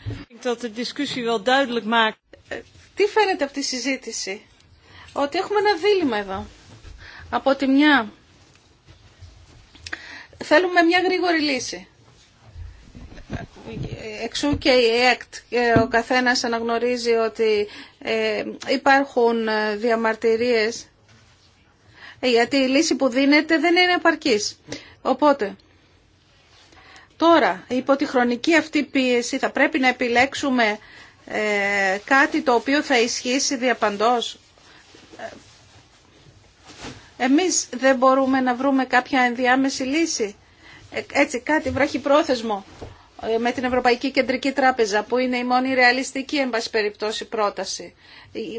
Dat de discussie wel duidelijk maakt. Ε, τι φαίνεται από τη συζήτηση, ότι έχουμε ένα δίλημα εδώ. Από τη μια, θέλουμε μια γρήγορη λύση. Εξού και η ΕΚΤ, ο καθένας αναγνωρίζει ότι ε, υπάρχουν ε, διαμαρτυρίες, γιατί η λύση που δίνεται δεν είναι επαρκής. Οπότε, Τώρα, υπό τη χρονική αυτή πίεση θα πρέπει να επιλέξουμε ε, κάτι το οποίο θα ισχύσει διαπαντός. Ε, εμείς δεν μπορούμε να βρούμε κάποια ενδιάμεση λύση. Ε, έτσι, κάτι βράχει πρόθεσμο ε, με την Ευρωπαϊκή Κεντρική Τράπεζα, που είναι η μόνη ρεαλιστική, εν πάση περιπτώσει, πρόταση.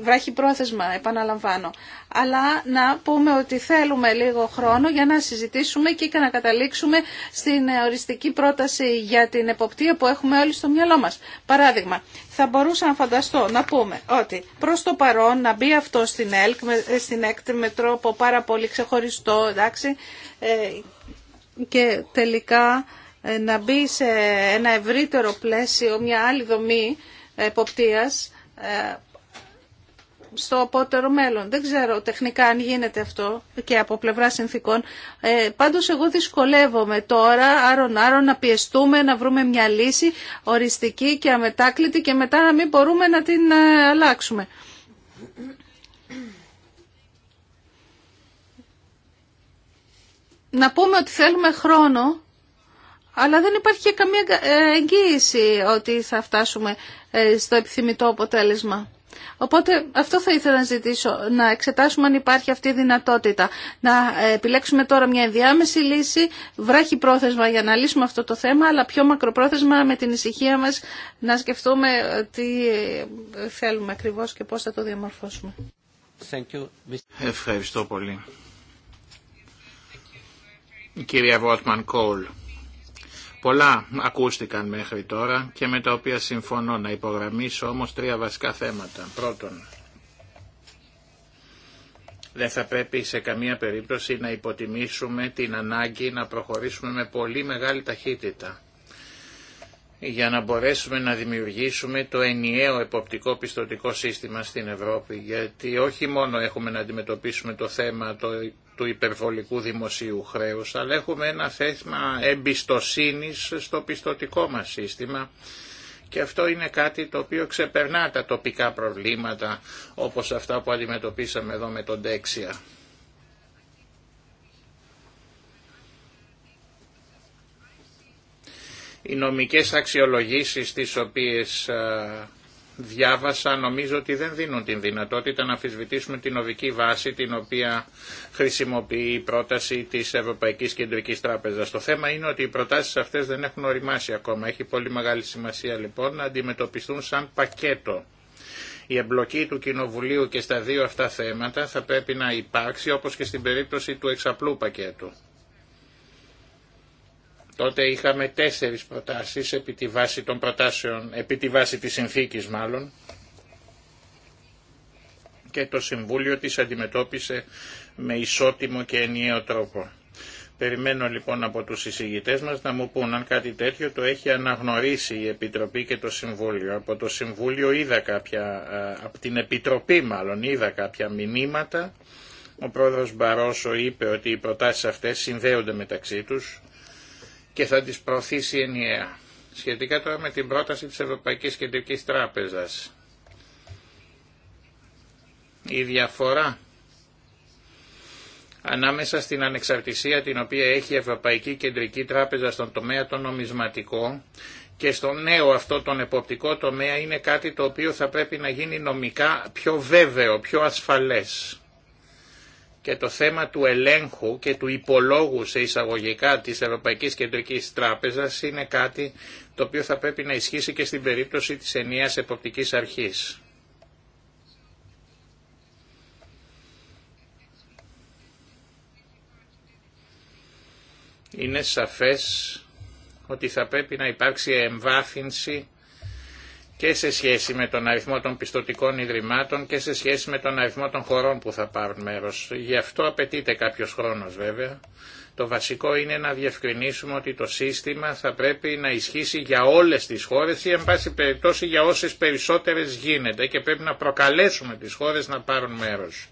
Βράχει πρόθεσμα, επαναλαμβάνω. Αλλά να πούμε ότι θέλουμε λίγο χρόνο για να συζητήσουμε και να καταλήξουμε στην οριστική πρόταση για την εποπτεία που έχουμε όλοι στο μυαλό μας. Παράδειγμα, θα μπορούσα να φανταστώ να πούμε ότι προς το παρόν να μπει αυτό στην ΕΛΚ, ΕΚΤ με τρόπο πάρα πολύ ξεχωριστό, εντάξει, ε, και τελικά ε, να μπει σε ένα ευρύτερο πλαίσιο, μια άλλη δομή εποπτείας ε, στο απότερο μέλλον. Δεν ξέρω τεχνικά αν γίνεται αυτό και από πλευρά συνθήκων. Ε, πάντως εγώ δυσκολεύομαι τώρα άρον άρον να πιεστούμε, να βρούμε μια λύση οριστική και αμετάκλητη και μετά να μην μπορούμε να την ε, αλλάξουμε. Να πούμε ότι θέλουμε χρόνο αλλά δεν υπάρχει καμία ε, εγγύηση ότι θα φτάσουμε ε, στο επιθυμητό αποτέλεσμα. Οπότε αυτό θα ήθελα να ζητήσω, να εξετάσουμε αν υπάρχει αυτή η δυνατότητα. Να ε, επιλέξουμε τώρα μια ενδιάμεση λύση, βράχη πρόθεσμα για να λύσουμε αυτό το θέμα, αλλά πιο μακροπρόθεσμα με την ησυχία μας να σκεφτούμε τι θέλουμε ακριβώς και πώς θα το διαμορφώσουμε. Ευχαριστώ πολύ. κυρία Βότμαν Κόλ. Πολλά ακούστηκαν μέχρι τώρα και με τα οποία συμφωνώ να υπογραμμίσω όμως τρία βασικά θέματα. Πρώτον, δεν θα πρέπει σε καμία περίπτωση να υποτιμήσουμε την ανάγκη να προχωρήσουμε με πολύ μεγάλη ταχύτητα για να μπορέσουμε να δημιουργήσουμε το ενιαίο εποπτικό πιστοτικό σύστημα στην Ευρώπη, γιατί όχι μόνο έχουμε να αντιμετωπίσουμε το θέμα του υπερβολικού δημοσίου χρέους, αλλά έχουμε ένα θέμα εμπιστοσύνης στο πιστοτικό μας σύστημα και αυτό είναι κάτι το οποίο ξεπερνά τα τοπικά προβλήματα όπως αυτά που αντιμετωπίσαμε εδώ με τον Τέξια. Οι νομικές αξιολογήσεις τις οποίες διάβασα νομίζω ότι δεν δίνουν την δυνατότητα να αφισβητήσουμε την οδική βάση την οποία χρησιμοποιεί η πρόταση της Ευρωπαϊκής Κεντρικής Τράπεζας. Το θέμα είναι ότι οι προτάσεις αυτές δεν έχουν οριμάσει ακόμα. Έχει πολύ μεγάλη σημασία λοιπόν να αντιμετωπιστούν σαν πακέτο. Η εμπλοκή του Κοινοβουλίου και στα δύο αυτά θέματα θα πρέπει να υπάρξει όπως και στην περίπτωση του εξαπλού πακέτου. Τότε είχαμε τέσσερις προτάσεις επί τη βάση των προτάσεων, επί τη βάση της συνθήκης μάλλον και το Συμβούλιο τις αντιμετώπισε με ισότιμο και ενιαίο τρόπο. Περιμένω λοιπόν από τους εισηγητές μας να μου πούν αν κάτι τέτοιο το έχει αναγνωρίσει η Επιτροπή και το Συμβούλιο. Από το Συμβούλιο είδα κάποια, από την Επιτροπή μάλλον είδα κάποια μηνύματα. Ο πρόεδρος Μπαρόσο είπε ότι οι προτάσεις αυτές συνδέονται μεταξύ τους και θα τις προωθήσει ενιαία. Σχετικά τώρα με την πρόταση της Ευρωπαϊκής Κεντρικής Τράπεζας. Η διαφορά ανάμεσα στην ανεξαρτησία την οποία έχει η Ευρωπαϊκή Κεντρική Τράπεζα στον τομέα το νομισματικό και στο νέο αυτό τον εποπτικό τομέα είναι κάτι το οποίο θα πρέπει να γίνει νομικά πιο βέβαιο, πιο ασφαλές και το θέμα του ελέγχου και του υπολόγου σε εισαγωγικά της Ευρωπαϊκής Κεντρικής Τράπεζας είναι κάτι το οποίο θα πρέπει να ισχύσει και στην περίπτωση της ενίας εποπτικής αρχής. Είναι σαφές ότι θα πρέπει να υπάρξει εμβάθυνση και σε σχέση με τον αριθμό των πιστοτικών ιδρυμάτων και σε σχέση με τον αριθμό των χωρών που θα πάρουν μέρος. Γι' αυτό απαιτείται κάποιος χρόνος βέβαια. Το βασικό είναι να διευκρινίσουμε ότι το σύστημα θα πρέπει να ισχύσει για όλες τις χώρες ή εν πάση περιπτώσει για όσες περισσότερες γίνεται και πρέπει να προκαλέσουμε τις χώρες να πάρουν μέρος.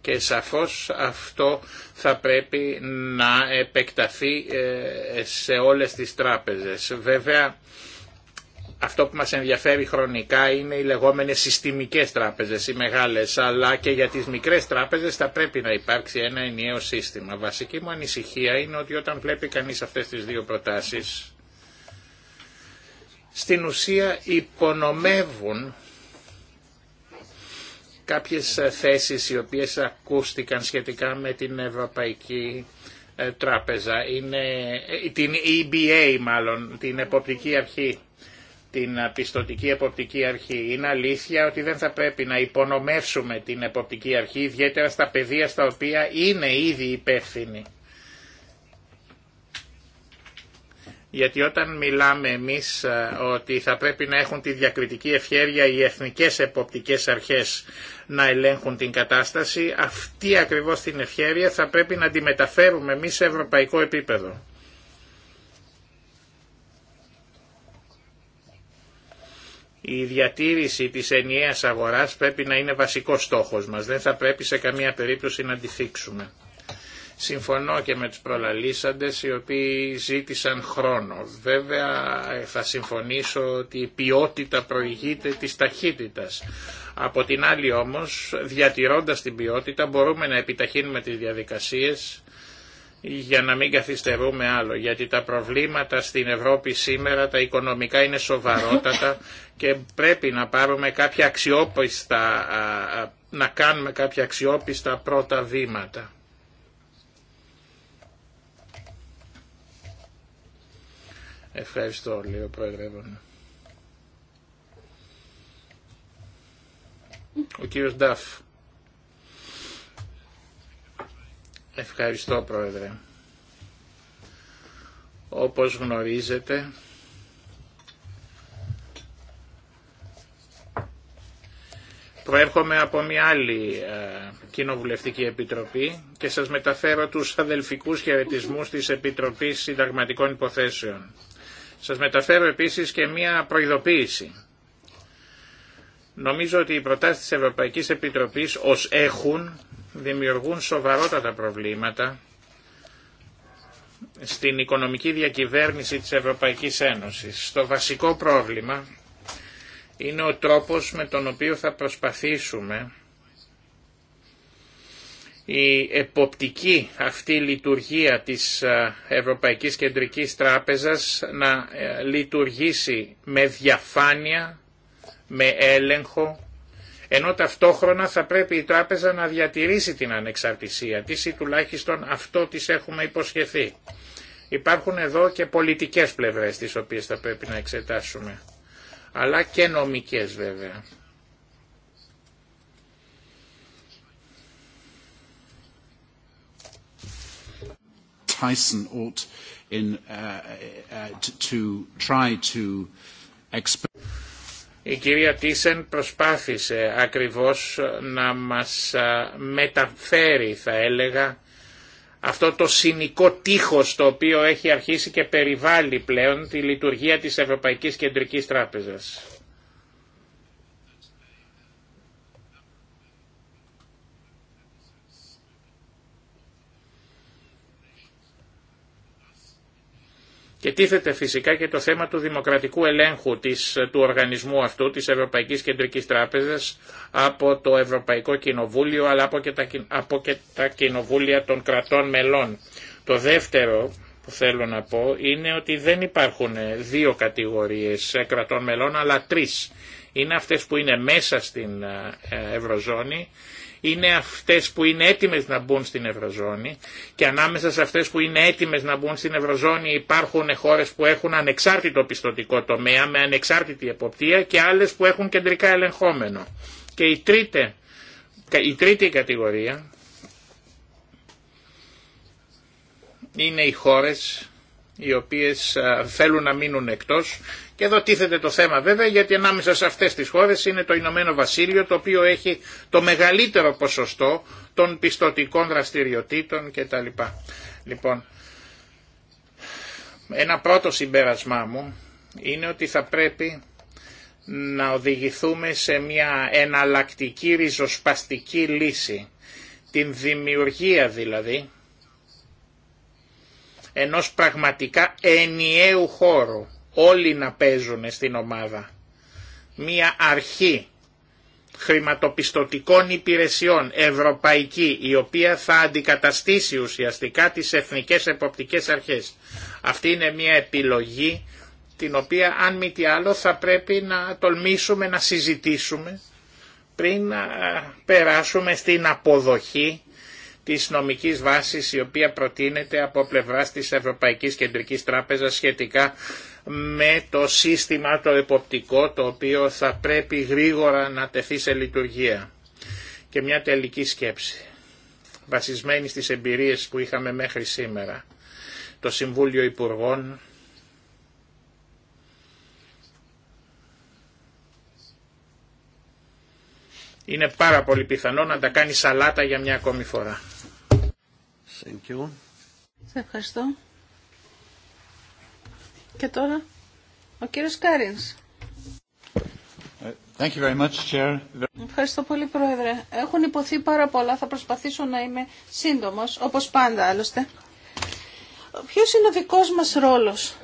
Και σαφώς αυτό θα πρέπει να επεκταθεί ε, σε όλες τις τράπεζες. Βέβαια αυτό που μας ενδιαφέρει χρονικά είναι οι λεγόμενες συστημικές τράπεζες, οι μεγάλες, αλλά και για τις μικρές τράπεζες θα πρέπει να υπάρξει ένα ενιαίο σύστημα. Βασική μου ανησυχία είναι ότι όταν βλέπει κανείς αυτές τις δύο προτάσεις, στην ουσία υπονομεύουν κάποιες θέσεις οι οποίες ακούστηκαν σχετικά με την Ευρωπαϊκή ε, Τράπεζα, είναι, ε, την EBA μάλλον, την Εποπτική Αρχή την πιστοτική εποπτική αρχή. Είναι αλήθεια ότι δεν θα πρέπει να υπονομεύσουμε την εποπτική αρχή, ιδιαίτερα στα πεδία στα οποία είναι ήδη υπεύθυνοι. Γιατί όταν μιλάμε εμείς ε, ότι θα πρέπει να έχουν τη διακριτική ευχέρεια οι εθνικές εποπτικές αρχές να ελέγχουν την κατάσταση, αυτή ακριβώς την ευχέρεια θα πρέπει να τη μεταφέρουμε εμείς σε ευρωπαϊκό επίπεδο. Η διατήρηση της ενιαίας αγοράς πρέπει να είναι βασικός στόχος μας. Δεν θα πρέπει σε καμία περίπτωση να φύξουμε. Συμφωνώ και με τους προλαλήσαντες οι οποίοι ζήτησαν χρόνο. Βέβαια θα συμφωνήσω ότι η ποιότητα προηγείται της ταχύτητας. Από την άλλη όμως, διατηρώντας την ποιότητα μπορούμε να επιταχύνουμε τις διαδικασίες για να μην καθυστερούμε άλλο, γιατί τα προβλήματα στην Ευρώπη σήμερα τα οικονομικά είναι σοβαρότατα [laughs] και πρέπει να πάρουμε κάποια αξιόπιστα, να κάνουμε κάποια αξιόπιστα πρώτα βήματα. Ευχαριστώ, λέει ο Ο κύριος Νταφ. Ευχαριστώ Πρόεδρε. Όπως γνωρίζετε, προέρχομαι από μια άλλη ε, κοινοβουλευτική επιτροπή και σας μεταφέρω τους αδελφικούς χαιρετισμού της Επιτροπής Συνταγματικών Υποθέσεων. Σας μεταφέρω επίσης και μια προειδοποίηση. Νομίζω ότι οι προτάσεις της Ευρωπαϊκής Επιτροπής ως έχουν δημιουργούν σοβαρότατα προβλήματα στην οικονομική διακυβέρνηση της Ευρωπαϊκής Ένωσης. Το βασικό πρόβλημα είναι ο τρόπος με τον οποίο θα προσπαθήσουμε η εποπτική αυτή λειτουργία της Ευρωπαϊκής Κεντρικής Τράπεζας να ε, λειτουργήσει με διαφάνεια, με έλεγχο ενώ ταυτόχρονα θα πρέπει η τράπεζα να διατηρήσει την ανεξαρτησία της ή τουλάχιστον αυτό της έχουμε υποσχεθεί. Υπάρχουν εδώ και πολιτικές πλευρές τις οποίες θα πρέπει να εξετάσουμε, αλλά και νομικές βέβαια. Tyson ought in, uh, uh, to try to η κυρία Τίσεν προσπάθησε ακριβώς να μας μεταφέρει θα έλεγα αυτό το συνικό τείχος το οποίο έχει αρχίσει και περιβάλλει πλέον τη λειτουργία της Ευρωπαϊκής Κεντρικής Τράπεζας. Και τίθεται φυσικά και το θέμα του δημοκρατικού ελέγχου της, του οργανισμού αυτού, της Ευρωπαϊκής Κεντρικής Τράπεζας, από το Ευρωπαϊκό Κοινοβούλιο, αλλά από και τα, από και τα κοινοβούλια των κρατών μελών. Το δεύτερο που θέλω να πω είναι ότι δεν υπάρχουν δύο κατηγορίες κρατών μελών, αλλά τρεις. Είναι αυτές που είναι μέσα στην ε, Ευρωζώνη, είναι αυτές που είναι έτοιμες να μπουν στην Ευρωζώνη και ανάμεσα σε αυτές που είναι έτοιμες να μπουν στην Ευρωζώνη υπάρχουν χώρες που έχουν ανεξάρτητο πιστοτικό τομέα με ανεξάρτητη εποπτεία και άλλες που έχουν κεντρικά ελεγχόμενο. Και η τρίτη, η τρίτη κατηγορία είναι οι χώρες οι οποίες ε, θέλουν να μείνουν εκτός και εδώ τίθεται το θέμα βέβαια γιατί ανάμεσα σε αυτές τις χώρες είναι το Ηνωμένο Βασίλειο το οποίο έχει το μεγαλύτερο ποσοστό των πιστοτικών δραστηριοτήτων κτλ. Λοιπόν, ένα πρώτο συμπέρασμά μου είναι ότι θα πρέπει να οδηγηθούμε σε μια εναλλακτική ριζοσπαστική λύση, την δημιουργία δηλαδή ενός πραγματικά ενιαίου χώρου όλοι να παίζουν στην ομάδα. Μία αρχή χρηματοπιστωτικών υπηρεσιών ευρωπαϊκή η οποία θα αντικαταστήσει ουσιαστικά τις εθνικές εποπτικές αρχές. Αυτή είναι μια επιλογή την οποία αν μη τι άλλο θα πρέπει να τολμήσουμε να συζητήσουμε πριν να περάσουμε στην αποδοχή της νομικής βάσης η οποία προτείνεται από πλευράς της Ευρωπαϊκής Κεντρικής Τράπεζας σχετικά με το σύστημα το εποπτικό το οποίο θα πρέπει γρήγορα να τεθεί σε λειτουργία. Και μια τελική σκέψη, βασισμένη στις εμπειρίες που είχαμε μέχρι σήμερα. Το Συμβούλιο Υπουργών είναι πάρα πολύ πιθανό να τα κάνει σαλάτα για μια ακόμη φορά. Σε ευχαριστώ. Και τώρα ο κύριος Κάρινς. Ευχαριστώ πολύ, Πρόεδρε. Έχουν υποθεί πάρα πολλά. Θα προσπαθήσω να είμαι σύντομος, όπως πάντα άλλωστε. Ποιος είναι ο δικός μας ρόλος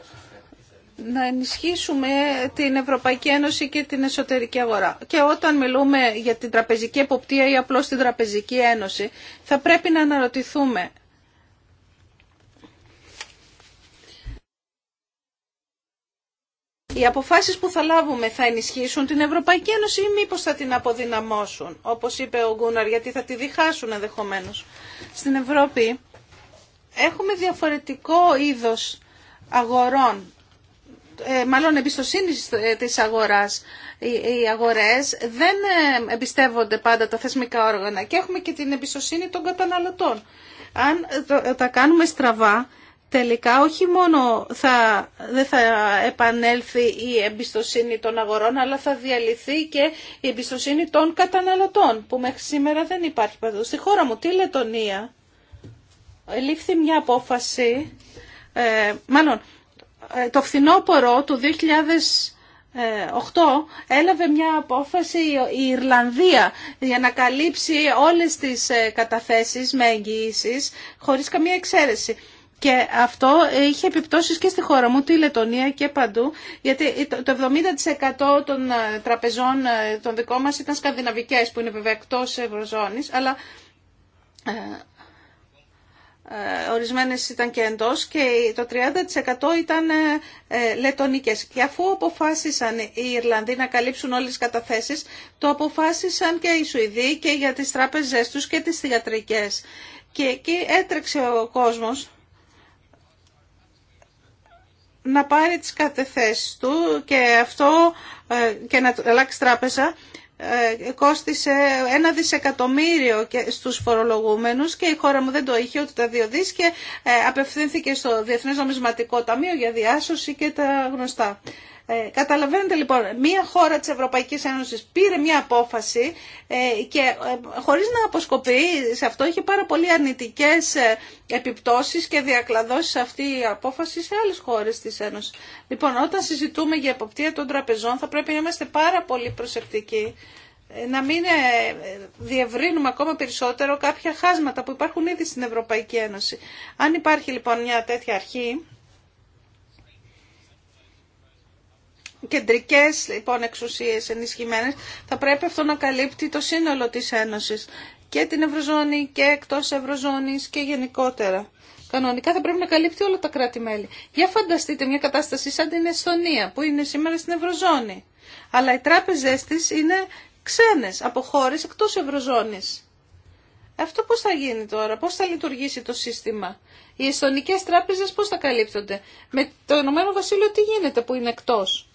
να ενισχύσουμε την Ευρωπαϊκή Ένωση και την εσωτερική αγορά. Και όταν μιλούμε για την τραπεζική εποπτεία ή απλώς την τραπεζική ένωση, θα πρέπει να αναρωτηθούμε οι αποφάσεις που θα λάβουμε θα ενισχύσουν την Ευρωπαϊκή Ένωση ή μήπως θα την αποδυναμώσουν, όπως είπε ο Γκούναρ, γιατί θα τη διχάσουν ενδεχομένω. Στην Ευρώπη έχουμε διαφορετικό είδος αγορών, ε, μάλλον εμπιστοσύνη ε, της αγοράς. Οι αγορές δεν ε, εμπιστεύονται πάντα τα θεσμικά όργανα και έχουμε και την εμπιστοσύνη των καταναλωτών. Αν τα κάνουμε στραβά, τελικά όχι μόνο θα, δεν θα επανέλθει η εμπιστοσύνη των αγορών, αλλά θα διαλυθεί και η εμπιστοσύνη των καταναλωτών, που μέχρι σήμερα δεν υπάρχει παντού. Στη χώρα μου, τη Λετωνία, λήφθη μια απόφαση, ε, μάλλον ε, το φθινόπωρο του 2008 έλαβε μια απόφαση η Ιρλανδία για να καλύψει όλες τις ε, καταθέσεις με εγγυήσεις χωρίς καμία εξαίρεση. Και αυτό είχε επιπτώσεις και στη χώρα μου, τη Λετωνία και παντού, γιατί ε, το 70% των ε, τραπεζών ε, των δικών μας ήταν σκανδιναβικές, που είναι βέβαια εκτός ευρωζώνης, αλλά ορισμένες ήταν και εντός και το 30% ήταν λετονικές. Και αφού αποφάσισαν οι Ιρλανδοί να καλύψουν όλες τις καταθέσεις, το αποφάσισαν και οι Σουηδοί και για τις τράπεζές τους και τις θηγατρικές. Και εκεί έτρεξε ο κόσμος να πάρει τις κατεθέσεις του και αυτό ε, και να αλλάξει τράπεζα ε, κόστισε ένα δισεκατομμύριο στους φορολογούμενους και η χώρα μου δεν το είχε ούτε τα δύο δις ε, απευθύνθηκε στο Διεθνές Νομισματικό Ταμείο για διάσωση και τα γνωστά. Ε, καταλαβαίνετε λοιπόν, μία χώρα της Ευρωπαϊκής Ένωσης πήρε μία απόφαση ε, και ε, χωρίς να αποσκοπεί σε αυτό είχε πάρα πολύ αρνητικές ε, επιπτώσεις και διακλαδώσεις αυτή η απόφαση σε άλλες χώρες της Ένωσης. Λοιπόν, όταν συζητούμε για εποπτεία των τραπεζών θα πρέπει να είμαστε πάρα πολύ προσεκτικοί να μην διευρύνουμε ακόμα περισσότερο κάποια χάσματα που υπάρχουν ήδη στην Ευρωπαϊκή Ένωση. Αν υπάρχει λοιπόν μια τέτοια αρχή Κεντρικέ λοιπόν εξουσίες ενισχυμένες, θα πρέπει αυτό να καλύπτει το σύνολο τη Ένωση. και την Ευρωζώνη και εκτό Ευρωζώνη και γενικότερα. Κανονικά θα πρέπει να καλύπτει όλα τα κράτη-μέλη. Για φανταστείτε μια κατάσταση σαν την Εστονία που είναι σήμερα στην Ευρωζώνη. Αλλά οι τράπεζε της είναι ξενε από χώρε εκτό Ευρωζώνη. Αυτό πώς θα γίνει τώρα, πώς θα λειτουργήσει το σύστημα. Οι εστονικές τράπεζες πώς θα καλύπτονται. Με το Ηνωμένο Βασίλειο τι γίνεται που είναι εκτός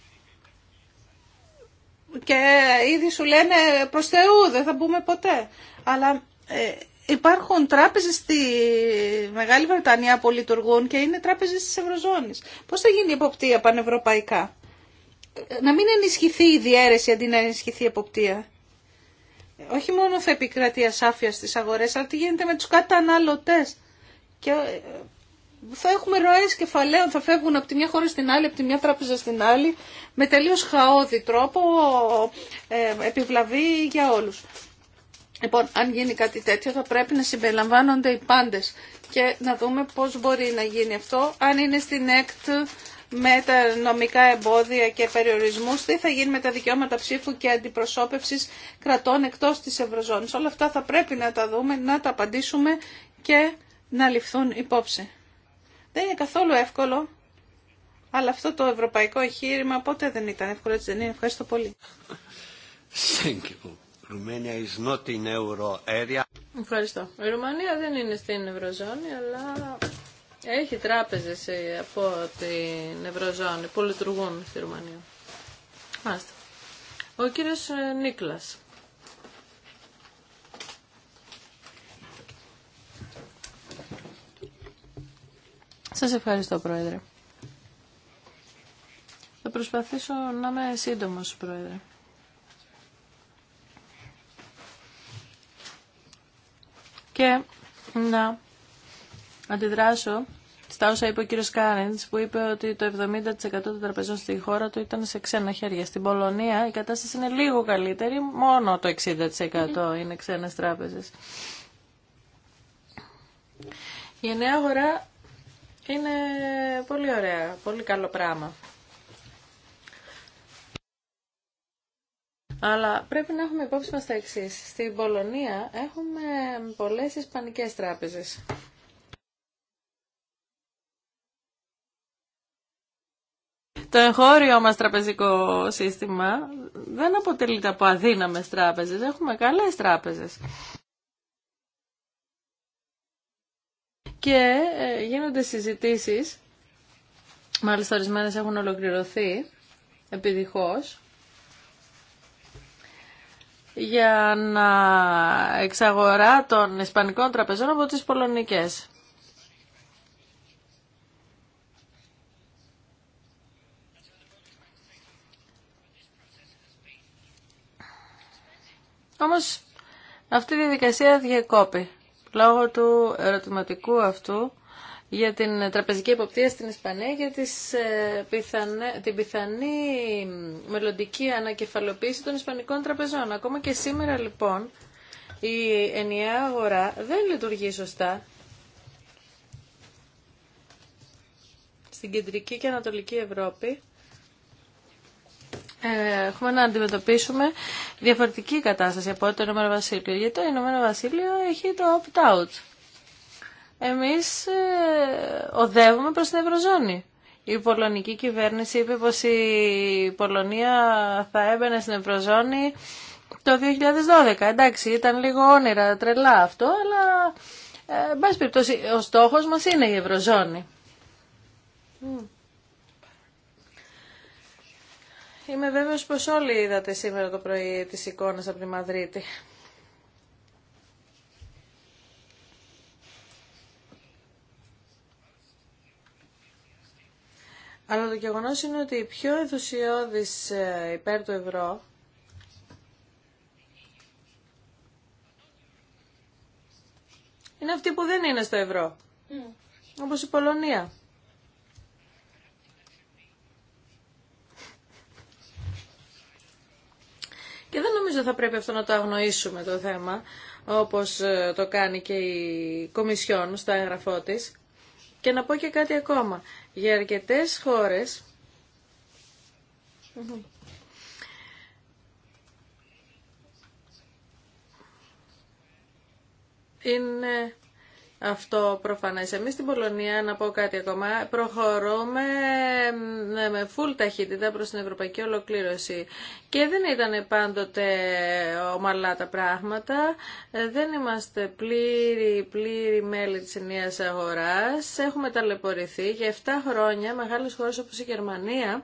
και ήδη σου λένε προς Θεού δεν θα μπούμε ποτέ. Αλλά ε, υπάρχουν τράπεζες στη Μεγάλη Βρετανία που λειτουργούν και είναι τράπεζες της Ευρωζώνης. Πώς θα γίνει η εποπτεία πανευρωπαϊκά. Να μην ενισχυθεί η διαίρεση αντί να ενισχυθεί η εποπτεία. Όχι μόνο θα επικρατεί ασάφεια στις αγορές, αλλά τι γίνεται με τους καταναλωτές. Και ε, θα έχουμε ροέ κεφαλαίων, θα φεύγουν από τη μια χώρα στην άλλη, από τη μια τράπεζα στην άλλη, με τελείω χαόδη τρόπο, ε, επιβλαβή για όλου. Λοιπόν, αν γίνει κάτι τέτοιο θα πρέπει να συμπεριλαμβάνονται οι πάντε και να δούμε πώ μπορεί να γίνει αυτό, αν είναι στην ΕΚΤ με τα νομικά εμπόδια και περιορισμού. τι θα γίνει με τα δικαιώματα ψήφου και αντιπροσώπευση κρατών εκτό τη Ευρωζώνη. Όλα αυτά θα πρέπει να τα δούμε, να τα απαντήσουμε και να ληφθούν υπόψη. Δεν είναι καθόλου εύκολο, αλλά αυτό το ευρωπαϊκό εγχείρημα ποτέ δεν ήταν εύκολο, έτσι δεν είναι. Ευχαριστώ πολύ. Ευχαριστώ. Η Ρουμανία δεν είναι στην Ευρωζώνη, αλλά έχει τράπεζες ε, από την Ευρωζώνη που λειτουργούν στη Ρουμανία. Μάλιστα. Ο κύριος ε, Νίκλας. Σας ευχαριστώ, Πρόεδρε. Θα προσπαθήσω να είμαι σύντομος, Πρόεδρε. Και να αντιδράσω στα όσα είπε ο κύριος Κάριντς που είπε ότι το 70% των τραπεζών στη χώρα του ήταν σε ξένα χέρια. Στην Πολωνία η κατάσταση είναι λίγο καλύτερη, μόνο το 60% είναι ξένες τράπεζες. Η νέα αγορά είναι πολύ ωραία, πολύ καλό πράγμα. Αλλά πρέπει να έχουμε υπόψη μας τα εξή. Στην Πολωνία έχουμε πολλές ισπανικές τράπεζες. Το εγχώριο μας τραπεζικό σύστημα δεν αποτελείται από αδύναμες τράπεζες. Έχουμε καλές τράπεζες. και ε, γίνονται συζητήσεις, μάλιστα ορισμένες έχουν ολοκληρωθεί επιδιχώς, για να εξαγορά των ισπανικών τραπεζών από τις πολωνικές. Όμως αυτή η διαδικασία διεκόπη λόγω του ερωτηματικού αυτού για την τραπεζική εποπτεία στην Ισπανία για τις, ε, την πιθανή μελλοντική ανακεφαλοποίηση των Ισπανικών τραπεζών. Ακόμα και σήμερα λοιπόν η ενιαία αγορά δεν λειτουργεί σωστά στην κεντρική και ανατολική Ευρώπη. Ε, έχουμε να αντιμετωπίσουμε διαφορετική κατάσταση από το Ηνωμένο Βασίλειο. Γιατί το Ηνωμένο Βασίλειο έχει το opt-out. Εμείς ε, οδεύουμε προς την Ευρωζώνη. Η πολωνική κυβέρνηση είπε πως η Πολωνία θα έμπαινε στην Ευρωζώνη το 2012. Εντάξει, ήταν λίγο όνειρα, τρελά αυτό, αλλά ε, εν ο στόχος μας είναι η Ευρωζώνη. Mm. Είμαι βέβαιος πως όλοι είδατε σήμερα το πρωί τις εικόνες από τη Μαδρίτη. Αλλά το γεγονό είναι ότι οι πιο ενθουσιώδης ε, υπέρ του ευρώ είναι αυτοί που δεν είναι στο ευρώ. Mm. Όπως η Πολωνία. Και δεν νομίζω θα πρέπει αυτό να το αγνοήσουμε το θέμα, όπως ε, το κάνει και η Κομισιόν στο έγγραφό της. Και να πω και κάτι ακόμα. Για αρκετές χώρες... Είναι αυτό προφανέ. Εμείς στην Πολωνία, να πω κάτι ακόμα, προχωρούμε ναι, με φουλ ταχύτητα προς την ευρωπαϊκή ολοκλήρωση. Και δεν ήταν πάντοτε ομαλά τα πράγματα. Ε, δεν είμαστε πλήρη, πλήρη μέλη της ενιαίας αγοράς. Έχουμε ταλαιπωρηθεί για 7 χρόνια μεγάλες χώρες όπως η Γερμανία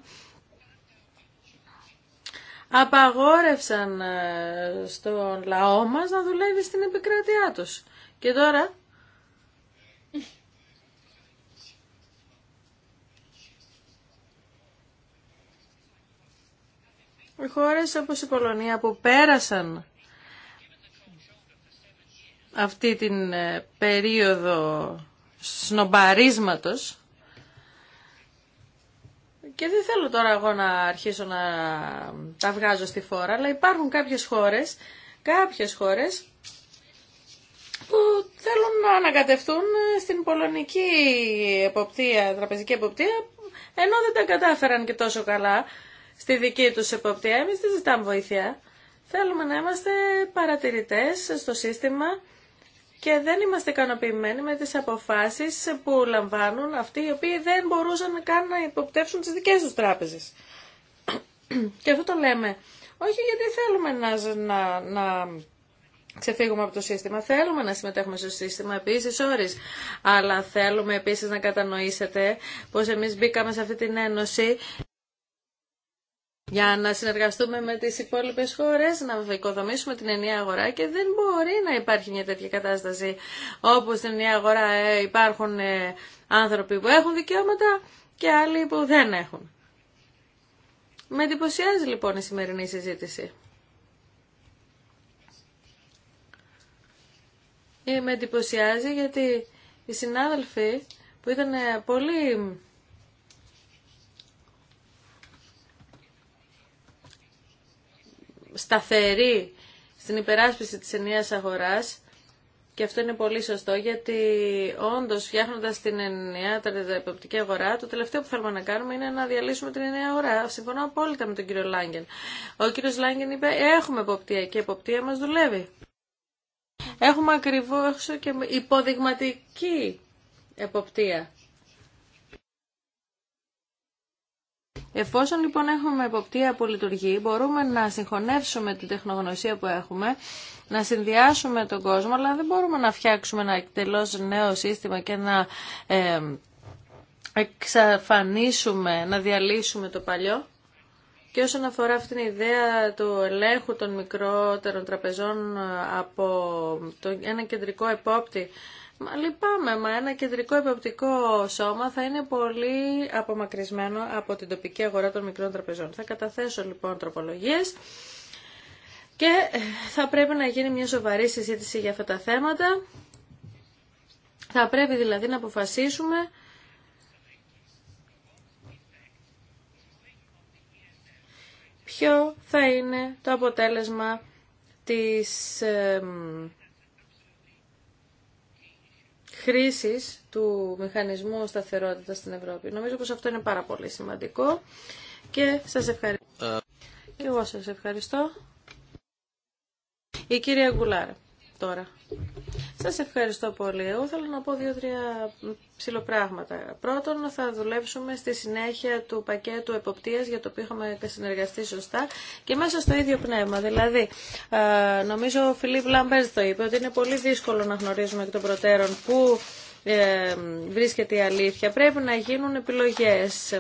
απαγόρευσαν ε, στον λαό μας να δουλεύει στην επικράτειά τους. Και τώρα χώρες όπως η Πολωνία που πέρασαν αυτή την ε, περίοδο σνομπαρίσματος και δεν θέλω τώρα εγώ να αρχίσω να τα βγάζω στη φόρα, αλλά υπάρχουν κάποιες χώρες, κάποιες χώρες που θέλουν να ανακατευτούν στην πολωνική εποπτεία, τραπεζική εποπτεία, ενώ δεν τα κατάφεραν και τόσο καλά στη δική τους εποπτεία. Εμείς δεν ζητάμε βοήθεια. Θέλουμε να είμαστε παρατηρητές στο σύστημα και δεν είμαστε ικανοποιημένοι με τις αποφάσεις που λαμβάνουν αυτοί οι οποίοι δεν μπορούσαν καν να υποπτεύσουν τις δικές τους τράπεζες. [clears throat] και αυτό το λέμε. Όχι γιατί θέλουμε να, να, να ξεφύγουμε από το σύστημα. Θέλουμε να συμμετέχουμε στο σύστημα επίση όρις. Αλλά θέλουμε επίση να κατανοήσετε πω εμεί μπήκαμε σε αυτή την ένωση για να συνεργαστούμε με τις υπόλοιπες χώρες, να οικοδομήσουμε την ενιαία αγορά και δεν μπορεί να υπάρχει μια τέτοια κατάσταση όπου στην ενιαία αγορά ε, υπάρχουν ε, άνθρωποι που έχουν δικαιώματα και άλλοι που δεν έχουν. Με εντυπωσιάζει λοιπόν η σημερινή συζήτηση. Ε, με εντυπωσιάζει γιατί οι συνάδελφοι που ήταν πολύ σταθερή στην υπεράσπιση της ενιαίας αγοράς και αυτό είναι πολύ σωστό γιατί όντως φτιάχνοντας την ενιαία τραπεζική αγορά το τελευταίο που θέλουμε να κάνουμε είναι να διαλύσουμε την ενιαία αγορά. Συμφωνώ απόλυτα με τον κύριο Λάγκεν. Ο κύριος Λάγκεν είπε έχουμε εποπτεία και η εποπτεία μας δουλεύει. Έχουμε ακριβώς και υποδειγματική εποπτεία. Εφόσον λοιπόν έχουμε εποπτεία που λειτουργεί, μπορούμε να συγχωνεύσουμε την τεχνογνωσία που έχουμε, να συνδυάσουμε τον κόσμο, αλλά δεν μπορούμε να φτιάξουμε ένα εκτελώ νέο σύστημα και να ε, εξαφανίσουμε, να διαλύσουμε το παλιό. Και όσον αφορά αυτήν την ιδέα του ελέγχου των μικρότερων τραπεζών από το, ένα κεντρικό επόπτη, Μα Λυπάμαι, μα ένα κεντρικό υποπτικό σώμα θα είναι πολύ απομακρυσμένο από την τοπική αγορά των μικρών τραπεζών. Θα καταθέσω λοιπόν τροπολογίες και ε, θα πρέπει να γίνει μια σοβαρή συζήτηση για αυτά τα θέματα. Θα πρέπει δηλαδή να αποφασίσουμε ποιο θα είναι το αποτέλεσμα της ε, χρήση του μηχανισμού σταθερότητας στην Ευρώπη. Νομίζω πω αυτό είναι πάρα πολύ σημαντικό και σας ευχαριστώ. Ε. Εγώ σας ευχαριστώ. Η κυρία Γκουλάρα τώρα. Σας ευχαριστώ πολύ. Εγώ θέλω να πω δύο-τρία ψηλοπράγματα. Πρώτον, θα δουλέψουμε στη συνέχεια του πακέτου εποπτείας για το οποίο είχαμε συνεργαστεί σωστά και μέσα στο ίδιο πνεύμα. Δηλαδή, νομίζω ο Φιλίπ Λαμπέρτ το είπε ότι είναι πολύ δύσκολο να γνωρίζουμε εκ των προτέρων πού ε, βρίσκεται η αλήθεια. Πρέπει να γίνουν επιλογές.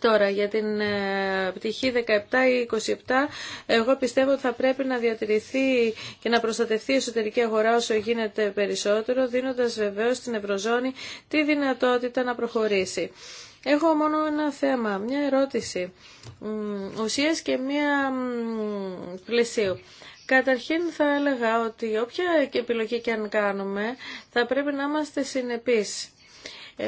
Τώρα, για την ε, πτυχή ή 17-27, εγώ πιστεύω ότι θα πρέπει να διατηρηθεί και να προστατευτεί η εσωτερική αγορά όσο γίνεται περισσότερο, δίνοντας βεβαίως στην Ευρωζώνη τη δυνατότητα να προχωρήσει. Έχω μόνο ένα θέμα, μια ερώτηση, ουσίας και μια πλαισίου. Καταρχήν θα έλεγα ότι όποια επιλογή και αν κάνουμε, θα πρέπει να είμαστε συνεπείς ε,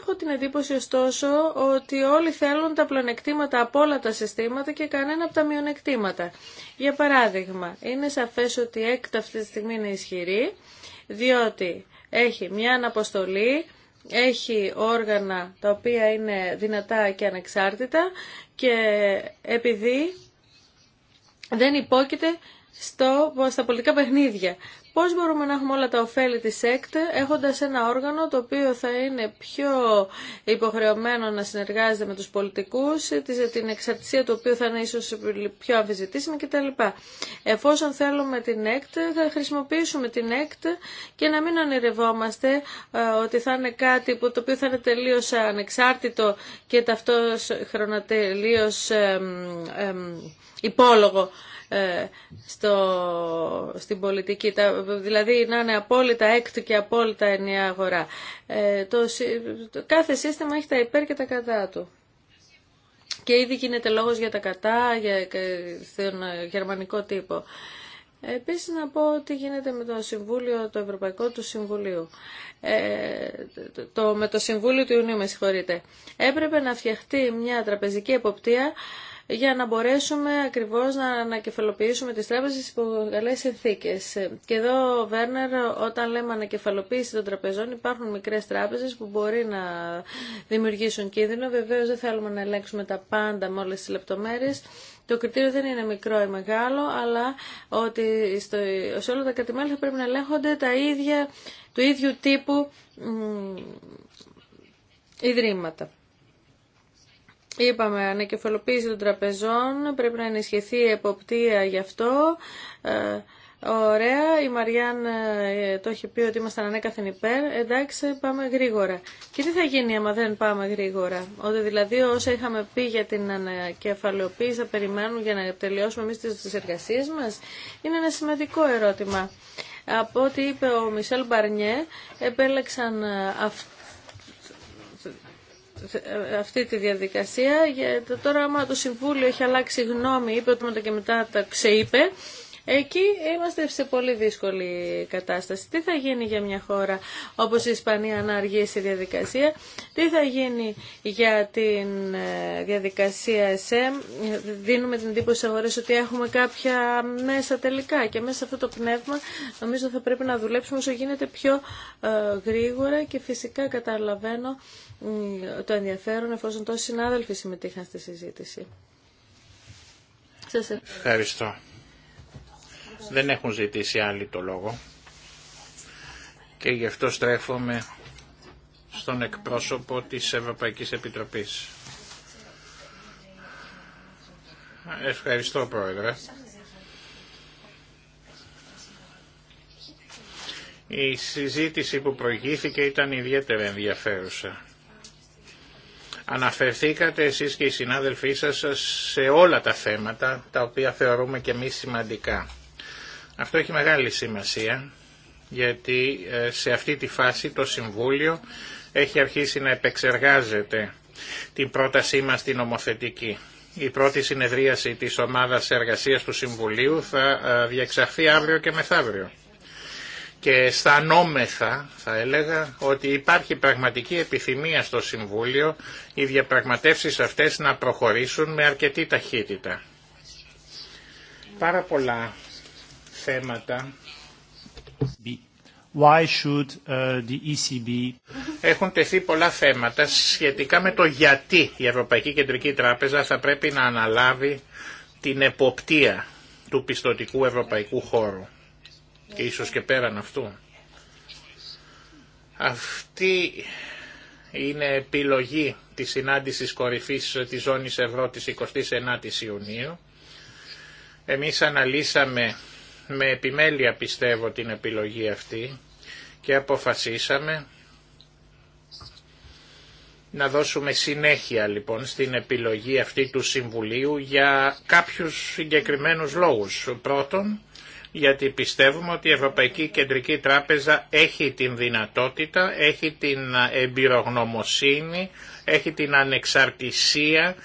έχω την εντύπωση ωστόσο ότι όλοι θέλουν τα πλανεκτήματα από όλα τα συστήματα και κανένα από τα μειονεκτήματα. Για παράδειγμα, είναι σαφές ότι η ΕΚΤ αυτή τη στιγμή είναι ισχυρή, διότι έχει μια αναποστολή, έχει όργανα τα οποία είναι δυνατά και ανεξάρτητα και επειδή δεν υπόκειται στο, στα πολιτικά παιχνίδια Πώς μπορούμε να έχουμε όλα τα ωφέλη της ΕΚΤ έχοντας ένα όργανο το οποίο θα είναι πιο υποχρεωμένο να συνεργάζεται με τους πολιτικούς, την εξαρτησία του οποίου θα είναι ίσως πιο αμφιζητήσιμη κτλ. Εφόσον θέλουμε την ΕΚΤ θα χρησιμοποιήσουμε την ΕΚΤ και να μην ονειρευόμαστε ε, ότι θα είναι κάτι που το οποίο θα είναι τελείως ανεξάρτητο και ταυτόχρονα τελείως υπόλογο ε, στο, στην πολιτική. Τα, δηλαδή να είναι απόλυτα έκτη και απόλυτα ενιαία αγορά. Ε, το, κάθε σύστημα έχει τα υπέρ και τα κατά του. Και ήδη γίνεται λόγος για τα κατά, για, ε, τον γερμανικό τύπο. Επίσης να πω τι γίνεται με το Συμβούλιο, το Ευρωπαϊκό του Συμβουλίου. Ε, το, με το Συμβούλιο του Ιουνίου, με συγχωρείτε. Έπρεπε να φτιαχτεί μια τραπεζική εποπτεία για να μπορέσουμε ακριβώς να ανακεφαλοποιήσουμε τις τράπεζες υπό καλές συνθήκες. Και εδώ, Βέρνερ, όταν λέμε ανακεφαλοποίηση των τραπεζών, υπάρχουν μικρές τράπεζες που μπορεί να δημιουργήσουν κίνδυνο. Βεβαίως δεν θέλουμε να ελέγξουμε τα πάντα με όλες τις λεπτομέρειες. Το κριτήριο δεν είναι μικρό ή μεγάλο, αλλά ότι στο, σε όλα τα κατημέρια θα πρέπει να ελέγχονται τα ίδια, του ίδιου τύπου ιδρύματα. Είπαμε, ανακεφαλοποίηση των τραπεζών, πρέπει να ενισχυθεί η εποπτεία γι' αυτό. Ε, ωραία, η Μαριάν ε, το έχει πει ότι ήμασταν ανέκαθεν υπέρ. Εντάξει, πάμε γρήγορα. Και τι θα γίνει άμα δεν πάμε γρήγορα. Ότι δηλαδή όσα είχαμε πει για την ανακεφαλαιοποίηση θα περιμένουν για να τελειώσουμε εμεί τις εργασίες μας. Είναι ένα σημαντικό ερώτημα. Από ό,τι είπε ο Μισελ Μπαρνιέ, επέλεξαν ε, αυτό αυτή τη διαδικασία. Για, τώρα άμα το Συμβούλιο έχει αλλάξει γνώμη, είπε ότι μετά και μετά τα ξεείπε, Εκεί είμαστε σε πολύ δύσκολη κατάσταση. Τι θα γίνει για μια χώρα όπως η Ισπανία να αργήσει η διαδικασία, τι θα γίνει για την ε, διαδικασία ΕΣΕΜ. Δίνουμε την εντύπωση σε ότι έχουμε κάποια μέσα τελικά και μέσα σε αυτό το πνεύμα νομίζω θα πρέπει να δουλέψουμε όσο γίνεται πιο ε, γρήγορα και φυσικά καταλαβαίνω το ενδιαφέρον εφόσον τόσοι συνάδελφοι συμμετείχαν στη συζήτηση. Σας ευχαριστώ. Δεν έχουν ζητήσει άλλοι το λόγο και γι' αυτό στρέφομαι στον εκπρόσωπο της Ευρωπαϊκής Επιτροπής. Ευχαριστώ Πρόεδρε. Η συζήτηση που προηγήθηκε ήταν ιδιαίτερα ενδιαφέρουσα. Αναφερθήκατε εσείς και οι συνάδελφοί σας σε όλα τα θέματα τα οποία θεωρούμε και εμείς σημαντικά. Αυτό έχει μεγάλη σημασία γιατί ε, σε αυτή τη φάση το Συμβούλιο έχει αρχίσει να επεξεργάζεται την πρότασή μας την νομοθετική. Η πρώτη συνεδρίαση της ομάδας εργασίας του Συμβουλίου θα ε, διεξαχθεί αύριο και μεθαύριο. Και αισθανόμεθα, θα έλεγα, ότι υπάρχει πραγματική επιθυμία στο Συμβούλιο οι διαπραγματεύσεις αυτές να προχωρήσουν με αρκετή ταχύτητα. Πάρα πολλά θέματα uh, ECB... E Έχουν τεθεί πολλά θέματα σχετικά με το γιατί η Ευρωπαϊκή Κεντρική Τράπεζα θα πρέπει να αναλάβει την εποπτεία του πιστοτικού ευρωπαϊκού χώρου και ίσως και πέραν αυτού. Αυτή είναι επιλογή της συνάντησης κορυφής της ζώνης ευρώ της 29ης Ιουνίου. Εμείς αναλύσαμε με επιμέλεια πιστεύω την επιλογή αυτή και αποφασίσαμε να δώσουμε συνέχεια λοιπόν στην επιλογή αυτή του Συμβουλίου για κάποιους συγκεκριμένους λόγους. Πρώτον, γιατί πιστεύουμε ότι η Ευρωπαϊκή Κεντρική Τράπεζα έχει την δυνατότητα, έχει την εμπειρογνωμοσύνη, έχει την ανεξαρτησία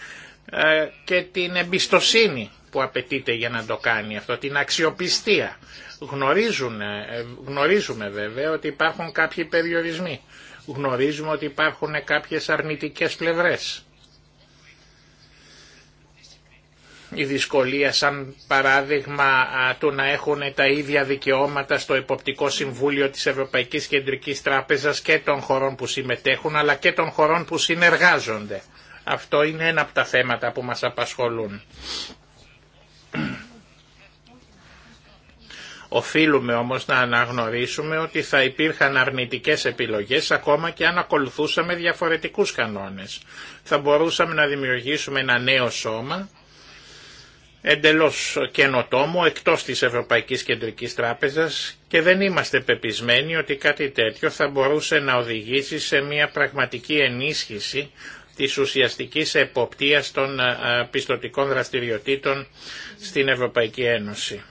ε, και την εμπιστοσύνη που απαιτείται για να το κάνει αυτό, την αξιοπιστία. Γνωρίζουν, ε, γνωρίζουμε βέβαια ότι υπάρχουν κάποιοι περιορισμοί. Γνωρίζουμε ότι υπάρχουν κάποιες αρνητικές πλευρές. η δυσκολία σαν παράδειγμα του να έχουν τα ίδια δικαιώματα στο Εποπτικό Συμβούλιο της Ευρωπαϊκής Κεντρικής Τράπεζας και των χωρών που συμμετέχουν αλλά και των χωρών που συνεργάζονται. Αυτό είναι ένα από τα θέματα που μας απασχολούν. Οφείλουμε όμως να αναγνωρίσουμε ότι θα υπήρχαν αρνητικές επιλογές ακόμα και αν ακολουθούσαμε διαφορετικούς κανόνες. Θα μπορούσαμε να δημιουργήσουμε ένα νέο σώμα, εντελώς καινοτόμο, εκτός της Ευρωπαϊκής Κεντρικής Τράπεζας και δεν είμαστε πεπισμένοι ότι κάτι τέτοιο θα μπορούσε να οδηγήσει σε μια πραγματική ενίσχυση της ουσιαστικής εποπτείας των ε, ε, πιστοτικών δραστηριοτήτων στην Ευρωπαϊκή Ένωση.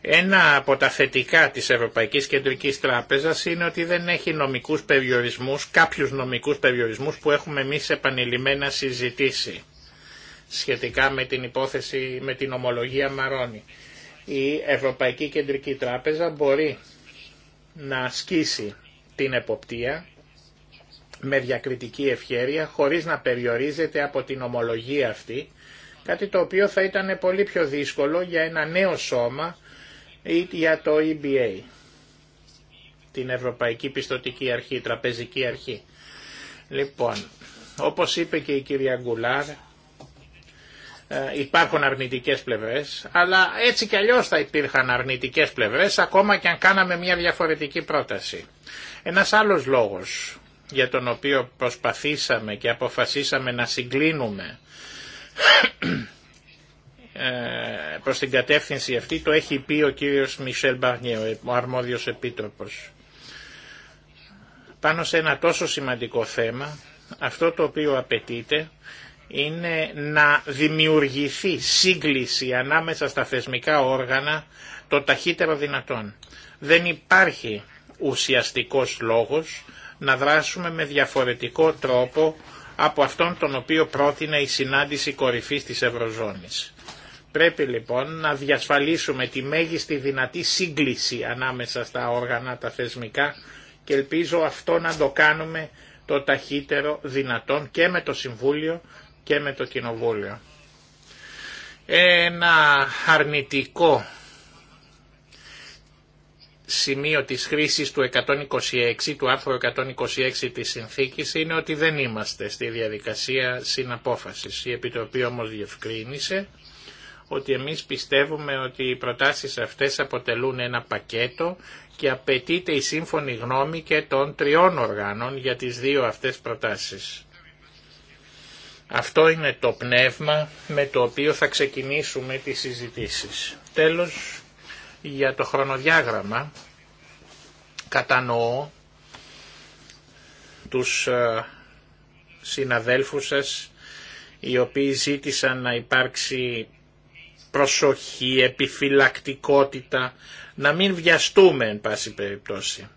Ένα από τα θετικά της Ευρωπαϊκής Κεντρικής Τράπεζας είναι ότι δεν έχει νομικούς περιορισμούς, κάποιους νομικούς περιορισμούς που έχουμε εμείς επανειλημμένα συζητήσει σχετικά με την υπόθεση, με την ομολογία Μαρώνη. Η Ευρωπαϊκή Κεντρική Τράπεζα μπορεί να ασκήσει την εποπτεία με διακριτική ευχέρεια χωρίς να περιορίζεται από την ομολογία αυτή, κάτι το οποίο θα ήταν πολύ πιο δύσκολο για ένα νέο σώμα ή για το EBA, την Ευρωπαϊκή Πιστοτική Αρχή, Τραπεζική Αρχή. Λοιπόν, όπως είπε και η κυρία Γκουλάρ, ε, υπάρχουν αρνητικές πλευρές, αλλά έτσι κι αλλιώς θα υπήρχαν αρνητικές πλευρές, ακόμα κι αν κάναμε μια διαφορετική πρόταση. Ένας άλλος λόγος για τον οποίο προσπαθήσαμε και αποφασίσαμε να συγκλίνουμε ε, προς την κατεύθυνση αυτή το έχει πει ο κύριος Μισελ Μπαρνιέ, ο αρμόδιος επίτροπος. Πάνω σε ένα τόσο σημαντικό θέμα, αυτό το οποίο απαιτείται είναι να δημιουργηθεί σύγκληση ανάμεσα στα θεσμικά όργανα το ταχύτερο δυνατόν. Δεν υπάρχει ουσιαστικός λόγος να δράσουμε με διαφορετικό τρόπο από αυτόν τον οποίο πρότεινε η συνάντηση κορυφής της Ευρωζώνης. Πρέπει λοιπόν να διασφαλίσουμε τη μέγιστη δυνατή σύγκληση ανάμεσα στα όργανα τα θεσμικά και ελπίζω αυτό να το κάνουμε το ταχύτερο δυνατόν και με το Συμβούλιο και με το Κοινοβούλιο. Ένα αρνητικό σημείο της χρήσης του 126, του άρθρου 126 της συνθήκης είναι ότι δεν είμαστε στη διαδικασία συναπόφασης. Η Επιτροπή όμως διευκρίνησε ότι εμείς πιστεύουμε ότι οι προτάσεις αυτές αποτελούν ένα πακέτο και απαιτείται η σύμφωνη γνώμη και των τριών οργάνων για τις δύο αυτές προτάσεις. Αυτό είναι το πνεύμα με το οποίο θα ξεκινήσουμε τις συζητήσεις. Τέλος, για το χρονοδιάγραμμα κατανοώ τους ε, συναδέλφους σας οι οποίοι ζήτησαν να υπάρξει προσοχή, επιφυλακτικότητα, να μην βιαστούμε εν πάση περιπτώσει.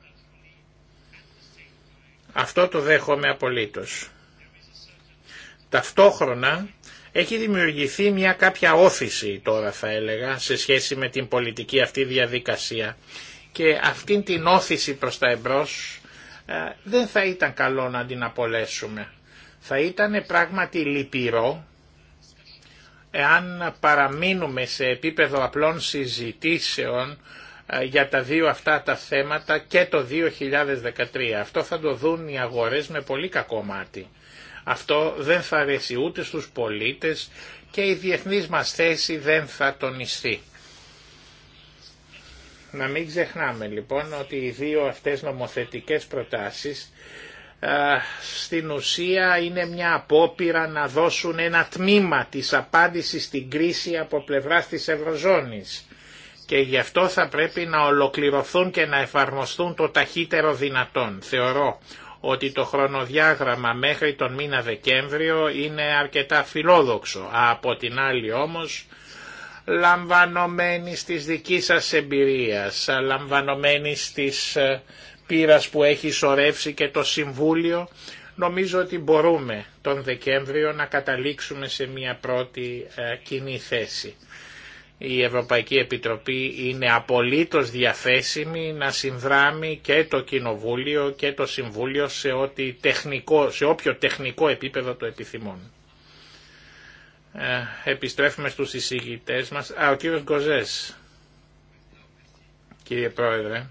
Αυτό το δέχομαι απολύτως. Ταυτόχρονα έχει δημιουργηθεί μια κάποια όθηση τώρα θα έλεγα σε σχέση με την πολιτική αυτή διαδικασία και αυτή την όθηση προς τα εμπρός ε, δεν θα ήταν καλό να την απολέσουμε. Θα ήταν πράγματι λυπηρό εάν παραμείνουμε σε επίπεδο απλών συζητήσεων ε, για τα δύο αυτά τα θέματα και το 2013. Αυτό θα το δουν οι αγορές με πολύ κακό μάτι. Αυτό δεν θα αρέσει ούτε στους πολίτες και η διεθνής μας θέση δεν θα τονιστεί. Να μην ξεχνάμε λοιπόν ότι οι δύο αυτές νομοθετικές προτάσεις στην ουσία είναι μια απόπειρα να δώσουν ένα τμήμα της απάντησης στην κρίση από πλευράς της Ευρωζώνης και γι' αυτό θα πρέπει να ολοκληρωθούν και να εφαρμοστούν το ταχύτερο δυνατόν. Θεωρώ ότι το χρονοδιάγραμμα μέχρι τον μήνα Δεκέμβριο είναι αρκετά φιλόδοξο. Από την άλλη όμως, λαμβανωμένη της δικής σας εμπειρίας, λαμβανομένη της ε, πείρας που έχει σωρεύσει και το Συμβούλιο, νομίζω ότι μπορούμε τον Δεκέμβριο να καταλήξουμε σε μια πρώτη ε, κοινή θέση η Ευρωπαϊκή Επιτροπή είναι απολύτως διαθέσιμη να συνδράμει και το Κοινοβούλιο και το Συμβούλιο σε, ό,τι τεχνικό, σε όποιο τεχνικό επίπεδο το επιθυμούν. Ε, επιστρέφουμε στους εισηγητές μας. Α, ο κύριος Γκοζές. Κύριε Πρόεδρε,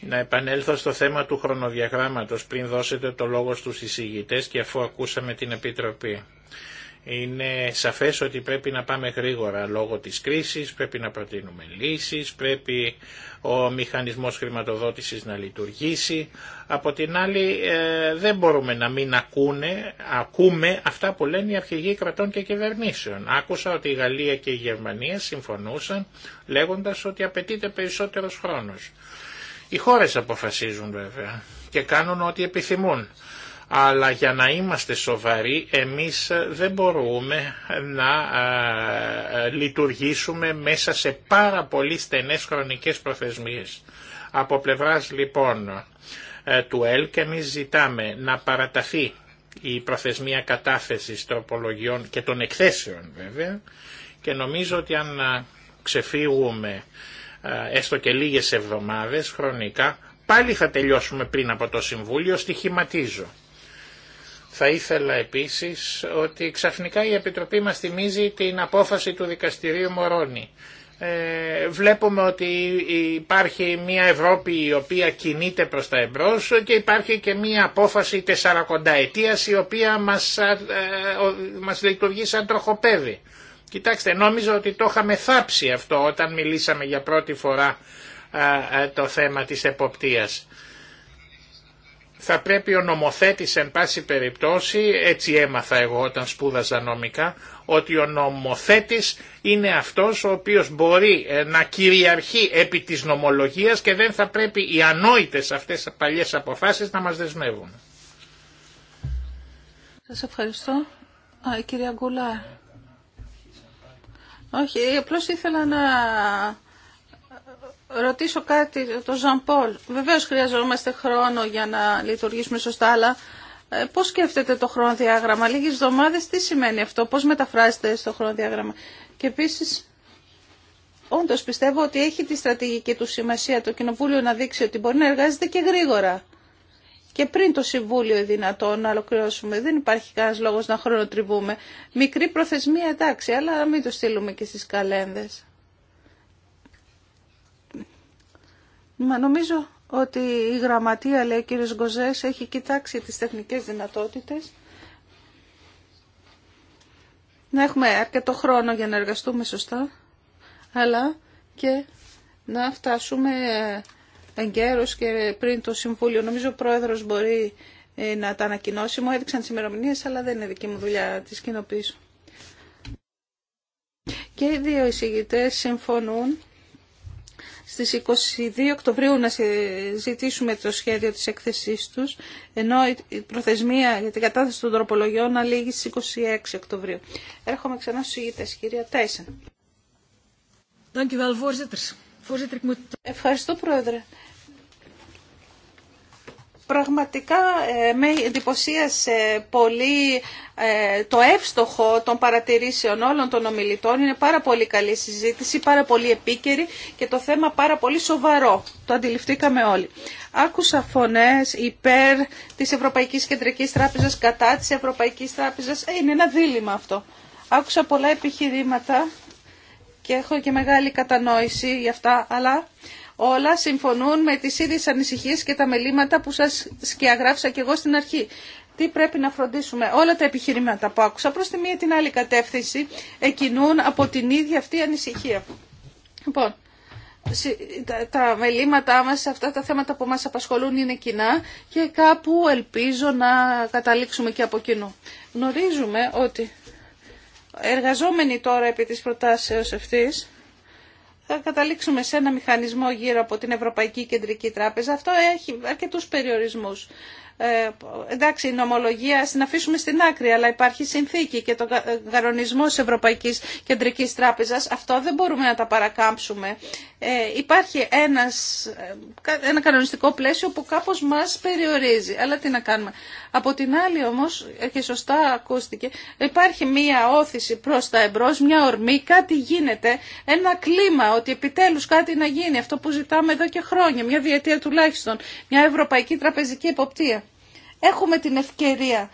να επανέλθω στο θέμα του χρονοδιαγράμματος πριν δώσετε το λόγο στους εισηγητές και αφού ακούσαμε την Επιτροπή. Είναι σαφές ότι πρέπει να πάμε γρήγορα λόγω της κρίσης, πρέπει να προτείνουμε λύσεις, πρέπει ο μηχανισμός χρηματοδότησης να λειτουργήσει. Από την άλλη ε, δεν μπορούμε να μην ακούνε, ακούμε αυτά που λένε οι αρχηγοί κρατών και κυβερνήσεων. Άκουσα ότι η Γαλλία και η Γερμανία συμφωνούσαν λέγοντας ότι απαιτείται περισσότερος χρόνος. Οι χώρες αποφασίζουν βέβαια και κάνουν ό,τι επιθυμούν αλλά για να είμαστε σοβαροί εμείς δεν μπορούμε να ε, λειτουργήσουμε μέσα σε πάρα πολύ στενές χρονικές προθεσμίες. Από πλευράς λοιπόν ε, του ΕΛΚ εμείς ζητάμε να παραταθεί η προθεσμία κατάθεσης τροπολογιών και των εκθέσεων βέβαια και νομίζω ότι αν ε, ξεφύγουμε έστω και λίγες εβδομάδες χρονικά πάλι θα τελειώσουμε πριν από το Συμβούλιο, στοιχηματίζω. Θα ήθελα επίσης ότι ξαφνικά η Επιτροπή μας θυμίζει την απόφαση του δικαστηρίου Μωρώνη. Ε, βλέπουμε ότι υπάρχει μια Ευρώπη η οποία κινείται προς τα εμπρός και υπάρχει και μια απόφαση τεσσαρακονταετίας η οποία μας, ε, μας λειτουργεί σαν τροχοπέδι. Κοιτάξτε, νόμιζα ότι το είχαμε θάψει αυτό όταν μιλήσαμε για πρώτη φορά ε, το θέμα της εποπτείας θα πρέπει ο νομοθέτης εν πάση περιπτώσει, έτσι έμαθα εγώ όταν σπούδαζα νομικά, ότι ο νομοθέτης είναι αυτός ο οποίος μπορεί ε, να κυριαρχεί επί της νομολογίας και δεν θα πρέπει οι ανόητες αυτές τις παλιές αποφάσεις να μας δεσμεύουν. Σας ευχαριστώ. Α, η κυρία Γκουλά. Όχι, απλώς ήθελα να ρωτήσω κάτι το Ζαν Πολ. Βεβαίως χρειαζόμαστε χρόνο για να λειτουργήσουμε σωστά, αλλά ε, πώς σκέφτεται το χρονοδιάγραμμα. Λίγες εβδομάδες τι σημαίνει αυτό, πώς μεταφράζεται στο χρονοδιάγραμμα. Και επίσης, όντως πιστεύω ότι έχει τη στρατηγική του σημασία το Κοινοβούλιο να δείξει ότι μπορεί να εργάζεται και γρήγορα. Και πριν το Συμβούλιο δυνατόν να ολοκληρώσουμε. Δεν υπάρχει κανένα λόγος να χρονοτριβούμε. Μικρή προθεσμία εντάξει, αλλά μην το στείλουμε και στις καλένδες. Μα νομίζω ότι η γραμματεία, λέει ο κύριος Γκοζές, έχει κοιτάξει τις τεχνικές δυνατότητες. Να έχουμε αρκετό χρόνο για να εργαστούμε σωστά, αλλά και να φτάσουμε ε, εγκαίρως και πριν το Συμβούλιο. Νομίζω ο Πρόεδρος μπορεί ε, να τα ανακοινώσει. Μου έδειξαν τις ημερομηνίε, αλλά δεν είναι δική μου δουλειά, τη κοινοποιήσω. Και οι δύο εισηγητές συμφωνούν στις 22 Οκτωβρίου να ζητήσουμε το σχέδιο της έκθεσής τους, ενώ η προθεσμία για την κατάθεση των τροπολογιών να λήγει στις 26 Οκτωβρίου. Έρχομαι ξανά στους ηγητές, κυρία Τάισεν. Ευχαριστώ, Πρόεδρε. Πραγματικά ε, με εντυπωσίασε πολύ ε, το εύστοχο των παρατηρήσεων όλων των ομιλητών. Είναι πάρα πολύ καλή συζήτηση, πάρα πολύ επίκαιρη και το θέμα πάρα πολύ σοβαρό. Το αντιληφθήκαμε όλοι. Άκουσα φωνές υπέρ της Ευρωπαϊκής Κεντρικής Τράπεζας, κατά της Ευρωπαϊκής Τράπεζας. Ε, είναι ένα δίλημα αυτό. Άκουσα πολλά επιχειρήματα και έχω και μεγάλη κατανόηση για αυτά, αλλά όλα συμφωνούν με τις ίδιες ανησυχίες και τα μελήματα που σας σκιαγράφησα και εγώ στην αρχή. Τι πρέπει να φροντίσουμε. Όλα τα επιχειρήματα που άκουσα προς τη μία την άλλη κατεύθυνση εκινούν από την ίδια αυτή ανησυχία. Λοιπόν, τα μελήματά μας σε αυτά τα θέματα που μας απασχολούν είναι κοινά και κάπου ελπίζω να καταλήξουμε και από κοινού. Γνωρίζουμε ότι εργαζόμενοι τώρα επί της προτάσεως αυτής θα καταλήξουμε σε ένα μηχανισμό γύρω από την Ευρωπαϊκή Κεντρική Τράπεζα. Αυτό έχει αρκετούς περιορισμούς. Ε, εντάξει, η νομολογία την αφήσουμε στην άκρη, αλλά υπάρχει συνθήκη και το κανονισμό της Ευρωπαϊκής Κεντρικής Τράπεζας. Αυτό δεν μπορούμε να τα παρακάμψουμε. Ε, υπάρχει ένας, ε, ένα κανονιστικό πλαίσιο που κάπως μας περιορίζει. Αλλά τι να κάνουμε. Από την άλλη όμως, και σωστά ακούστηκε, υπάρχει μία όθηση προς τα εμπρός, μια ορμή, κάτι γίνεται, ένα κλίμα ότι επιτέλους κάτι να γίνει, αυτό που ζητάμε εδώ και χρόνια, μια διετία τουλάχιστον, μια ευρωπαϊκή τραπεζική εποπτεία. Έχουμε την ευκαιρία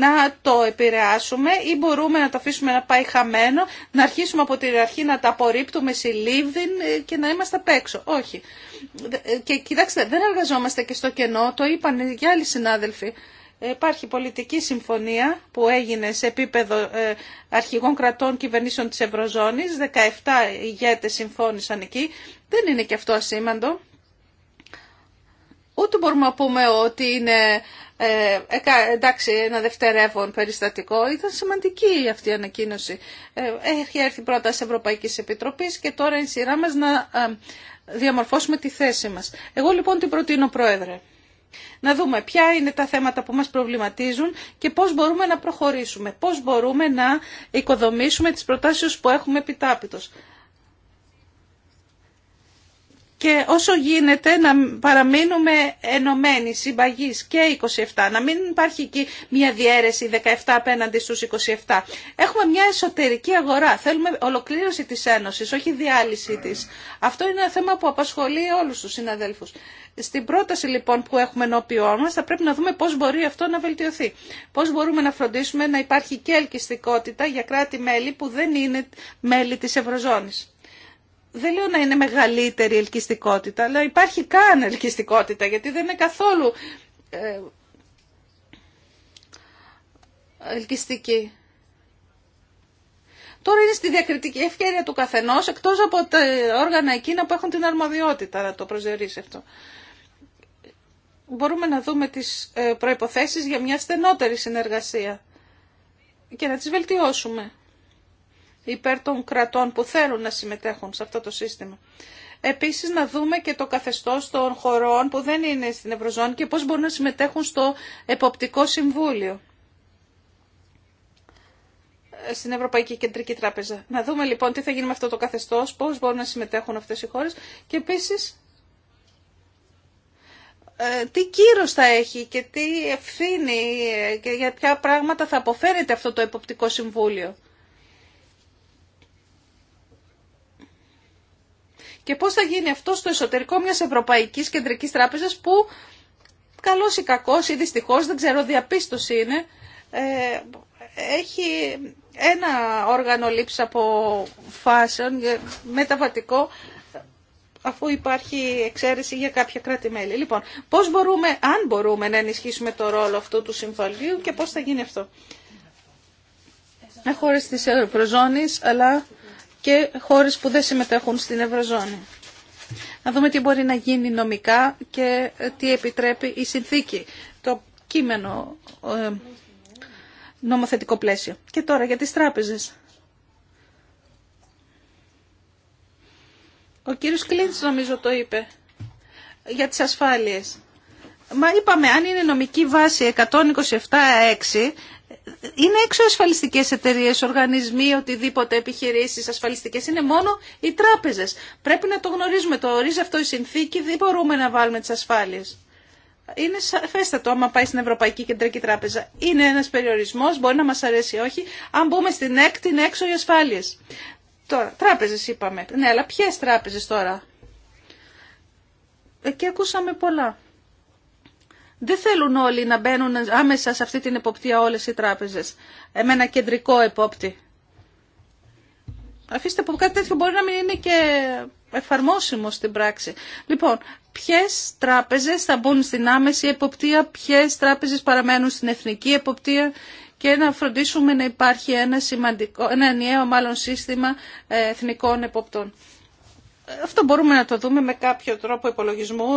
να το επηρεάσουμε ή μπορούμε να το αφήσουμε να πάει χαμένο, να αρχίσουμε από την αρχή να τα απορρίπτουμε σε λίβδιν ε, και να είμαστε απ' έξω. Όχι. Ε, και κοιτάξτε, δεν εργαζόμαστε και στο κενό, το είπαν και άλλοι συνάδελφοι. Υπάρχει πολιτική συμφωνία που έγινε σε επίπεδο ε, αρχηγών κρατών κυβερνήσεων της Ευρωζώνης. 17 ηγέτες συμφώνησαν εκεί. Δεν είναι και αυτό ασήμαντο. Ούτε μπορούμε να πούμε ότι είναι ε, ε εντάξει, ένα δευτερεύον περιστατικό. Ήταν σημαντική αυτή η ανακοίνωση. Ε, έχει έρθει πρώτα σε Ευρωπαϊκής Επιτροπής και τώρα είναι η σειρά μας να διαμορφώσουμε τη θέση μας. Εγώ λοιπόν την προτείνω, Πρόεδρε να δούμε ποια είναι τα θέματα που μας προβληματίζουν και πώς μπορούμε να προχωρήσουμε, πώς μπορούμε να οικοδομήσουμε τις προτάσεις που έχουμε επιτάπητος και όσο γίνεται να παραμείνουμε ενωμένοι, συμπαγείς και 27, να μην υπάρχει εκεί μια διαίρεση 17 απέναντι στους 27. Έχουμε μια εσωτερική αγορά, θέλουμε ολοκλήρωση της Ένωσης, όχι διάλυση της. Αυτό είναι ένα θέμα που απασχολεί όλους τους συναδέλφους. Στην πρόταση λοιπόν που έχουμε ενώπιό μας θα πρέπει να δούμε πώς μπορεί αυτό να βελτιωθεί. Πώς μπορούμε να φροντίσουμε να υπάρχει και ελκυστικότητα για κράτη-μέλη που δεν είναι μέλη της Ευρωζώνης δεν λέω να είναι μεγαλύτερη ελκυστικότητα, αλλά υπάρχει καν ελκυστικότητα, γιατί δεν είναι καθόλου ε, ελκυστική. Τώρα είναι στη διακριτική ευκαιρία του καθενός, εκτός από τα όργανα εκείνα που έχουν την αρμοδιότητα να το προσδιορίσει αυτό. Μπορούμε να δούμε τις ε, προϋποθέσεις για μια στενότερη συνεργασία και να τις βελτιώσουμε υπέρ των κρατών που θέλουν να συμμετέχουν σε αυτό το σύστημα. Επίσης να δούμε και το καθεστώς των χωρών που δεν είναι στην Ευρωζώνη και πώς μπορούν να συμμετέχουν στο Εποπτικό Συμβούλιο στην Ευρωπαϊκή Κεντρική Τράπεζα. Να δούμε λοιπόν τι θα γίνει με αυτό το καθεστώς, πώς μπορούν να συμμετέχουν αυτές οι χώρες και επίσης ε, τι κύρος θα έχει και τι ευθύνη ε, και για ποια πράγματα θα αποφέρεται αυτό το Εποπτικό Συμβούλιο. και πώς θα γίνει αυτό στο εσωτερικό μιας Ευρωπαϊκής Κεντρικής Τράπεζας που καλός ή κακός ή δυστυχώς, δεν ξέρω, διαπίστωση είναι, ε, έχει ένα όργανο λήψη αποφάσεων μεταβατικό αφού υπάρχει εξαίρεση για κάποια κράτη-μέλη. Λοιπόν, πώς μπορούμε, αν μπορούμε να ενισχύσουμε το ρόλο αυτού του συμβαλίου και πώς θα γίνει αυτό. Έχω χώρες της αλλά και χώρες που δεν συμμετέχουν στην Ευρωζώνη. Να δούμε τι μπορεί να γίνει νομικά και τι επιτρέπει η συνθήκη, το κείμενο ε, νομοθετικό πλαίσιο. Και τώρα για τις τράπεζες. Ο κύριος Κλίντς νομίζω το είπε για τις ασφάλειες. Μα είπαμε αν είναι νομική βάση 127.6 είναι έξω ασφαλιστικές εταιρείες, οργανισμοί, οτιδήποτε επιχειρήσεις ασφαλιστικές, είναι μόνο οι τράπεζες. Πρέπει να το γνωρίζουμε, το ορίζει αυτό η συνθήκη, δεν μπορούμε να βάλουμε τις ασφάλειες. Είναι σαφέστατο άμα πάει στην Ευρωπαϊκή Κεντρική Τράπεζα. Είναι ένας περιορισμός, μπορεί να μας αρέσει ή όχι, αν μπούμε στην ΕΚ, την έξω οι ασφάλειες. Τώρα, τράπεζες είπαμε. Ναι, αλλά ποιες τράπεζες τώρα. Εκεί ακούσαμε πολλά. Δεν θέλουν όλοι να μπαίνουν άμεσα σε αυτή την εποπτεία όλες οι τράπεζες με ένα κεντρικό επόπτη. Αφήστε που κάτι τέτοιο μπορεί να μην είναι και εφαρμόσιμο στην πράξη. Λοιπόν, ποιες τράπεζες θα μπουν στην άμεση εποπτεία, ποιες τράπεζες παραμένουν στην εθνική εποπτεία και να φροντίσουμε να υπάρχει ένα, σημαντικό, ένα ενιαίο μάλλον σύστημα ε, εθνικών εποπτών αυτό μπορούμε να το δούμε με κάποιο τρόπο υπολογισμού.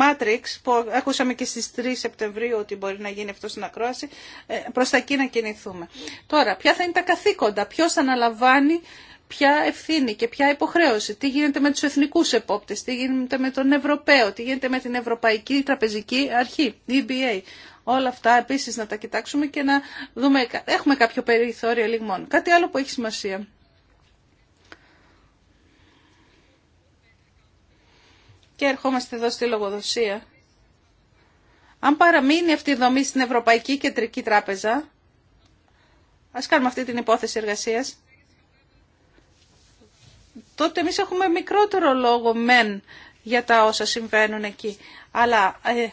Matrix, που ακούσαμε και στις 3 Σεπτεμβρίου ότι μπορεί να γίνει αυτό στην ακρόαση, ε, προς τα εκεί να κινηθούμε. Τώρα, ποια θα είναι τα καθήκοντα, ποιος αναλαμβάνει ποια ευθύνη και ποια υποχρέωση, τι γίνεται με τους εθνικούς επόπτες, τι γίνεται με τον Ευρωπαίο, τι γίνεται με την Ευρωπαϊκή Τραπεζική Αρχή, EBA. Όλα αυτά επίσης να τα κοιτάξουμε και να δούμε, έχουμε κάποιο περιθώριο λιγμών. Κάτι άλλο που έχει σημασία και ερχόμαστε εδώ στη λογοδοσία. Αν παραμείνει αυτή η δομή στην Ευρωπαϊκή Κεντρική Τράπεζα, ας κάνουμε αυτή την υπόθεση εργασίας, τότε εμείς έχουμε μικρότερο λόγο μεν για τα όσα συμβαίνουν εκεί. Αλλά ε,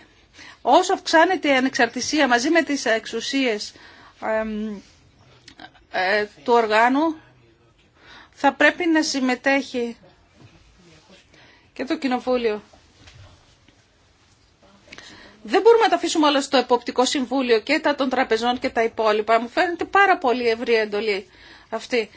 όσο αυξάνεται η ανεξαρτησία μαζί με τις εξουσίες ε, του οργάνου, θα πρέπει να συμμετέχει και το Κοινοβούλιο. Δεν μπορούμε να τα αφήσουμε όλα στο εποπτικό συμβούλιο και τα των τραπεζών και τα υπόλοιπα. Μου φαίνεται πάρα πολύ ευρύ εντολή αυτή.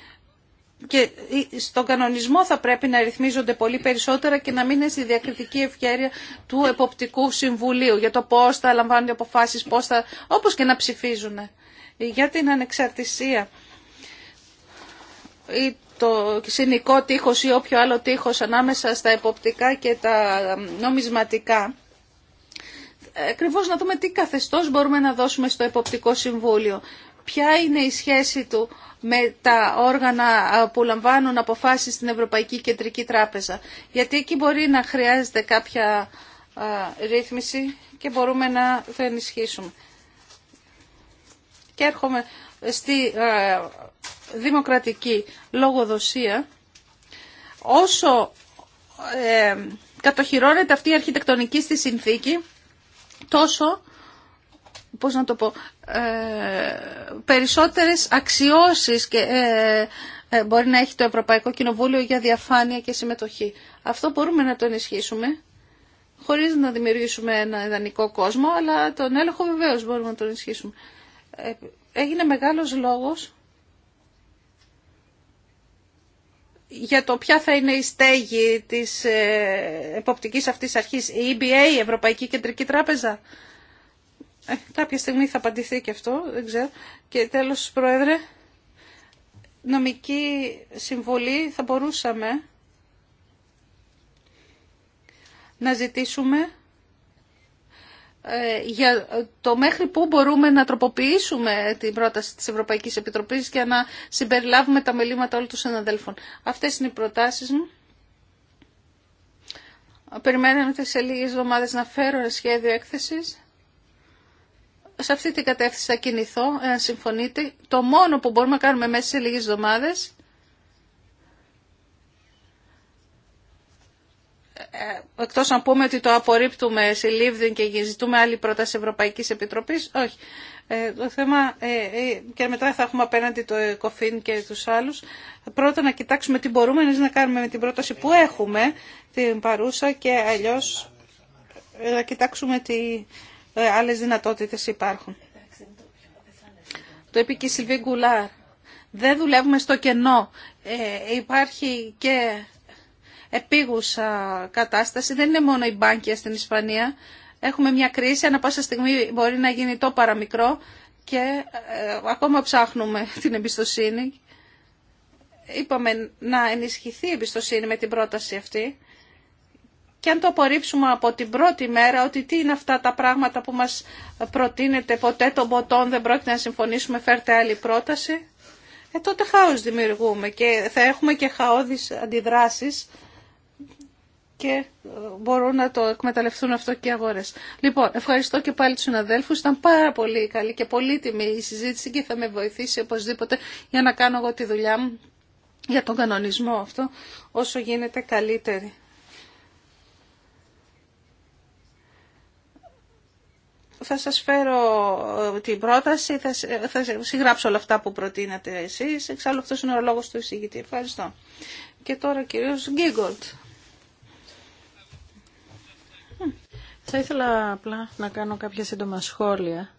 Και στον κανονισμό θα πρέπει να ρυθμίζονται πολύ περισσότερα και να μην είναι στη διακριτική ευκαιρία του εποπτικού συμβουλίου για το πώς θα λαμβάνουν αποφάσεις, πώς θα... όπως και να ψηφίζουν. Για την ανεξαρτησία το συνικό τείχος ή όποιο άλλο τείχος ανάμεσα στα εποπτικά και τα νομισματικά. Ακριβώς να δούμε τι καθεστώς μπορούμε να δώσουμε στο εποπτικό συμβούλιο. Ποια είναι η σχέση του με τα όργανα που λαμβάνουν αποφάσεις στην Ευρωπαϊκή Κεντρική Τράπεζα. Γιατί εκεί μπορεί να χρειάζεται κάποια ρύθμιση και μπορούμε να το ενισχύσουμε. Και έρχομαι στη δημοκρατική λογοδοσία, όσο ε, κατοχυρώνεται αυτή η αρχιτεκτονική στη συνθήκη, τόσο πώς να το πω, ε, περισσότερες αξιώσεις και, ε, ε, μπορεί να έχει το Ευρωπαϊκό Κοινοβούλιο για διαφάνεια και συμμετοχή. Αυτό μπορούμε να το ενισχύσουμε, χωρίς να δημιουργήσουμε ένα ιδανικό κόσμο, αλλά τον έλεγχο βεβαίως μπορούμε να τον ισχύσουμε. Ε, έγινε μεγάλος λόγος για το ποια θα είναι η στέγη της ε, εποπτικής αυτής αρχής, η EBA, η Ευρωπαϊκή Κεντρική Τράπεζα. Ε, κάποια στιγμή θα απαντηθεί και αυτό, δεν ξέρω. Και τέλος, Πρόεδρε, νομική συμβολή θα μπορούσαμε να ζητήσουμε ε, για το μέχρι πού μπορούμε να τροποποιήσουμε την πρόταση της Ευρωπαϊκής Επιτροπής και να συμπεριλάβουμε τα μελήματα όλων των συναδέλφων. Αυτές είναι οι προτάσεις μου. Περιμένετε σε λίγες εβδομάδες να φέρω ένα σχέδιο έκθεσης. Σε αυτή την κατεύθυνση θα κινηθώ, εάν συμφωνείτε. Το μόνο που μπορούμε να κάνουμε μέσα σε λίγες εβδομάδες Ε, εκτός να πούμε ότι το απορρίπτουμε σε Λίβδιν και ζητούμε άλλη πρόταση Ευρωπαϊκής Επιτροπής, όχι. Ε, το θέμα, ε, και μετά θα έχουμε απέναντι το Κοφίν και τους άλλους, πρώτα να κοιτάξουμε τι μπορούμε να κάνουμε με την πρόταση που έχουμε, την παρούσα και αλλιώς να κοιτάξουμε τι άλλες δυνατότητες υπάρχουν. Το είπε και η Σιλβί Γκουλάρ. Δεν δουλεύουμε στο κενό. υπάρχει και επίγουσα κατάσταση. Δεν είναι μόνο οι μπάνκια στην Ισπανία. Έχουμε μια κρίση, ανά πάσα στιγμή μπορεί να γίνει το παραμικρό και ε, ακόμα ψάχνουμε [laughs] την εμπιστοσύνη. Είπαμε να ενισχυθεί η εμπιστοσύνη με την πρόταση αυτή και αν το απορρίψουμε από την πρώτη μέρα ότι τι είναι αυτά τα πράγματα που μας προτείνεται ποτέ των ποτών δεν πρόκειται να συμφωνήσουμε φέρτε άλλη πρόταση ε, τότε χάος δημιουργούμε και θα έχουμε και χαόδεις αντιδράσεις και ε, μπορούν να το εκμεταλλευτούν αυτό και οι αγορέ. Λοιπόν, ευχαριστώ και πάλι του συναδέλφου. Ήταν πάρα πολύ καλή και πολύτιμη η συζήτηση και θα με βοηθήσει οπωσδήποτε για να κάνω εγώ τη δουλειά μου για τον κανονισμό αυτό όσο γίνεται καλύτερη. Θα σας φέρω ε, την πρόταση, θα, θα συγγράψω όλα αυτά που προτείνατε εσείς. Εξάλλου αυτός είναι ο λόγος του εισηγητή. Ευχαριστώ. Και τώρα ο κύριος Γκίγκολτ. Θα ήθελα απλά να κάνω κάποια σύντομα σχόλια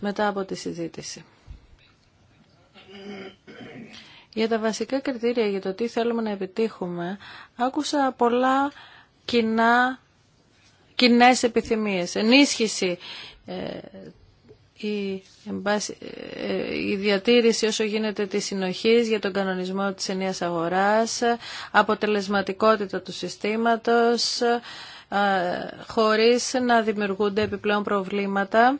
μετά από τη συζήτηση. Για τα βασικά κριτήρια για το τι θέλουμε να επιτύχουμε, άκουσα πολλά κοινά, κοινές επιθυμίες. Ενίσχυση ε, ε, η, διατήρηση όσο γίνεται της συνοχής για τον κανονισμό της ενίας αγοράς, αποτελεσματικότητα του συστήματος, ε, χωρίς να δημιουργούνται επιπλέον προβλήματα.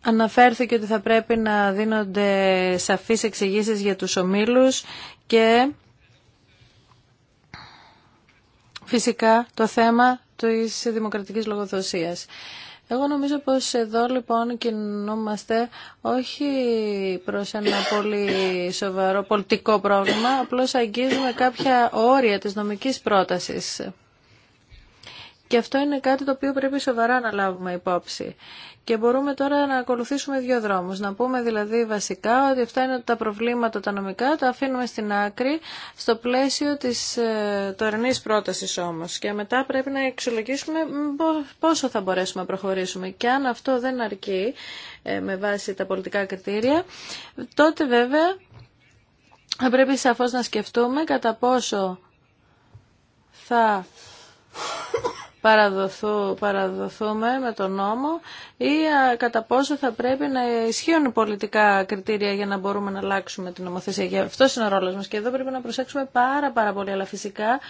Αναφέρθηκε ότι θα πρέπει να δίνονται σαφείς εξηγήσεις για τους ομίλους και φυσικά το θέμα της δημοκρατικής λογοδοσίας. Εγώ νομίζω πως εδώ λοιπόν κινούμαστε όχι προς ένα πολύ σοβαρό πολιτικό πρόβλημα, απλώς αγγίζουμε κάποια όρια της νομικής πρότασης. Και αυτό είναι κάτι το οποίο πρέπει σοβαρά να λάβουμε υπόψη. Και μπορούμε τώρα να ακολουθήσουμε δύο δρόμους. Να πούμε δηλαδή βασικά ότι αυτά είναι τα προβλήματα τα νομικά, τα αφήνουμε στην άκρη, στο πλαίσιο της ε, τωρινής πρότασης όμως. Και μετά πρέπει να εξολογήσουμε πόσο θα μπορέσουμε να προχωρήσουμε. Και αν αυτό δεν αρκεί ε, με βάση τα πολιτικά κριτήρια, τότε βέβαια θα πρέπει σαφώς να σκεφτούμε κατά πόσο θα παραδοθούμε με τον νόμο ή κατά πόσο θα πρέπει να ισχύουν πολιτικά κριτήρια για να μπορούμε να αλλάξουμε την νομοθεσία. Αυτό είναι ο ρόλος μας και εδώ πρέπει να προσέξουμε πάρα, πάρα πολύ, αλλά φυσικά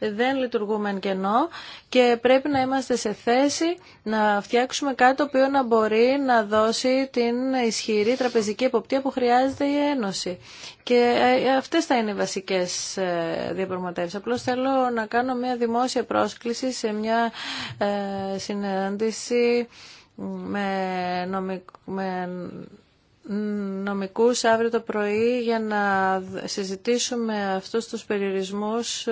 δεν λειτουργούμε εν κενό και πρέπει να είμαστε σε θέση να φτιάξουμε κάτι το οποίο να μπορεί να δώσει την ισχυρή τραπεζική εποπτεία που χρειάζεται η Ένωση. Και ε, ε, αυτές θα είναι οι βασικές ε, διαπραγματεύσεις. Απλώς θέλω να κάνω μια δημόσια πρόσκληση σε μια συνάντηση με, νομικού νομικούς αύριο το πρωί για να συζητήσουμε αυτούς τους περιορισμούς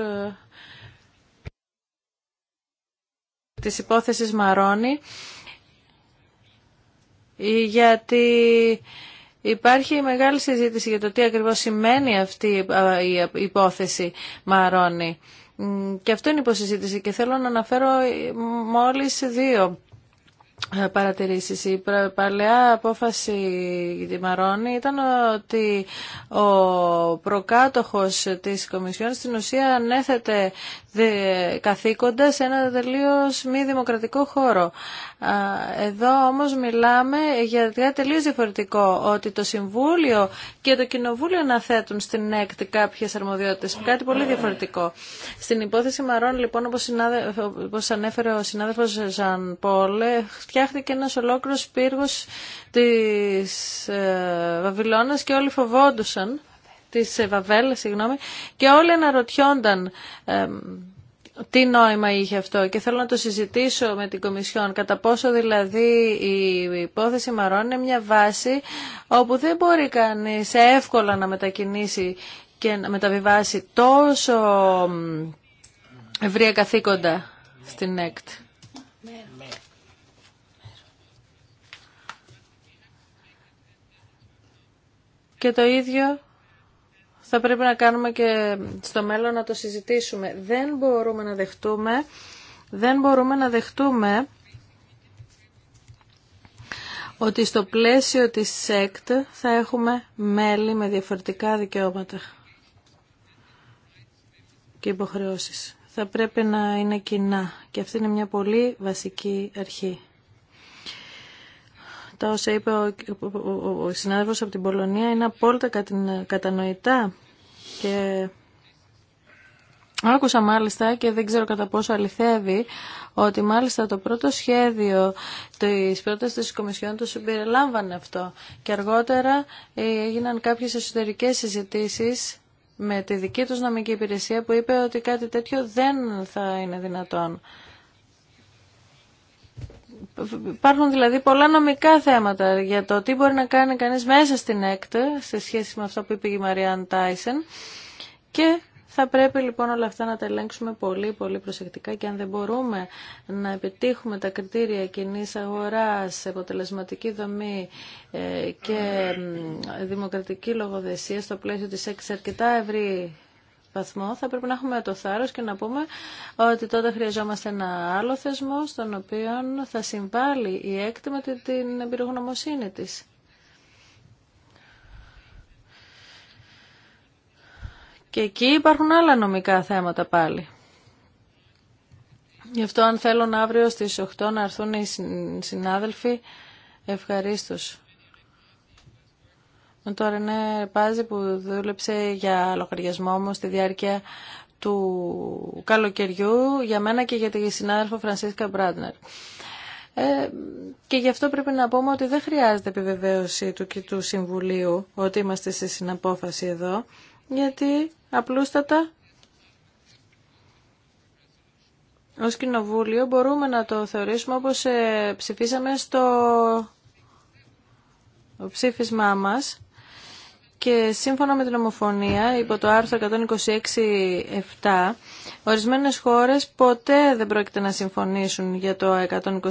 της υπόθεσης Μαρόνι γιατί υπάρχει μεγάλη συζήτηση για το τι ακριβώς σημαίνει αυτή η υπόθεση Μαρόνι. Και αυτό είναι υποσυζήτηση και θέλω να αναφέρω ε, μόλις δύο ε, παρατηρήσεις. Η παλαιά απόφαση τη Μαρόνη ήταν ότι ο προκάτοχος της Κομισιόν στην ουσία ανέθετε καθήκοντα σε ένα τελείω μη δημοκρατικό χώρο. Εδώ όμως μιλάμε για κάτι τελείως διαφορετικό, ότι το Συμβούλιο και το Κοινοβούλιο να θέτουν στην έκτη κάποιες αρμοδιότητες, κάτι πολύ διαφορετικό. Στην υπόθεση Μαρών, λοιπόν, όπως, όπως ανέφερε ο συνάδελφος Ζαν Πόλε, φτιάχτηκε ένας ολόκληρος πύργος της ε, Βαβυλώνας και όλοι φοβόντουσαν της Βαβέλ, συγγνώμη, και όλοι αναρωτιόνταν ε, τι νόημα είχε αυτό και θέλω να το συζητήσω με την Κομισιόν κατά πόσο δηλαδή η υπόθεση Μαρών είναι μια βάση όπου δεν μπορεί κανείς εύκολα να μετακινήσει και να μεταβιβάσει τόσο ευρία καθήκοντα στην ΕΚΤ. Και το ίδιο θα πρέπει να κάνουμε και στο μέλλον να το συζητήσουμε. Δεν μπορούμε να δεχτούμε, δεν μπορούμε να δεχτούμε ότι στο πλαίσιο της ΣΕΚΤ θα έχουμε μέλη με διαφορετικά δικαιώματα και υποχρεώσεις. Θα πρέπει να είναι κοινά και αυτή είναι μια πολύ βασική αρχή τα όσα είπε ο, ο, συνάδελφος από την Πολωνία είναι απόλυτα κατανοητά και Άκουσα μάλιστα και δεν ξέρω κατά πόσο αληθεύει ότι μάλιστα το πρώτο σχέδιο της πρότασης της Κομισιόν το συμπεριλάμβανε αυτό και αργότερα ε, έγιναν κάποιες εσωτερικές συζητήσεις με τη δική τους νομική υπηρεσία που είπε ότι κάτι τέτοιο δεν θα είναι δυνατόν. Υπάρχουν δηλαδή πολλά νομικά θέματα για το τι μπορεί να κάνει κανείς μέσα στην ΕΚΤ σε σχέση με αυτό που είπε η Μαριάν Τάισεν και θα πρέπει λοιπόν όλα αυτά να τα ελέγξουμε πολύ πολύ προσεκτικά και αν δεν μπορούμε να επιτύχουμε τα κριτήρια κοινή αγοράς, αποτελεσματική δομή ε, και δημοκρατική λογοδεσία στο πλαίσιο της ΕΚΤ σε αρκετά ευρύ θα πρέπει να έχουμε το θάρρος και να πούμε ότι τότε χρειαζόμαστε ένα άλλο θεσμό στον οποίο θα συμβάλλει η έκτη με την εμπειρογνωμοσύνη της. Και εκεί υπάρχουν άλλα νομικά θέματα πάλι. Γι' αυτό αν θέλουν αύριο στις 8 να έρθουν οι συνάδελφοι, ευχαρίστως. Τώρα είναι Πάζη που δούλεψε για λογαριασμό μου στη διάρκεια του καλοκαιριού για μένα και για τη συνάδελφο Φρανσίσκα Μπράντνερ. Ε, και γι' αυτό πρέπει να πούμε ότι δεν χρειάζεται επιβεβαίωση του και του Συμβουλίου ότι είμαστε σε συναπόφαση εδώ, γιατί απλούστατα ως Κοινοβούλιο μπορούμε να το θεωρήσουμε όπως ε, ψηφίσαμε στο ψήφισμά μας και σύμφωνα με την ομοφωνία υπό το άρθρο 126.7 ορισμένες χώρες ποτέ δεν πρόκειται να συμφωνήσουν για το 126.7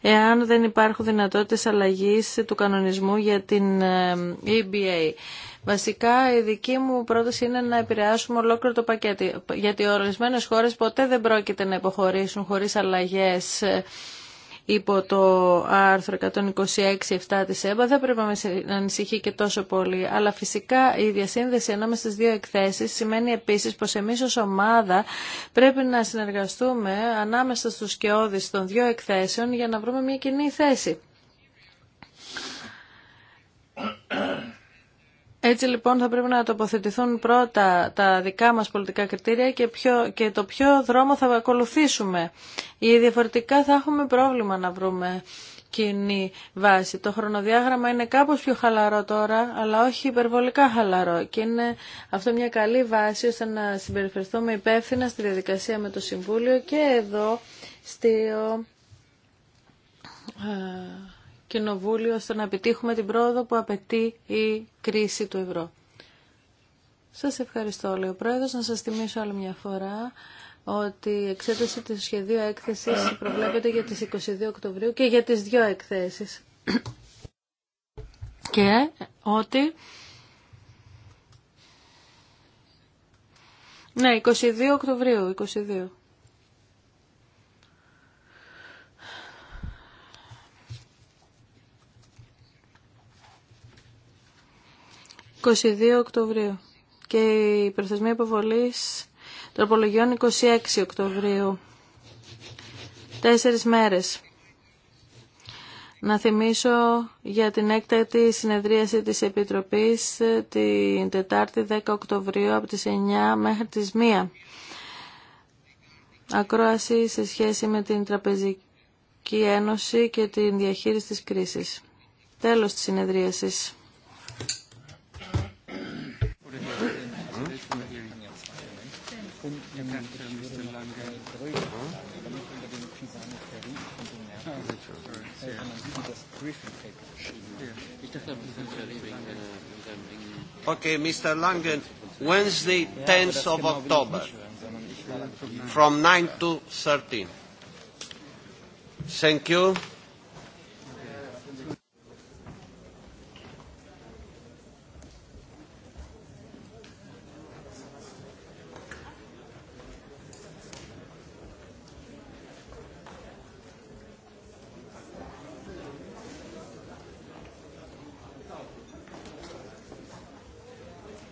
εάν δεν υπάρχουν δυνατότητες αλλαγής του κανονισμού για την ε, EBA. Βασικά η δική μου πρόταση είναι να επηρεάσουμε ολόκληρο το πακέτο γιατί ορισμένες χώρες ποτέ δεν πρόκειται να υποχωρήσουν χωρίς αλλαγές ε, υπό το άρθρο 126.7 της ΕΜΠΑ δεν πρέπει να ανησυχεί και τόσο πολύ. Αλλά φυσικά η διασύνδεση ανάμεσα στις δύο εκθέσεις σημαίνει επίσης πως εμείς ως ομάδα πρέπει να συνεργαστούμε ανάμεσα στους σκεώδεις των δύο εκθέσεων για να βρούμε μια κοινή θέση. Έτσι λοιπόν θα πρέπει να τοποθετηθούν πρώτα τα δικά μας πολιτικά κριτήρια και, και το ποιο δρόμο θα ακολουθήσουμε. Ή διαφορετικά θα έχουμε πρόβλημα να βρούμε κοινή βάση. Το χρονοδιάγραμμα είναι κάπως πιο χαλαρό τώρα, αλλά όχι υπερβολικά χαλαρό. Και είναι αυτό μια καλή βάση ώστε να συμπεριφερθούμε υπεύθυνα στη διαδικασία με το Συμβούλιο και εδώ στο ε, Κοινοβούλιο ώστε να επιτύχουμε την πρόοδο που απαιτεί η κρίση του ευρώ. Σας ευχαριστώ, λέει ο Πρόεδρος. Να σας θυμίσω άλλη μια φορά ότι η εξέταση του σχεδίου έκθεσης προβλέπεται για τις 22 Οκτωβρίου και για τις δύο εκθέσεις. [coughs] Και ότι... Ναι, 22 Οκτωβρίου, 22. 22 Οκτωβρίου και η προθεσμία υποβολής τροπολογιών 26 Οκτωβρίου. Τέσσερι μέρες. Να θυμίσω για την έκτατη συνεδρίαση της Επιτροπής ε, την Τετάρτη 10 Οκτωβρίου από τις 9 μέχρι τις 1. Ακρόαση σε σχέση με την Τραπεζική Ένωση και την διαχείριση της κρίσης. Τέλος της συνεδρίασης. Okay, Mr. Langen, Wednesday, 10th of October, from 9 to 13. Thank you.